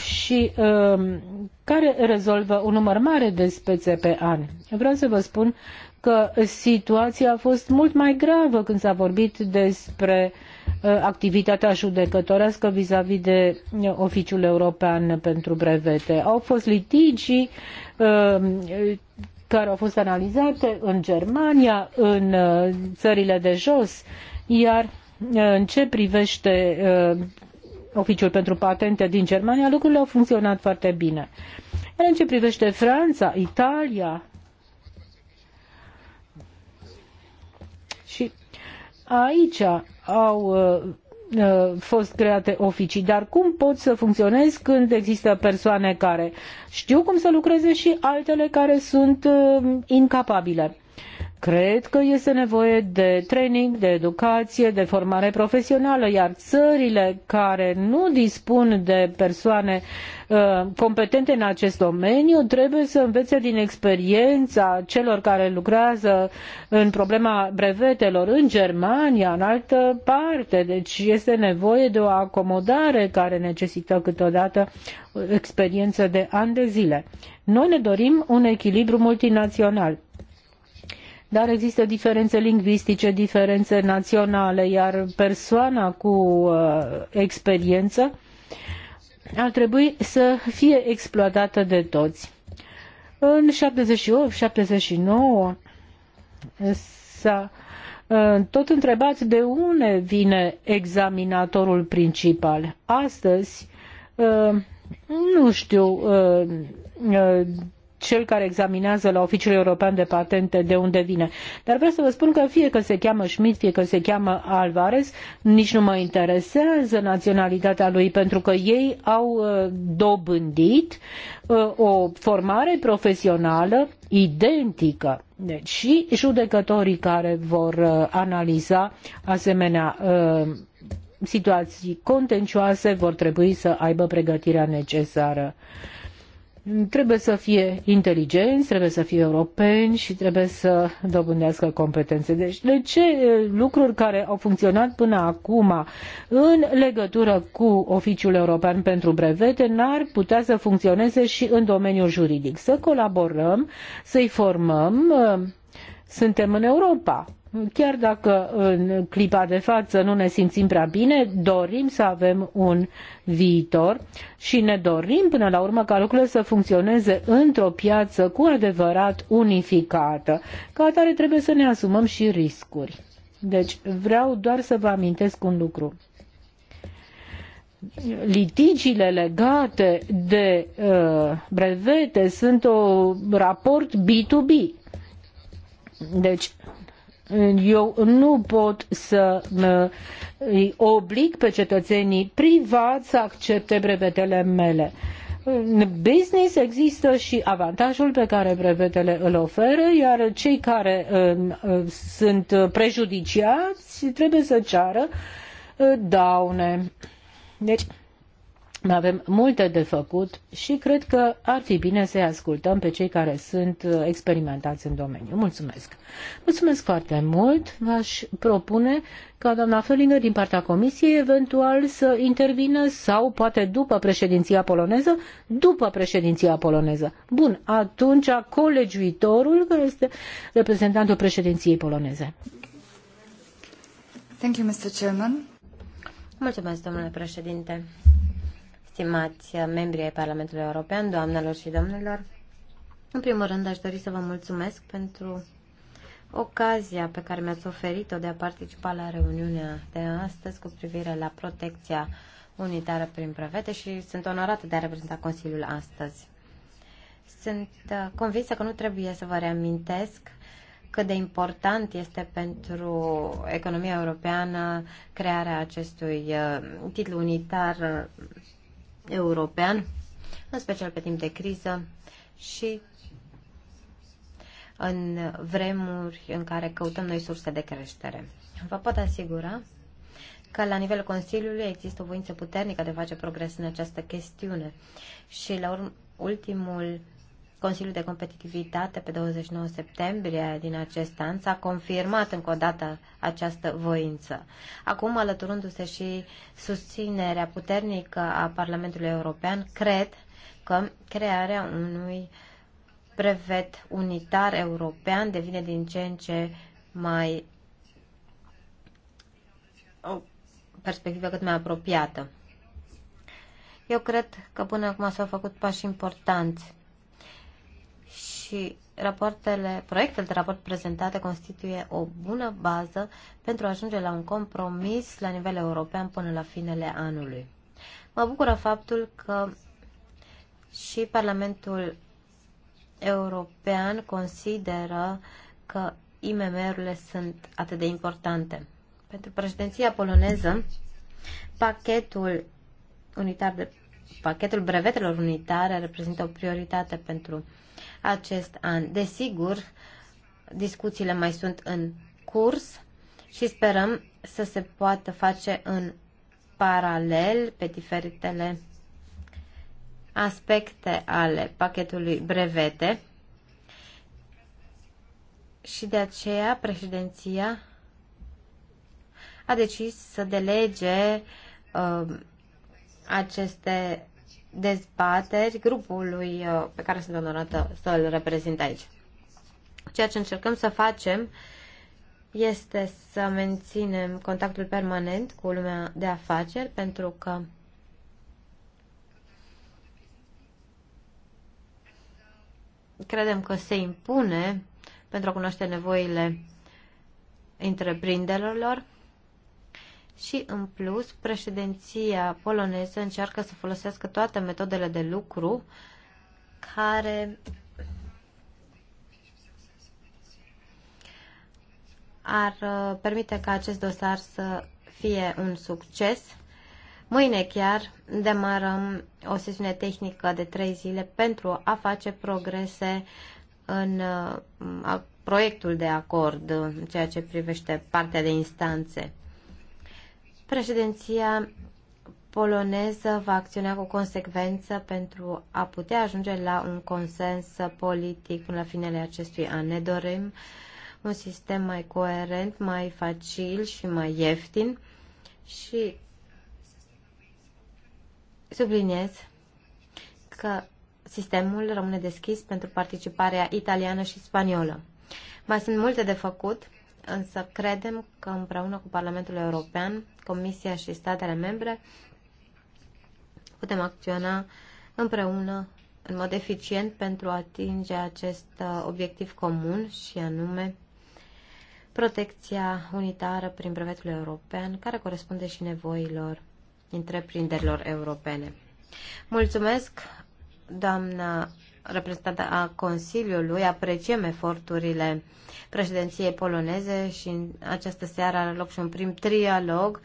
și um, care rezolvă un număr mare de spețe pe an. Vreau să vă spun că situația a fost mult mai gravă când s-a vorbit despre uh, activitatea judecătorească vis-a-vis de uh, Oficiul European pentru Brevete. Au fost litigii uh, care au fost analizate în Germania, în țările de jos, iar în ce privește Oficiul pentru Patente din Germania, lucrurile au funcționat foarte bine. Iar în ce privește Franța, Italia, Și aici au uh, uh, fost create oficii, dar cum pot să funcționezi când există persoane care știu cum să lucreze și altele care sunt uh, incapabile? cred că este nevoie de training, de educație, de formare profesională, iar țările care nu dispun de persoane uh, competente în acest domeniu trebuie să învețe din experiența celor care lucrează în problema brevetelor în Germania, în altă parte. Deci este nevoie de o acomodare care necesită câteodată experiență de ani de zile. Noi ne dorim un echilibru multinațional dar există diferențe lingvistice, diferențe naționale, iar persoana cu uh, experiență ar trebui să fie exploatată de toți. În 78-79 s-a uh, tot întrebat de unde vine examinatorul principal. Astăzi, uh, nu știu cel care examinează la Oficiul European de Patente de unde vine. Dar vreau să vă spun că fie că se cheamă Schmidt, fie că se cheamă Alvarez, nici nu mă interesează naționalitatea lui, pentru că ei au uh, dobândit uh, o formare profesională identică. Deci și judecătorii care vor uh, analiza asemenea situații contencioase vor trebui să aibă pregătirea necesară trebuie să fie inteligenți, trebuie să fie europeni și trebuie să dobândească competențe. Deci, de ce lucruri care au funcționat până acum în legătură cu Oficiul European pentru Brevete n-ar putea să funcționeze și în domeniul juridic? Să colaborăm, să-i formăm. Suntem în Europa. Chiar dacă în clipa de față nu ne simțim prea bine, dorim să avem un viitor și ne dorim până la urmă ca lucrurile să funcționeze într-o piață cu adevărat unificată. Ca atare trebuie să ne asumăm și riscuri. Deci vreau doar să vă amintesc un lucru litigiile legate de uh, brevete sunt un raport B2B. Deci eu nu pot să îi oblig pe cetățenii privați să accepte brevetele mele. În business există și avantajul pe care brevetele îl oferă, iar cei care um, um, sunt prejudiciați trebuie să ceară uh, daune. Deci, avem multe de făcut și cred că ar fi bine să-i ascultăm pe cei care sunt uh, experimentați în domeniu. Mulțumesc! Mulțumesc foarte mult! V-aș propune ca doamna Felină din partea Comisiei eventual să intervină sau poate după președinția poloneză, după președinția poloneză. Bun, atunci colegiuitorul care este reprezentantul președinției poloneze. Thank you, Mr. Chairman. Mulțumesc, domnule președinte stimați membri ai Parlamentului European, doamnelor și domnilor, în primul rând aș dori să vă mulțumesc pentru ocazia pe care mi-ați oferit-o de a participa la reuniunea de astăzi cu privire la protecția unitară prin brevete și sunt onorată de a reprezenta Consiliul astăzi. Sunt uh, convinsă că nu trebuie să vă reamintesc cât de important este pentru economia europeană crearea acestui uh, titlu unitar uh, european, în special pe timp de criză și în vremuri în care căutăm noi surse de creștere. Vă pot asigura că la nivelul Consiliului există o voință puternică de a face progres în această chestiune și la urm- ultimul Consiliul de Competitivitate pe 29 septembrie din acest an s-a confirmat încă o dată această voință. Acum, alăturându-se și susținerea puternică a Parlamentului European, cred că crearea unui brevet unitar european devine din ce în ce mai o perspectivă cât mai apropiată. Eu cred că până acum s-au făcut pași importanți și rapoartele, proiectele de raport prezentate constituie o bună bază pentru a ajunge la un compromis la nivel european până la finele anului. Mă bucură faptul că și Parlamentul European consideră că IMM-urile sunt atât de importante. Pentru președinția poloneză, pachetul unitar de pachetul brevetelor unitare reprezintă o prioritate pentru acest an. Desigur, discuțiile mai sunt în curs și sperăm să se poată face în paralel pe diferitele aspecte ale pachetului brevete și de aceea președinția a decis să delege uh, aceste dezbateri grupului uh, pe care sunt onorată să îl reprezint aici. Ceea ce încercăm să facem este să menținem contactul permanent cu lumea de afaceri pentru că credem că se impune pentru a cunoaște nevoile întreprinderilor și, în plus, președinția poloneză încearcă să folosească toate metodele de lucru care ar uh, permite ca acest dosar să fie un succes. Mâine chiar demarăm o sesiune tehnică de trei zile pentru a face progrese în uh, proiectul de acord în ceea ce privește partea de instanțe. Președinția poloneză va acționa cu consecvență pentru a putea ajunge la un consens politic până la finele acestui an. Ne dorim un sistem mai coerent, mai facil și mai ieftin și subliniez că sistemul rămâne deschis pentru participarea italiană și spaniolă. Mai sunt multe de făcut însă credem că împreună cu Parlamentul European, Comisia și statele membre putem acționa împreună în mod eficient pentru a atinge acest uh, obiectiv comun și anume protecția unitară prin brevetul european, care corespunde și nevoilor întreprinderilor europene. Mulțumesc, doamna reprezentant a Consiliului, apreciem eforturile președinției poloneze și în această seară are loc și un prim trialog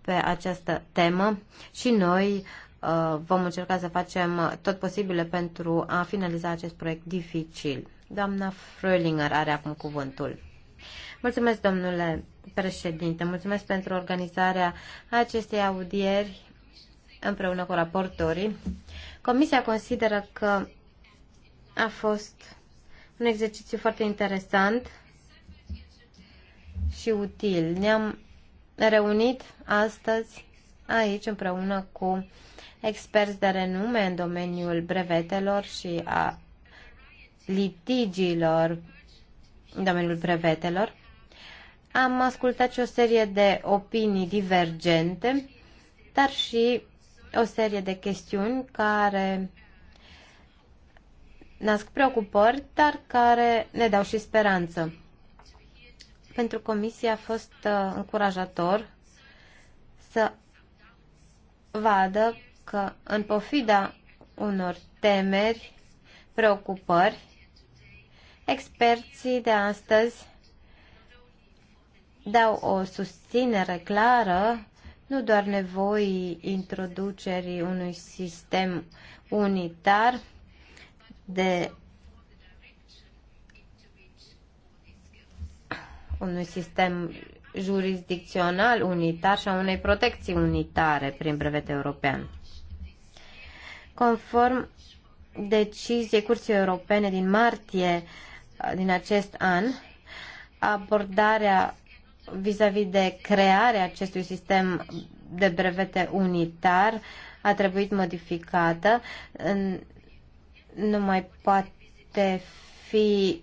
pe această temă și noi uh, vom încerca să facem tot posibilul pentru a finaliza acest proiect dificil. Doamna Frölinger are acum cuvântul. Mulțumesc, domnule președinte, mulțumesc pentru organizarea acestei audieri împreună cu raportorii. Comisia consideră că a fost un exercițiu foarte interesant și util. Ne-am reunit astăzi aici împreună cu experți de renume în domeniul brevetelor și a litigiilor în domeniul brevetelor. Am ascultat și o serie de opinii divergente, dar și o serie de chestiuni care nasc preocupări, dar care ne dau și speranță. Pentru comisie a fost uh, încurajator să vadă că în pofida unor temeri, preocupări, experții de astăzi dau o susținere clară nu doar nevoii introducerii unui sistem unitar, de unui sistem jurisdicțional unitar și a unei protecții unitare prin brevet european. Conform deciziei Curții Europene din martie uh, din acest an, abordarea vis-a-vis -vis de crearea acestui sistem de brevete unitar a trebuit modificată în nu mai poate fi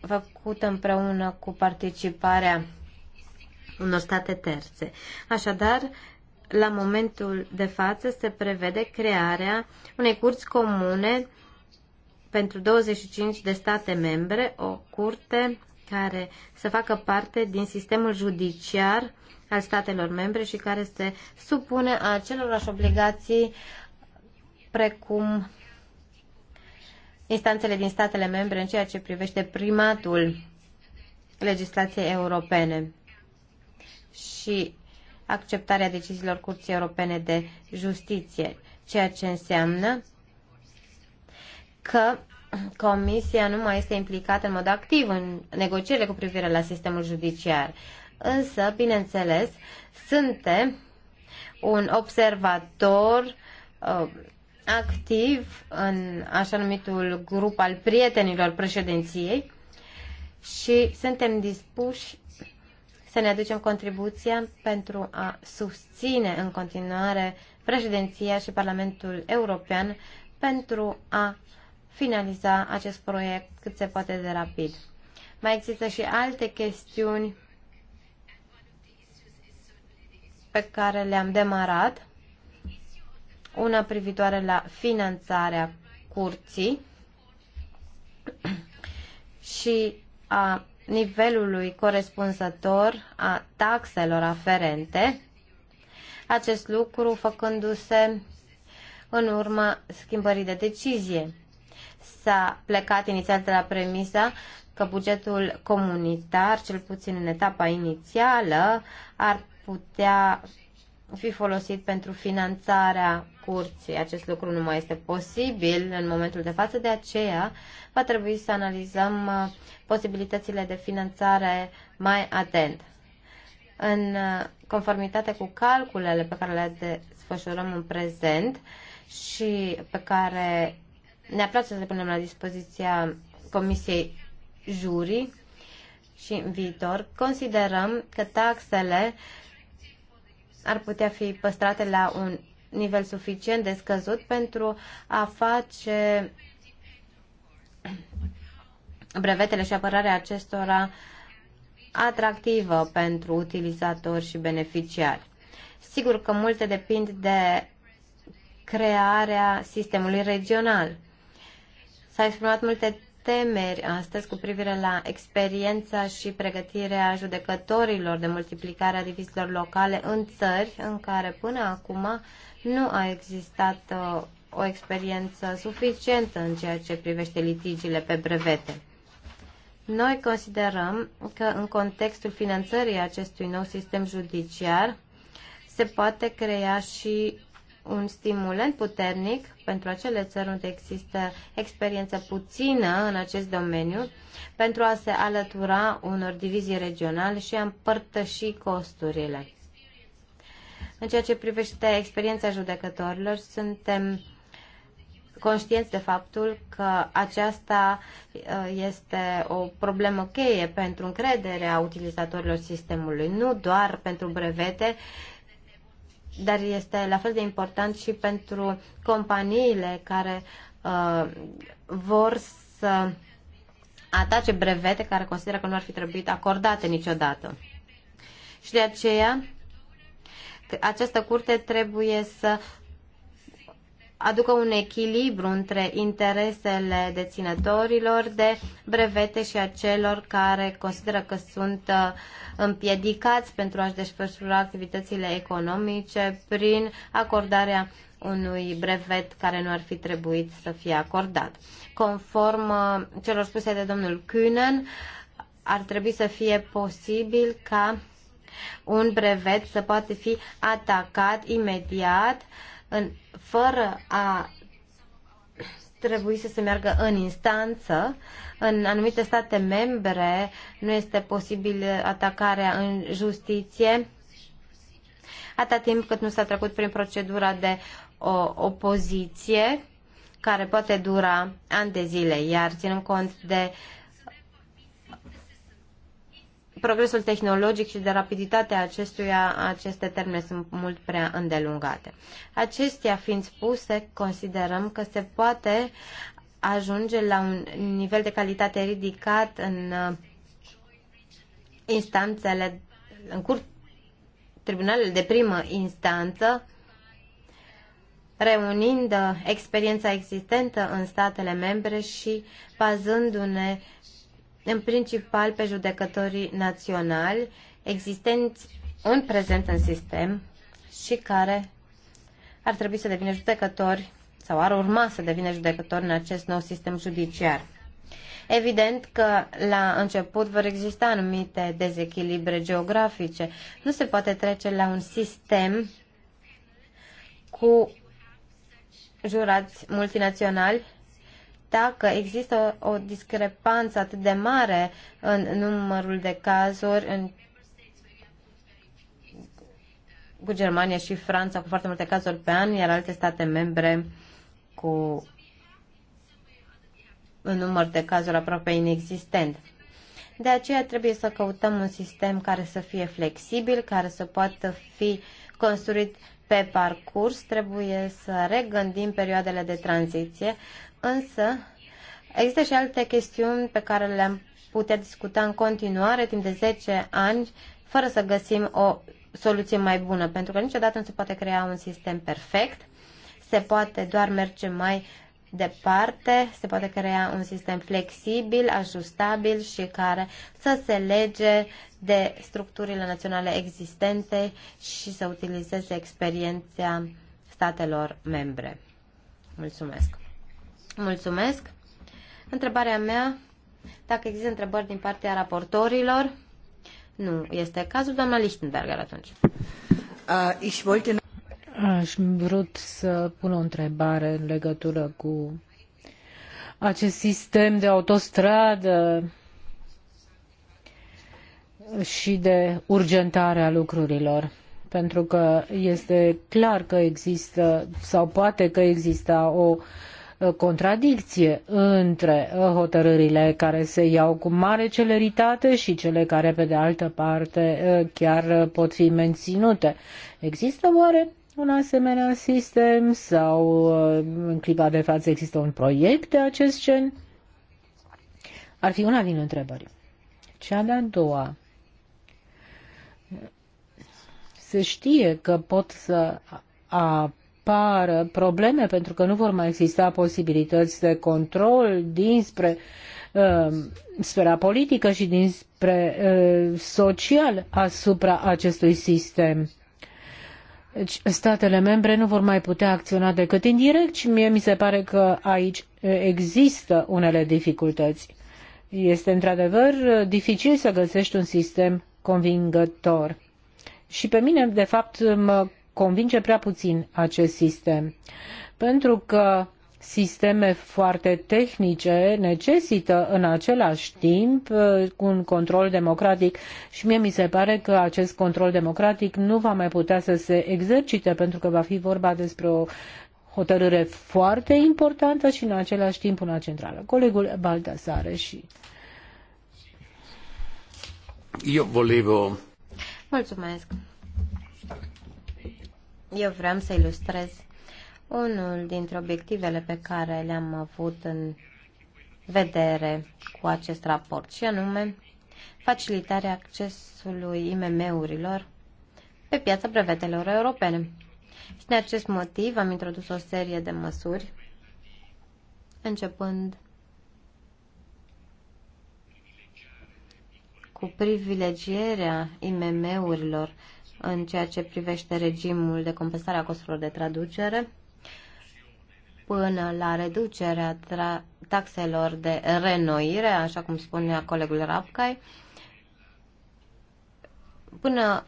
făcut împreună cu participarea unor state terțe. Așadar, la momentul de față se prevede crearea unei curți comune pentru 25 de state membre, o curte care să facă parte din sistemul judiciar al statelor membre și care se supune acelorași obligații precum instanțele din statele membre în ceea ce privește primatul legislației europene și acceptarea deciziilor Curții Europene de Justiție, ceea ce înseamnă că Comisia nu mai este implicată în mod activ în negocierile cu privire la sistemul judiciar. Însă, bineînțeles, suntem un observator uh, activ în așa numitul grup al prietenilor președinției și suntem dispuși să ne aducem contribuția pentru a susține în continuare președinția și Parlamentul European pentru a finaliza acest proiect cât se poate de rapid. Mai există și alte chestiuni pe care le-am demarat una privitoare la finanțarea curții și a nivelului corespunzător a taxelor aferente, acest lucru făcându-se în urma schimbării de decizie. S-a plecat inițial de la premisa că bugetul comunitar, cel puțin în etapa inițială, ar putea fi folosit pentru finanțarea curții. Acest lucru nu mai este posibil în momentul de față, de aceea va trebui să analizăm uh, posibilitățile de finanțare mai atent. În uh, conformitate cu calculele pe care le desfășurăm în prezent și pe care ne-ar place să le punem la dispoziția Comisiei Jurii și în viitor, considerăm că taxele ar putea fi păstrate la un nivel suficient de scăzut pentru a face brevetele și apărarea acestora atractivă pentru utilizatori și beneficiari. Sigur că multe depind de crearea sistemului regional. S-a exprimat multe temeri astăzi cu privire la experiența și pregătirea judecătorilor de multiplicare a divizilor locale în țări în care până acum nu a existat uh, o experiență suficientă în ceea ce privește litigiile pe brevete. Noi considerăm că în contextul finanțării acestui nou sistem judiciar se poate crea și un stimulant puternic pentru acele țări unde există experiență puțină în acest domeniu pentru a se alătura unor divizii regionale și a împărtăși costurile. În ceea ce privește experiența judecătorilor, suntem conștienți de faptul că aceasta uh, este o problemă cheie pentru încrederea utilizatorilor sistemului, nu doar pentru brevete, dar este la fel de important și pentru companiile care uh, vor să atace brevete care consideră că nu ar fi trebuit acordate niciodată. Și de aceea această curte trebuie să aducă un echilibru între interesele deținătorilor de brevete și a celor care consideră că sunt uh, împiedicați pentru a-și desfășura activitățile economice prin acordarea unui brevet care nu ar fi trebuit să fie acordat. Conform uh, celor spuse de domnul Kühnen, ar trebui să fie posibil ca un brevet să poate fi atacat imediat uh, în, fără a trebui să se meargă în instanță. În anumite state membre nu este posibil atacarea în justiție atâta timp cât nu s-a trecut prin procedura de o, opoziție care poate dura ani de zile, iar ținând cont de uh, progresul tehnologic și de rapiditatea acestuia, aceste termene sunt mult prea îndelungate. Acestea fiind spuse, considerăm că se poate ajunge la un nivel de calitate ridicat în uh, instanțele, în cur, tribunalele de primă instanță, reunind uh, experiența existentă în statele membre și bazându-ne în principal pe judecătorii naționali existenți în prezent în sistem și care ar trebui să devină judecători sau ar urma să devină judecători în acest nou sistem judiciar. Evident că la început vor exista anumite dezechilibre geografice. Nu se poate trece la un sistem cu jurați multinaționali dacă există o discrepanță atât de mare în numărul de cazuri în cu Germania și Franța cu foarte multe cazuri pe an, iar alte state membre cu un număr de cazuri aproape inexistent. De aceea trebuie să căutăm un sistem care să fie flexibil, care să poată fi construit pe parcurs. Trebuie să regândim perioadele de tranziție Însă, există și alte chestiuni pe care le-am putea discuta în continuare timp de 10 ani, fără să găsim o soluție mai bună, pentru că niciodată nu se poate crea un sistem perfect, se poate doar merge mai departe, se poate crea un sistem flexibil, ajustabil și care să se lege de structurile naționale existente și să utilizeze experiența statelor membre. Mulțumesc! Mulțumesc. Întrebarea mea, dacă există întrebări din partea raportorilor, nu este cazul, doamna Lichtenberger atunci. Uh, wollte... Aș vrut să pun o întrebare în legătură cu acest sistem de autostradă și de urgentare a lucrurilor. Pentru că este clar că există sau poate că există o uh, Uh, contradicție între uh, hotărârile care se iau cu mare celeritate și cele care, pe de altă parte, uh, chiar pot fi menținute. Există oare un asemenea sistem sau în clipa de față există un proiect de acest gen? Ar fi una din întrebări. Cea de-a doua. Se știe că pot să a apară probleme pentru că nu vor mai exista posibilități de control dinspre uh, sfera politică și dinspre uh, social asupra acestui sistem. Deci, statele membre nu vor mai putea acționa decât indirect și mie mi se pare că aici uh, există unele dificultăți. Este într-adevăr uh, dificil să găsești un sistem convingător. Și pe mine, de fapt, mă convinge prea puțin acest sistem, pentru că sisteme foarte tehnice necesită în același timp uh, un control democratic și mie mi se pare că acest control democratic nu va mai putea să se exercite pentru că va fi vorba despre o hotărâre foarte importantă și în același timp una centrală. Colegul Baltasare și... Eu volevo... Mulțumesc eu vreau să ilustrez unul dintre obiectivele pe care le-am avut în vedere cu acest raport, și anume facilitarea accesului IMM-urilor pe piața brevetelor europene. Și din acest motiv am introdus o serie de măsuri, începând cu privilegierea IMM-urilor în ceea ce privește regimul de compensare a costurilor de traducere până la reducerea taxelor de renoire, așa cum spunea colegul Rapcai, până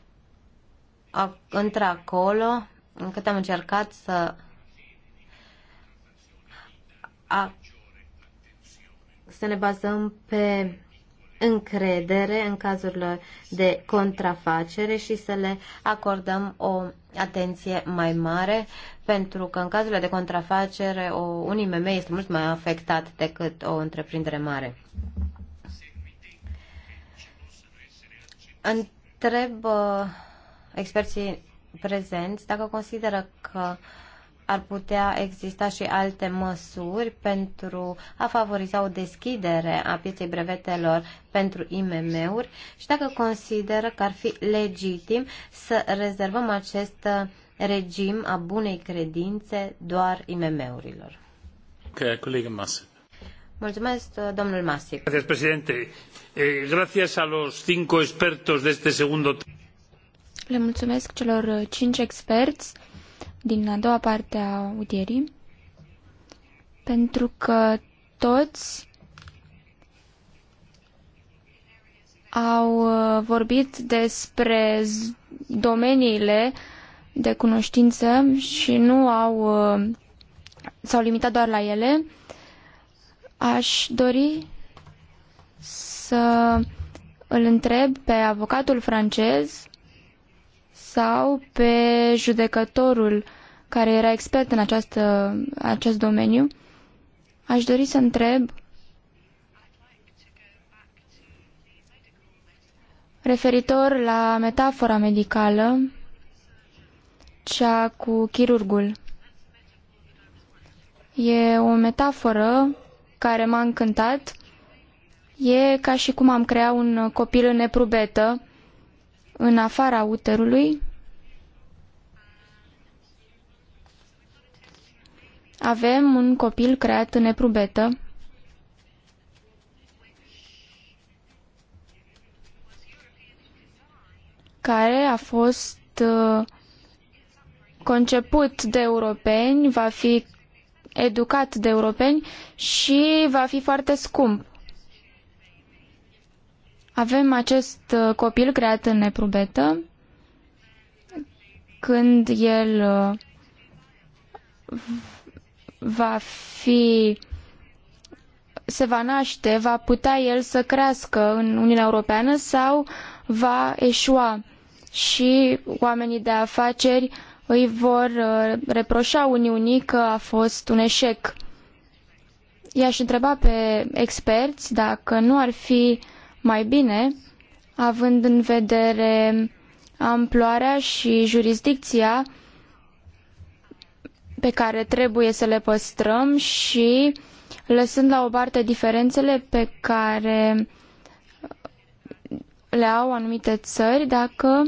într-acolo, încât am încercat să a, să ne bazăm pe încredere în cazurile de contrafacere și să le acordăm o atenție mai mare, pentru că în cazurile de contrafacere o, un IMM este mult mai afectat decât o întreprindere mare. Întreb uh, experții prezenți dacă consideră că uh, ar putea exista și alte măsuri pentru a favoriza o deschidere a pieței brevetelor pentru IMM-uri și dacă consideră că ar fi legitim să rezervăm acest regim a bunei credințe doar IMM-urilor. Okay, colegă Mulțumesc, domnul Masip. Gracias, președinte. Eh, gracias a los cinco expertos de este segundo... Le mulțumesc celor cinci experți din a doua parte a udierii, pentru că toți au uh, vorbit despre domeniile de cunoștință și nu au uh, s-au limitat doar la ele. Aș dori să îl întreb pe avocatul francez sau pe judecătorul care era expert în această, acest domeniu, aș dori să întreb referitor la metafora medicală, cea cu chirurgul. E o metaforă care m-a încântat. E ca și cum am creat un copil în neprubetă în afara uterului, avem un copil creat în eprubetă care a fost uh, conceput de europeni, va fi educat de europeni și va fi foarte scump. Avem acest uh, copil creat în neprubetă. Când el uh, va fi se va naște, va putea el să crească în Uniunea Europeană sau va eșua și oamenii de afaceri îi vor uh, reproșa Uniunii că a fost un eșec. I-aș întreba pe experți dacă nu ar fi mai bine, având în vedere amploarea și jurisdicția pe care trebuie să le păstrăm și lăsând la o parte diferențele pe care le au anumite țări, dacă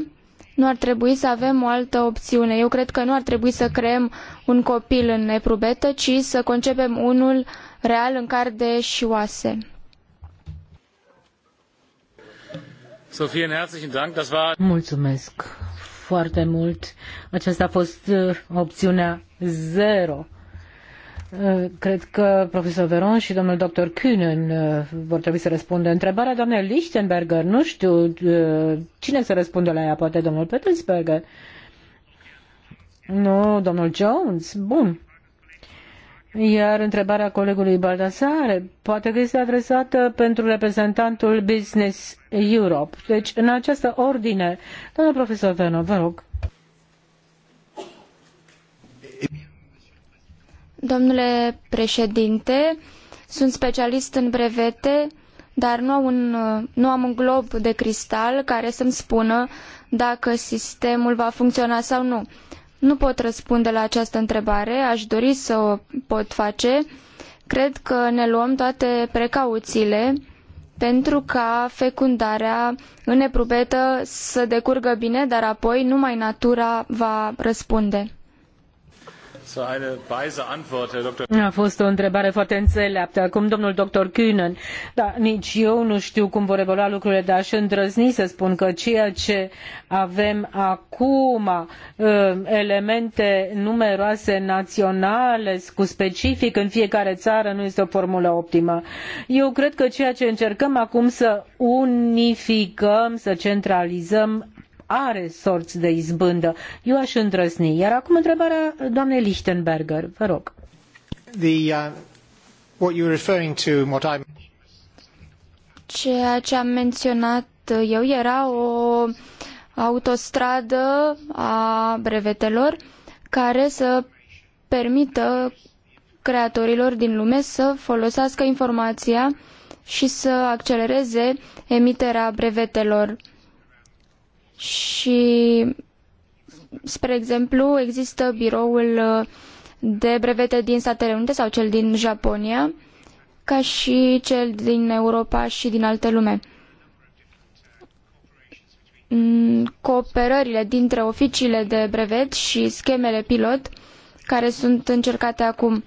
nu ar trebui să avem o altă opțiune. Eu cred că nu ar trebui să creăm un copil în eprubetă, ci să concepem unul real în carne și oase. Mulțumesc foarte mult. Aceasta a fost uh, opțiunea zero. Uh, cred că profesor Veron și domnul doctor Kühnen uh, vor trebui să răspundă. Întrebarea doamnei Lichtenberger, nu știu uh, cine să răspundă la ea, poate domnul Petersberger. Nu, domnul Jones. Bun. Iar întrebarea colegului Baldassare poate că este adresată pentru reprezentantul Business Europe. Deci, în această ordine, domnul profesor Veron, vă rog. Domnule președinte, sunt specialist în brevete, dar nu, un, nu am un glob de cristal care să-mi spună dacă sistemul va funcționa sau nu. Nu pot răspunde la această întrebare, aș dori să o pot face. Cred că ne luăm toate precauțiile pentru ca fecundarea în eprubetă să decurgă bine, dar apoi numai natura va răspunde. A fost o întrebare foarte înțeleaptă. Acum, domnul doctor Kühnen, da, nici eu nu știu cum vor evolua lucrurile, dar aș îndrăzni să spun că ceea ce avem acum, ă, elemente numeroase naționale cu specific în fiecare țară, nu este o formulă optimă. Eu cred că ceea ce încercăm acum să unificăm, să centralizăm are sorți de izbândă. Eu aș îndrăzni. Iar acum întrebarea doamnei Lichtenberger, vă rog. The, uh, what you're referring to, what I'm... Ceea ce am menționat eu era o autostradă a brevetelor care să permită creatorilor din lume să folosească informația și să accelereze emiterea brevetelor și, spre exemplu, există biroul uh, de brevete din Statele Unite sau cel din Japonia, ca și cel din Europa și din alte lume. Mm, cooperările dintre oficiile de brevet și schemele pilot care sunt încercate acum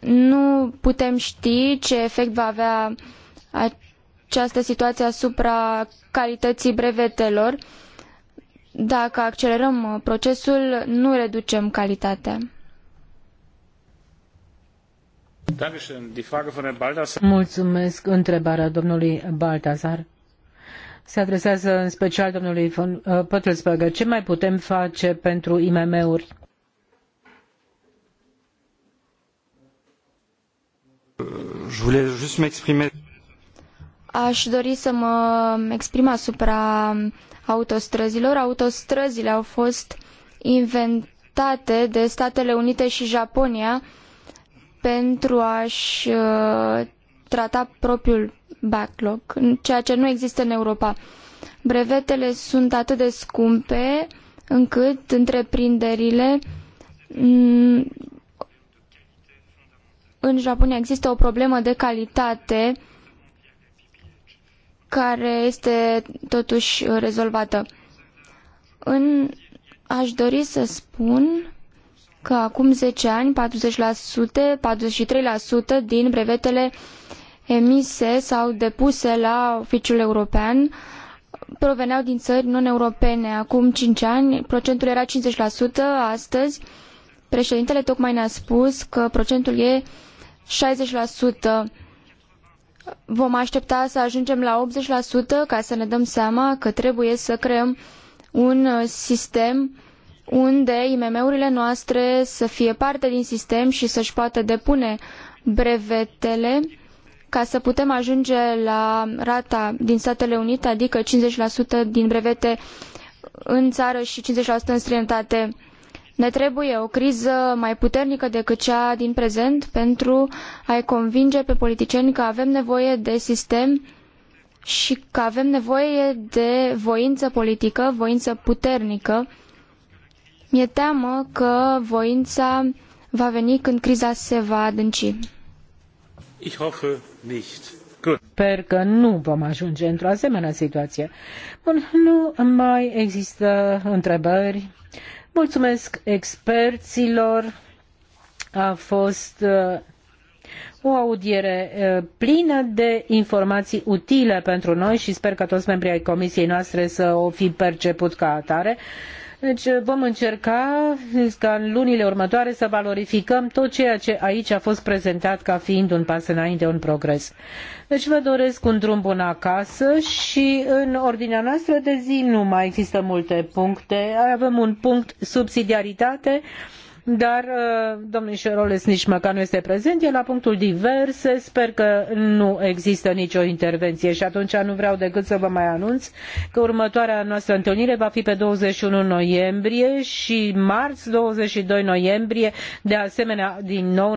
nu putem ști ce efect va avea această situație asupra calității brevetelor. Dacă accelerăm uh, procesul, nu reducem calitatea. Mulțumesc. Întrebarea domnului Baltazar se adresează în special domnului von uh, Ce mai putem face pentru IMM-uri? Je voulais juste m'exprimer Aș dori să mă exprim asupra autostrăzilor. Autostrăzile au fost inventate de Statele Unite și Japonia pentru a-și uh, trata propriul backlog, ceea ce nu există în Europa. Brevetele sunt atât de scumpe încât întreprinderile mm, în Japonia există o problemă de calitate care este totuși rezolvată. În, aș dori să spun că acum zece ani 40%, 43% din brevetele emise sau depuse la oficiul european proveneau din țări non-europene. Acum cinci ani procentul era 50%, astăzi președintele tocmai ne-a spus că procentul e 60% vom aștepta să ajungem la 80% ca să ne dăm seama că trebuie să creăm un uh, sistem unde IMM-urile noastre să fie parte din sistem și să-și poată depune brevetele ca să putem ajunge la rata din Statele Unite, adică 50% din brevete în țară și 50% în străinătate. Ne trebuie o criză mai puternică decât cea din prezent pentru a-i convinge pe politicieni că avem nevoie de sistem și că avem nevoie de voință politică, voință puternică. Mi-e teamă că voința va veni când criza se va adânci. Ich hoffe nicht. Sper că nu vom ajunge într-o asemenea situație. Bun, nu mai există întrebări. Mulțumesc experților. A fost uh, o audiere uh, plină de informații utile pentru noi și sper că toți membrii ai comisiei noastre să o fi perceput ca atare. Deci uh, vom încerca ca în lunile următoare să valorificăm tot ceea ce aici a fost prezentat ca fiind un pas înainte, un progres. Deci vă doresc un drum bun acasă și în ordinea noastră de zi nu mai există multe puncte. Avem un punct subsidiaritate, uh, dar uh, domnul Șeroles nici măcar nu este prezent, e la punctul diverse, sper că nu există nicio intervenție și atunci nu vreau decât să vă mai anunț că următoarea noastră întâlnire va fi pe 21 noiembrie și marți 22 noiembrie, de asemenea din nou